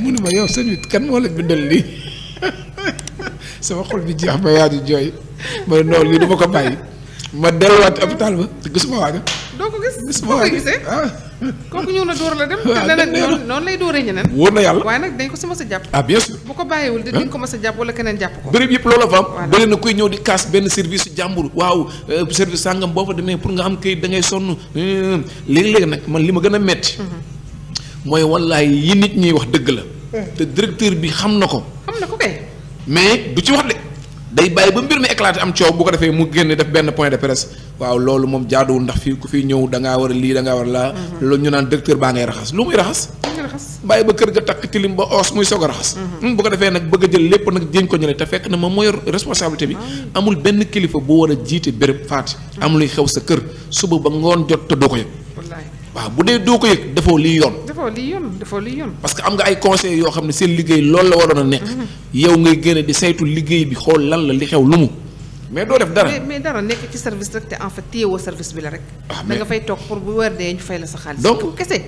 mu ne ma yow sëñ bi kan moo la bindal lii sama xol bi jeex ba waaju jooy ma ne non lii dama ko bàyyi ma delluwaat hôpital ba te gisuma waaja doo ko gis. bisimilah boo ko gisee. Ah. kooku ñëw na dóor la dem. Ah, te noonu lay dooree ñeneen. woo na yàlla waaye nag dañ ko sa mës a jàpp. ah bien sûr bu ko bàyyiwul di ah. dañ ko mës a jàpp wala keneen jàpp ko. béréb yëpp loola fa am. bëri na kuy ñëw di kaas benn service jàmbur. waaw euh, service sàngam boo fa demee pour nga am kayit da ngay sonn léegi hmm. léeg nag man li ma gën a metti mhm. mooy wallaay yi nit ñuy wax dëgg la. Eh. te directeur bi xam na ko. xam na ko kay. mais du ci wax de. day bàyyi ba mbir mi éclaté am coow bu ko defee mu génn def benn point de presse waaw loolu moom jaaduwul ndax fi ku fiy ñëw da war a lii da war a laa. Mhm. loolu ñu naan directeur baa ngay raxas lu muy raxas. bàyyi ba kër ga takk tilim ba oos muy soog a raxas. Mhm. Hmm, bu ko defee nag bëgg a jël lépp nag jéñ ko ñële te fekk na moom moo yor responsabilité bi. amul benn kilifa bu war a jiite bërëb faat mhm. am luy xew sa kër suba ba ngoon jot te doo ko yëg waaw bu dee doo ko yëg defoo lii yoon. defoo lii yoon defoo lii parce que am nga ay conseils yoo xam ne seen liggéey loolu la waroon a nekk. Mhm. yow ngay génne di saytu liggéey bi xool lan la li xew lu mu. mais doo def dara mais dara nekk ci service rek te en fait téyewoo service bi la rek. Ah, da nga fay toog pour bu weer dee ñu fay la sa xaalis. donc kese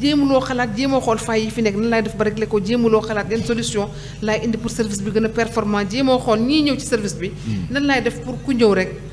jéemuloo xalaat jéemoo xool fay yi fi nekk nan laay def ba réglé ko jéemuloo xalaat yan solution laay indi pour service bi gën a performant jéemoo xool ñii ñëw ci service bi. Hmm. nan laay def pour ku ñëw rek.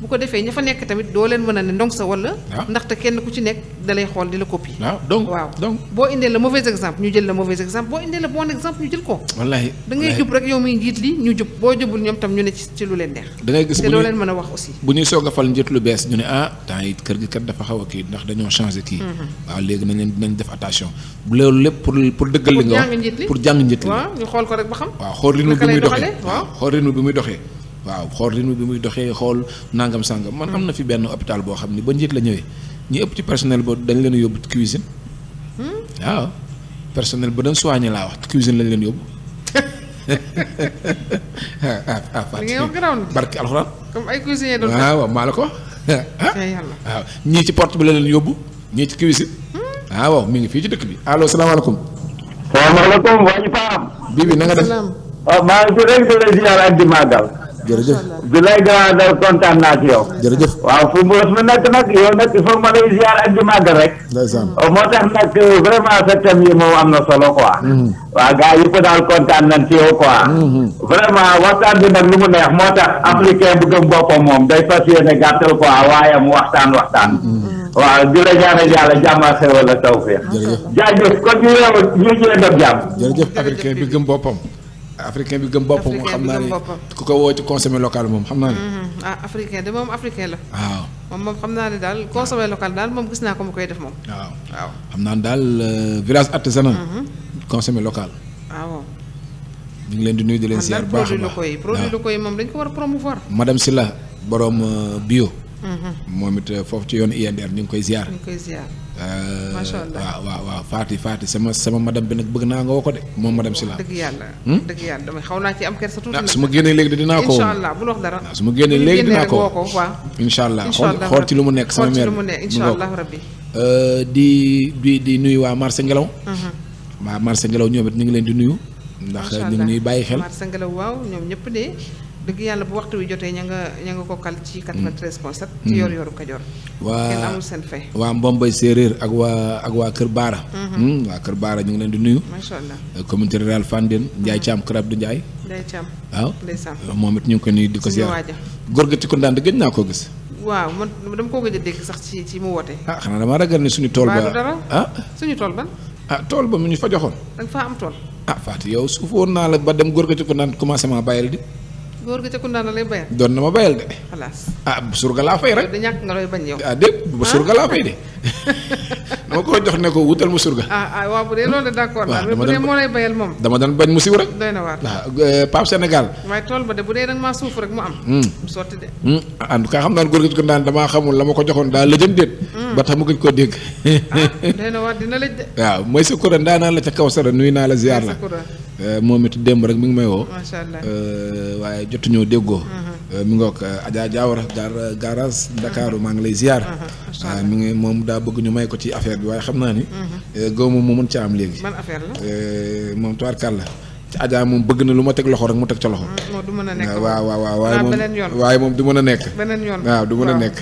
bu ko defee ña fa nekk tamit doo leen mën a ne ndong sa wala. Ah. ndaxte kenn ku ci nekk dalay xool di la copier. waaw ah, donc waaw donc. boo indee le mauvais exemple ñu jël le mauvais exemple boo indee le bon exemple ñu jël ko. wallaahi da ngay jub rek gis a bu ñuy soog a fal njiit lu bees ñu ne ah temps yi kër gi kat dafa xaw kii ndax dañoo changé kii. Mm-hmm. waaw léegi nañ leen dinañ def attention loolu lépp pour dëggal li nga pour jàng njiit li waaw ñu xool ko rek waaw xool rythme bi muy doxee xool nangam sangam man am na fi benn hôpital boo xam ni ba njëkk la ñëwee ñi ëpp ci personnel ba dañ leen yóbbu cuisine hmm? waaw personnel ba dañ soigné laa wax cuisine lañ leen yóbbu barki ah, ah, ah alxuraan comme ay cuisinier doon waaw maa la ko ah, waaw ñii ci porte bi la leen yóbbu ñii ci cuisine hmm? ah waaw mi ngi fii ci dëkk bi allo salaamaaleykum salaamaaleykum waa ñu faam bi bi na nga def oh, maa ngi rek di lay ziar ak di màggal jërëjëf bilaay grand dal kontaan naa yow jërëjëf waaw fu mburos mi nekk nag yow nag il faut ma lay ziar ak di màggal rek oh, moo tax nag vraiment sa thème yi moom am na solo quoi mm-hmm. waaw gars yëpp daal kontaan nañ ci yow quoi mm-hmm. vraiment waxtaan bi nag lu mu neex moo tax africain bu gëm boppam moom day fas yéene gàttal quoi waaye mu waxtaan waxtaan mm-hmm. waaw di la ñaanal yàlla jàmm ak xéwal ak tawfeex jaajëf kon ñu yeewu ñu ñëwee def jàmm jërëjëf africain bi gëm boppam africain bi gëm boppam. africain xam naa ne ku ko woo ci local moom xam naa ne. Mm-hmm. Ah, de moom africain la. waaw moom ne daal consommé local daal moom gis naa ko mu koy def moom. waaw waaw xam naa ne daal euh, village artisanal. Mm-hmm. consommé local. Ah, waaw. ñu ngi leen di nuyu di leen ziar baax a baax produit produit locaux yi moom dañ ko war a promouvoir. madame Sylla borom euh, bio. Mm-hmm. moom it euh, foofu ci yoonu INDR ñu ngi koy ziar. Euh, macha allah waaw waaw waaw Faati Faati sama sama madame bi nag bëgg naa nga woo ko de moom madame Sylla. dëgg yàlla hmm? dëgg yàlla damay xaw naa ci am kersa tuuti. Ah, su ma génnee léegi dinaa ko. incha allah bul wax dara ah, su ma génnee léegi dinaa ko woo allah xool ci lu mu nekk sama mère euh, di di di nuyu waa marché ngelaw. Mhm. waa marché ngelaw ñoom ñu ngi leen di nuyu. ndax ñu ngi ñuy bàyyi xel marché ngelaw waaw ñoom ñëpp dëgg yàlla bu waxtu wi jotee ña nga ña nga kookal ci 93 point 7 ci yoor yooru Kajoor waa kenn amul seen fay waa Mbombay séeréer ak waa ak waa Kër Baara mm-hmm. mm, waa Kër Baara ñu ngi leen di nuyu macha allah euh, communauté rurale Fandène mm-hmm. Ndiaye Thiam Krab du Ndiaye Ndiaye Thiam waaw euh, moom it ñu ngi ko nuyu di ko siyaar góor gi ci ko daan gëj naa koo gis waaw man dama koo gëj a sax ci ci mu woote ah xanaa dama ragal ne suñu tool ba ah suñu tool ba ah tool ba mu ñu fa joxoon da nga am tool ah Fatou yow suuf woon naa la ba dem góor ga ci ko daan commencé maa bàyyil di góor gi ca Koundanda lay bayal. doon na ma bayal de. xalaas ah surga laa fay rek. du ñàkk nga looy bañ yow. ah déet bu surga dama ko jox ne ko wutal mu surga. ah ah waaw bu dee moom. dama doon bañ mu siw rek. doy na waar waaw euh, Pape Sénégal. waaye tool ba de bu dee da maa suuf rek mu am. Hmm. mu sotti de. Hmm, en tout cas xam naa ne góor gi ca Koundanda damaa xamul la ma ko joxoon daal lëjëm déet. Hmm. ba tax mu gëj koo dégg. ah doy na waar dina lëj de. waaw mooy sa kuréel daanaa la ca kaw sara nuy naa la ziar la Euh, moom it démb rek mi ngi may woo. macha allah euh, waaye jotuñoo déggoo. Mhm. mi ngi wax euh, Adja Diawara gar ndakaaru maa ngi lay ziar. waaw mhm, mi ngi moom daa bëgg ñu may ko ci affaire bi waaye xam naa ni. Mhm. góob moom moo mën caa am léegi. man affaire la ci Adja moom bëgg na lu ma teg loxo rek mu teg ca loxo. Ah, non du mën a nekk ah, waaw waaw waaw waaye ah, moom moom du mën a nekk. beneen yoon waaw du mën a nekk.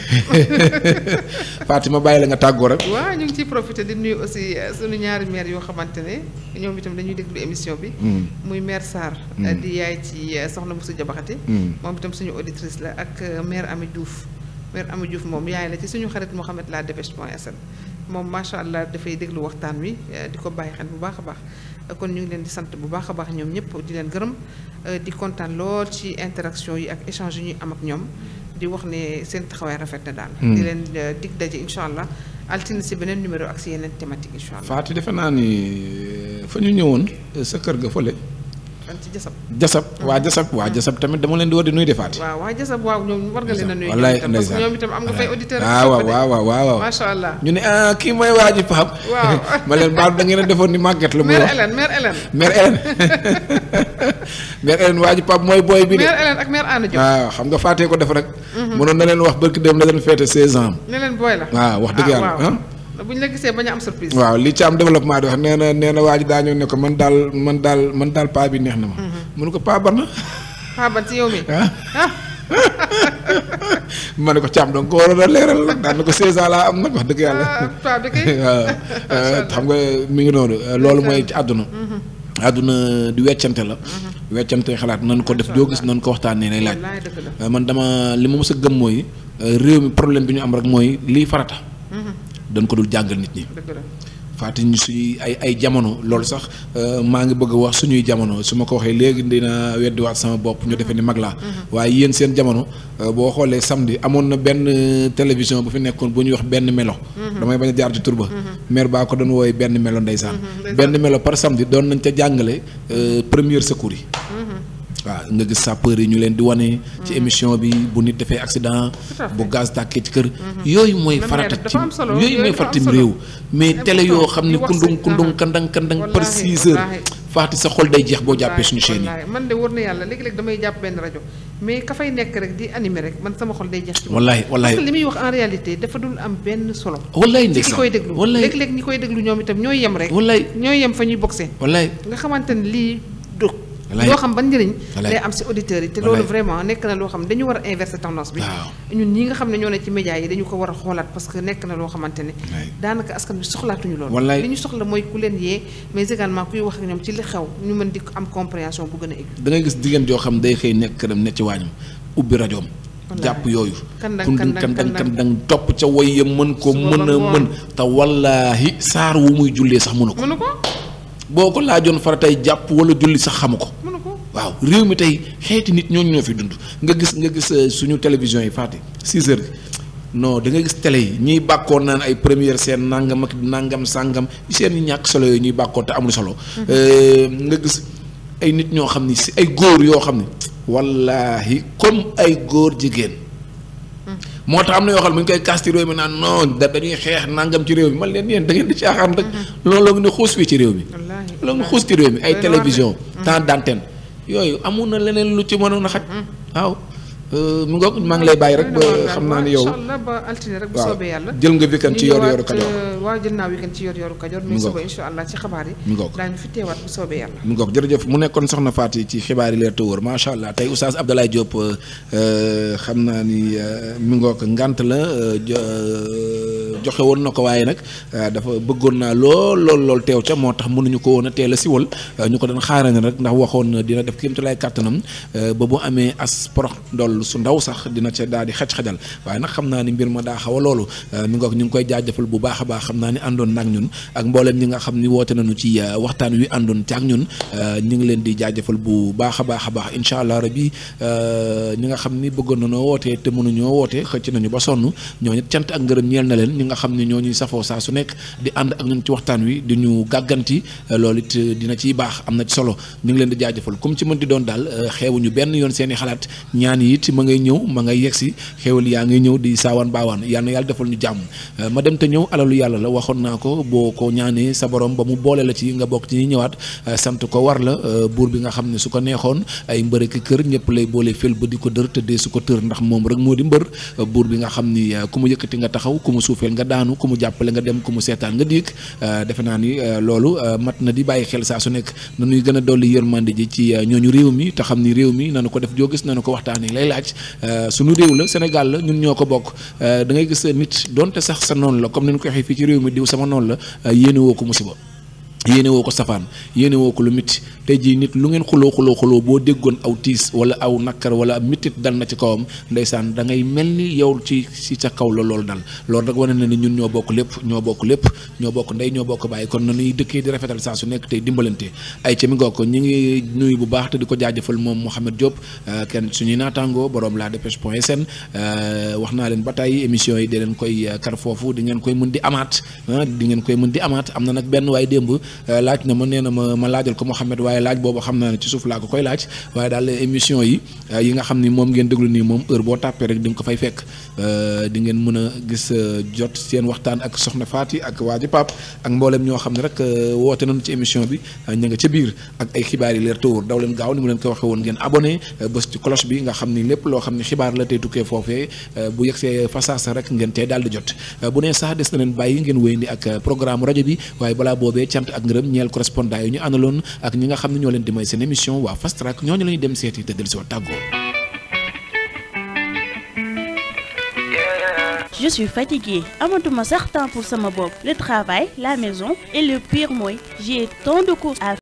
ma bàyyi la nga tàggoo rek. waaw ñu ngi ciy profité di nuyu aussi euh, ñaari maire yoo xamante ne ñoom itam dañuy déglu émission bi. Hmm. muy maire Sarr. Hmm. Euh, di yaay ci euh, soxna Moussa Diabaxate. Hmm. moom itam suñu auditrice la ak maire Ami Diouf. maire Ami juuf moom yaay la ci suñu xarit Mouhamed la Dépêche point SN moom macha alla dafay déglu waxtaan wi di ko bàyyi xel bu baax a baax. kon ñu ngi leen di sant bu baax a baax ñoom ñëpp di leen gërëm di kontaan lool ci interaction yi ak échange yi ñuy am ak ñoom di wax ne seen taxawaay rafet na daal. di leen dig daje incha allah altine si beneen numéro ak si yeneen thématique incha allah. Fatou defe naa ni fa ñu ñëwoon sa kër ga fële. ci jasab jasab waa jasab ah. waa jasab tamit dama leen di war di nuy defaat waaw waa jasab waaw ñoom war a nuyu wallaay parce que ñoom itam am nga fay auditeur ah, waaw waaw waaw waaw ñu ne ah kii mooy waa ji Pape waaw ma leen baalu da ngeen a defoon ni màgget la muy wax mère Hélène mère Hélène mère Hélène mère Hélène waa ji mooy booy bi de mère Hélène ak mère Anna Diop waaw ah, xam nga fàttee ko def rek mhm. mënoon na leen wax barki dem na leen feete seize ans ne leen booy la waaw wax dëgg bu ñu la gisee bañ am surprise. waaw li ci am développement di wax nee na nee na waa ji daa ñëw ne ko man daal man daal man daal paa bi neex na ma. mënu mhm. ko paa ban na. paa ban ci yow mi ah. ma ne ko Thiam donc ko waroon a leeral nag daan ko 16 ans am nag wax dëgg yàlla. Ah, euh, xam nga mu ngi noonu euh, loolu mooy ci àdduna. Mhm. àdduna di weccante la. Mhm. weccante xalaat nan ko def doo gis nan ko waxtaanee lay laaj. Euh, man dama li ma mës a gëm mooy réew mi problème bi ñu am rek mooy lii farata. dañ ko dul jàngal nit ñi. fàtte ñu suñuy ay ay jamono loolu sax euh, maa ngi bëgg a wax suñuy jamono su ma ko waxee léegi dina weddiwaat sama bopp ñu defee ni mag laa. Mhm. waaye yéen seen jamono euh, boo xoolee samedi amoon na benn télévision bu fi nekkoon bu ñuy wax benn melo. Mhm. damay bañ a jaar ci tur ba. Mhm. maire baa ko doon woowee benn melo ndeysaan. benn melo par samedi doon nañ ca jàngale euh, première secours yi. waaw nga gis sapeur yi ñu leen di wane. ci émission bi bu nit defee accident. bu gaz tàkkee ci kër. yooyu mooy farata ci yooyu mooy faratim réew. mais télé yoo xam ne kundung kundung kandang kandang par six heures. faati sa xol day jeex boo jàppee suñu chaîne yi. man de wóor na yàlla léeg-léeg damay jàpp benn rajo mais ka fay nekk rek di animé rek man sama xol day jeex. ci wallaahi wallaahi parce que li muy wax en réalité dafa dul am benn solo. wallaahi ndeysa koy déglu léeg-léeg ñi koy déglu ñoom itam ñooy yem rek. wallaahi ñooy yem fa ñuy boxe. wallaahi nga xamante ne lii du loo xam ba njëriñ lay am si auditeurs yi te loolu vraiment nekk na loo xam dañu war a inverser tendance bi ñun ñi nga xam ne ñoo ne ci médias yi dañu ko war a xoolaat parce que nekk na loo xamante ne daanaka askan bi soxlaatuñu loolu li ñu soxla mooy ku leen yee mais également kuy wax ak ñoom ci li xew ñu mën di am compréhension bu gën a aigu da ngay gis jigéen joo xam day xëy nekk këram ne ci waañam ubbi rajoom jàpp yooyu kundun kan dang kan dang topp ca woy mën ko mën a mën saar wu muy jullee sax mënu ko boo ko laajoon fara tey jàpp wala julli sax xamu ko waaw réew mi tey xeeti nit ñooñu ñoo fi dund nga gis nga gis euh, suñu télévision yi fàtte six heures non da nga gis télé yi ñuy bàkkoon naan ay première seen nangam ak nangam sàngam seen i ñàkk solo yooyu ñuy bàkkoon te amul solo euh, nga gis ay nit ñoo xam ni si ay góor yoo xam ni wallaahi comme ay góor jigéen moo tax am na yoo xam ne bu ñu koy kaas ci réew mi naan non da dañuy xeex nangam ci réew man leen yéen da di caaxaan rek mm-hmm. loolu la ñu xuus fii ci réew mi loolu la ñu xuus ci réew mi ay télévision mm-hmm. temps d'antenne yooyu amoon na leneen lu ci mënoon a xaj mm-hmm. waaw Euh, mu ngoog maa ngi lay bàyyi rek ba xam naa ne yow ba altine rek bu soobee yàlla jël nga weekend ci yor yoru kajoor euh, waaw jël naa weekend ci yor allah ci xibaar yi mu ngoog daañu fi bu soobee yàlla mu ngoog jërëjëf mu nekkoon soxna Faty ci xibaar yi leer te wóor macha allah tey oustaz Abdoulaye Diop euh, xam naa ni mu ngant la joxe woon na ko waaye nag euh, dafa bëggoon naa lool lool lool teew ca moo tax mënuñu ko woon a teel a siwal euh, ñu ko doon xaarane rek ndax waxoon na dina def kéemtalaay kàttanam euh, ba bu amee as porox ndoll su ndaw sax dina ca daal di xaj-xajal waaye nag xam naa ni mbir ma daa xaw a loolu mi nga ñu ngi koy jaajëfal bu baax a baax xam naa ni àndoon na ñun ak mboolem ñi nga xam ni woote nañu ci waxtaan wi àndoon ci ak ñun ñu ngi leen di jaajëfal bu baax a baax a baax incha allah rabi ñi nga xam ni bëggoon na noo wootee te mënuñoo woote xëcc nañu ba sonn ñooñu cant ak na nga xamni ne ñoo sa su nek di andang ak ñun ci waxtaan wi di ñu gaganti lolit eh, dina ci bax amna ci solo ñu ngi leen di jaajëfal kum ci mën di doon daal eh, xeewuñu benn yoon seen i xalaat ñaan yi it ma ngay ñew ma ngay yexsi xewul ya ngay ñew di sawan bawan ya na yalla defal ñu jamm eh, ma dem te ñew alalu yalla la waxon nako ko ñaané ko sa borom ba mu boole la ci nga bok ci ñewat sant ko war la bur bi nga xamni su ko neexon ay mbër ki kër lay boole fel bu di deur te dee su ko teur ndax mom rek modi mbeur bur bi nga xamni kumu yëkëti nga taxaw kumu suufel nga daanu ku mu jàppale nga dem ku mu seetaan nga dikk euh, defe naa ni euh, loolu euh, mat na di bàyyi xel saa su nekk nañuy gën a dolli yërmande ji ci ñooñu réew mi te xam ni réew mi nanu ko def joo gis nanu ko waxtaan waxtaanee lay laaj sunu réew la Sénégal la ñun ñoo ko bokk da ngay gis nit donte sax sa noon la comme ni ñu ko waxee fii ci réew mi diw sama noonu la yéene woo ko musiba yéene woo ko safaan yéene woo ko lu mitti tey jii nit lu ngeen xuloo xuloo xuloo boo déggoon aw tiis wala aw nakkar wala mittit dal na ci kawam ndeysaan da ngay mel ni yow ci ci sa kaw la loolu dal loolu nag wane na ni ñun ñoo bokk lépp ñoo bokk lépp ñoo bokk ndey ñoo bokk bàyyi kon na nuy dëkkee di rafetal saa su nekk tey dimbalante ay ca mi ngoo ko ñu ngi nuyu bu baax te di ko jaajëfal moom Mouhamed Diop euh, kenn suñuy naataango borom la dépêche point sn euh, wax naa leen ba tey émission yi di leen koy euh, kar foofu di ngeen koy mën di amaat ah, di ngeen koy mën di amaat am na nag benn waaye démb Euh, laaj na ma nee na ma ma laajal ko Mouhamed waaye laaj boobu xam na ne ci suuf laa ko koy laaj waaye daal émission yi euh, yi nga xam ni moom ngeen déglu nii moom eur boo tàppee rek di nga ko fay fekk Euh, di ngeen mën a gis euh, jot seen waxtaan ak soxna Faty ak waa ji Pape ak mboolem ñoo xam ne rek euh, woote na nañu ci émission bi ñu nga ca biir ak ay xibaar yi leer te wóor daw leen gaaw ni mu leen ko waxee woon ngeen abonné bés ci bi nga xam ni lépp loo xam ne xibaar la tey tukkee foofee bu yegsee fasaasa rek ngeen tey daal di jot bu nee sax des na leen bàyyi ngeen wéyandi ak programme rajo bi waaye balaa boobee cant ak ngërëm ñeel correspondant yi ñu àndaloon nga xam ne ñoo leen di may seen émission waa Fast Track ñooñu la ñuy dem seeti te Je suis fatiguée. mon certain pour ça ma Le travail, la maison et le pire moi, j'ai tant de courses à faire.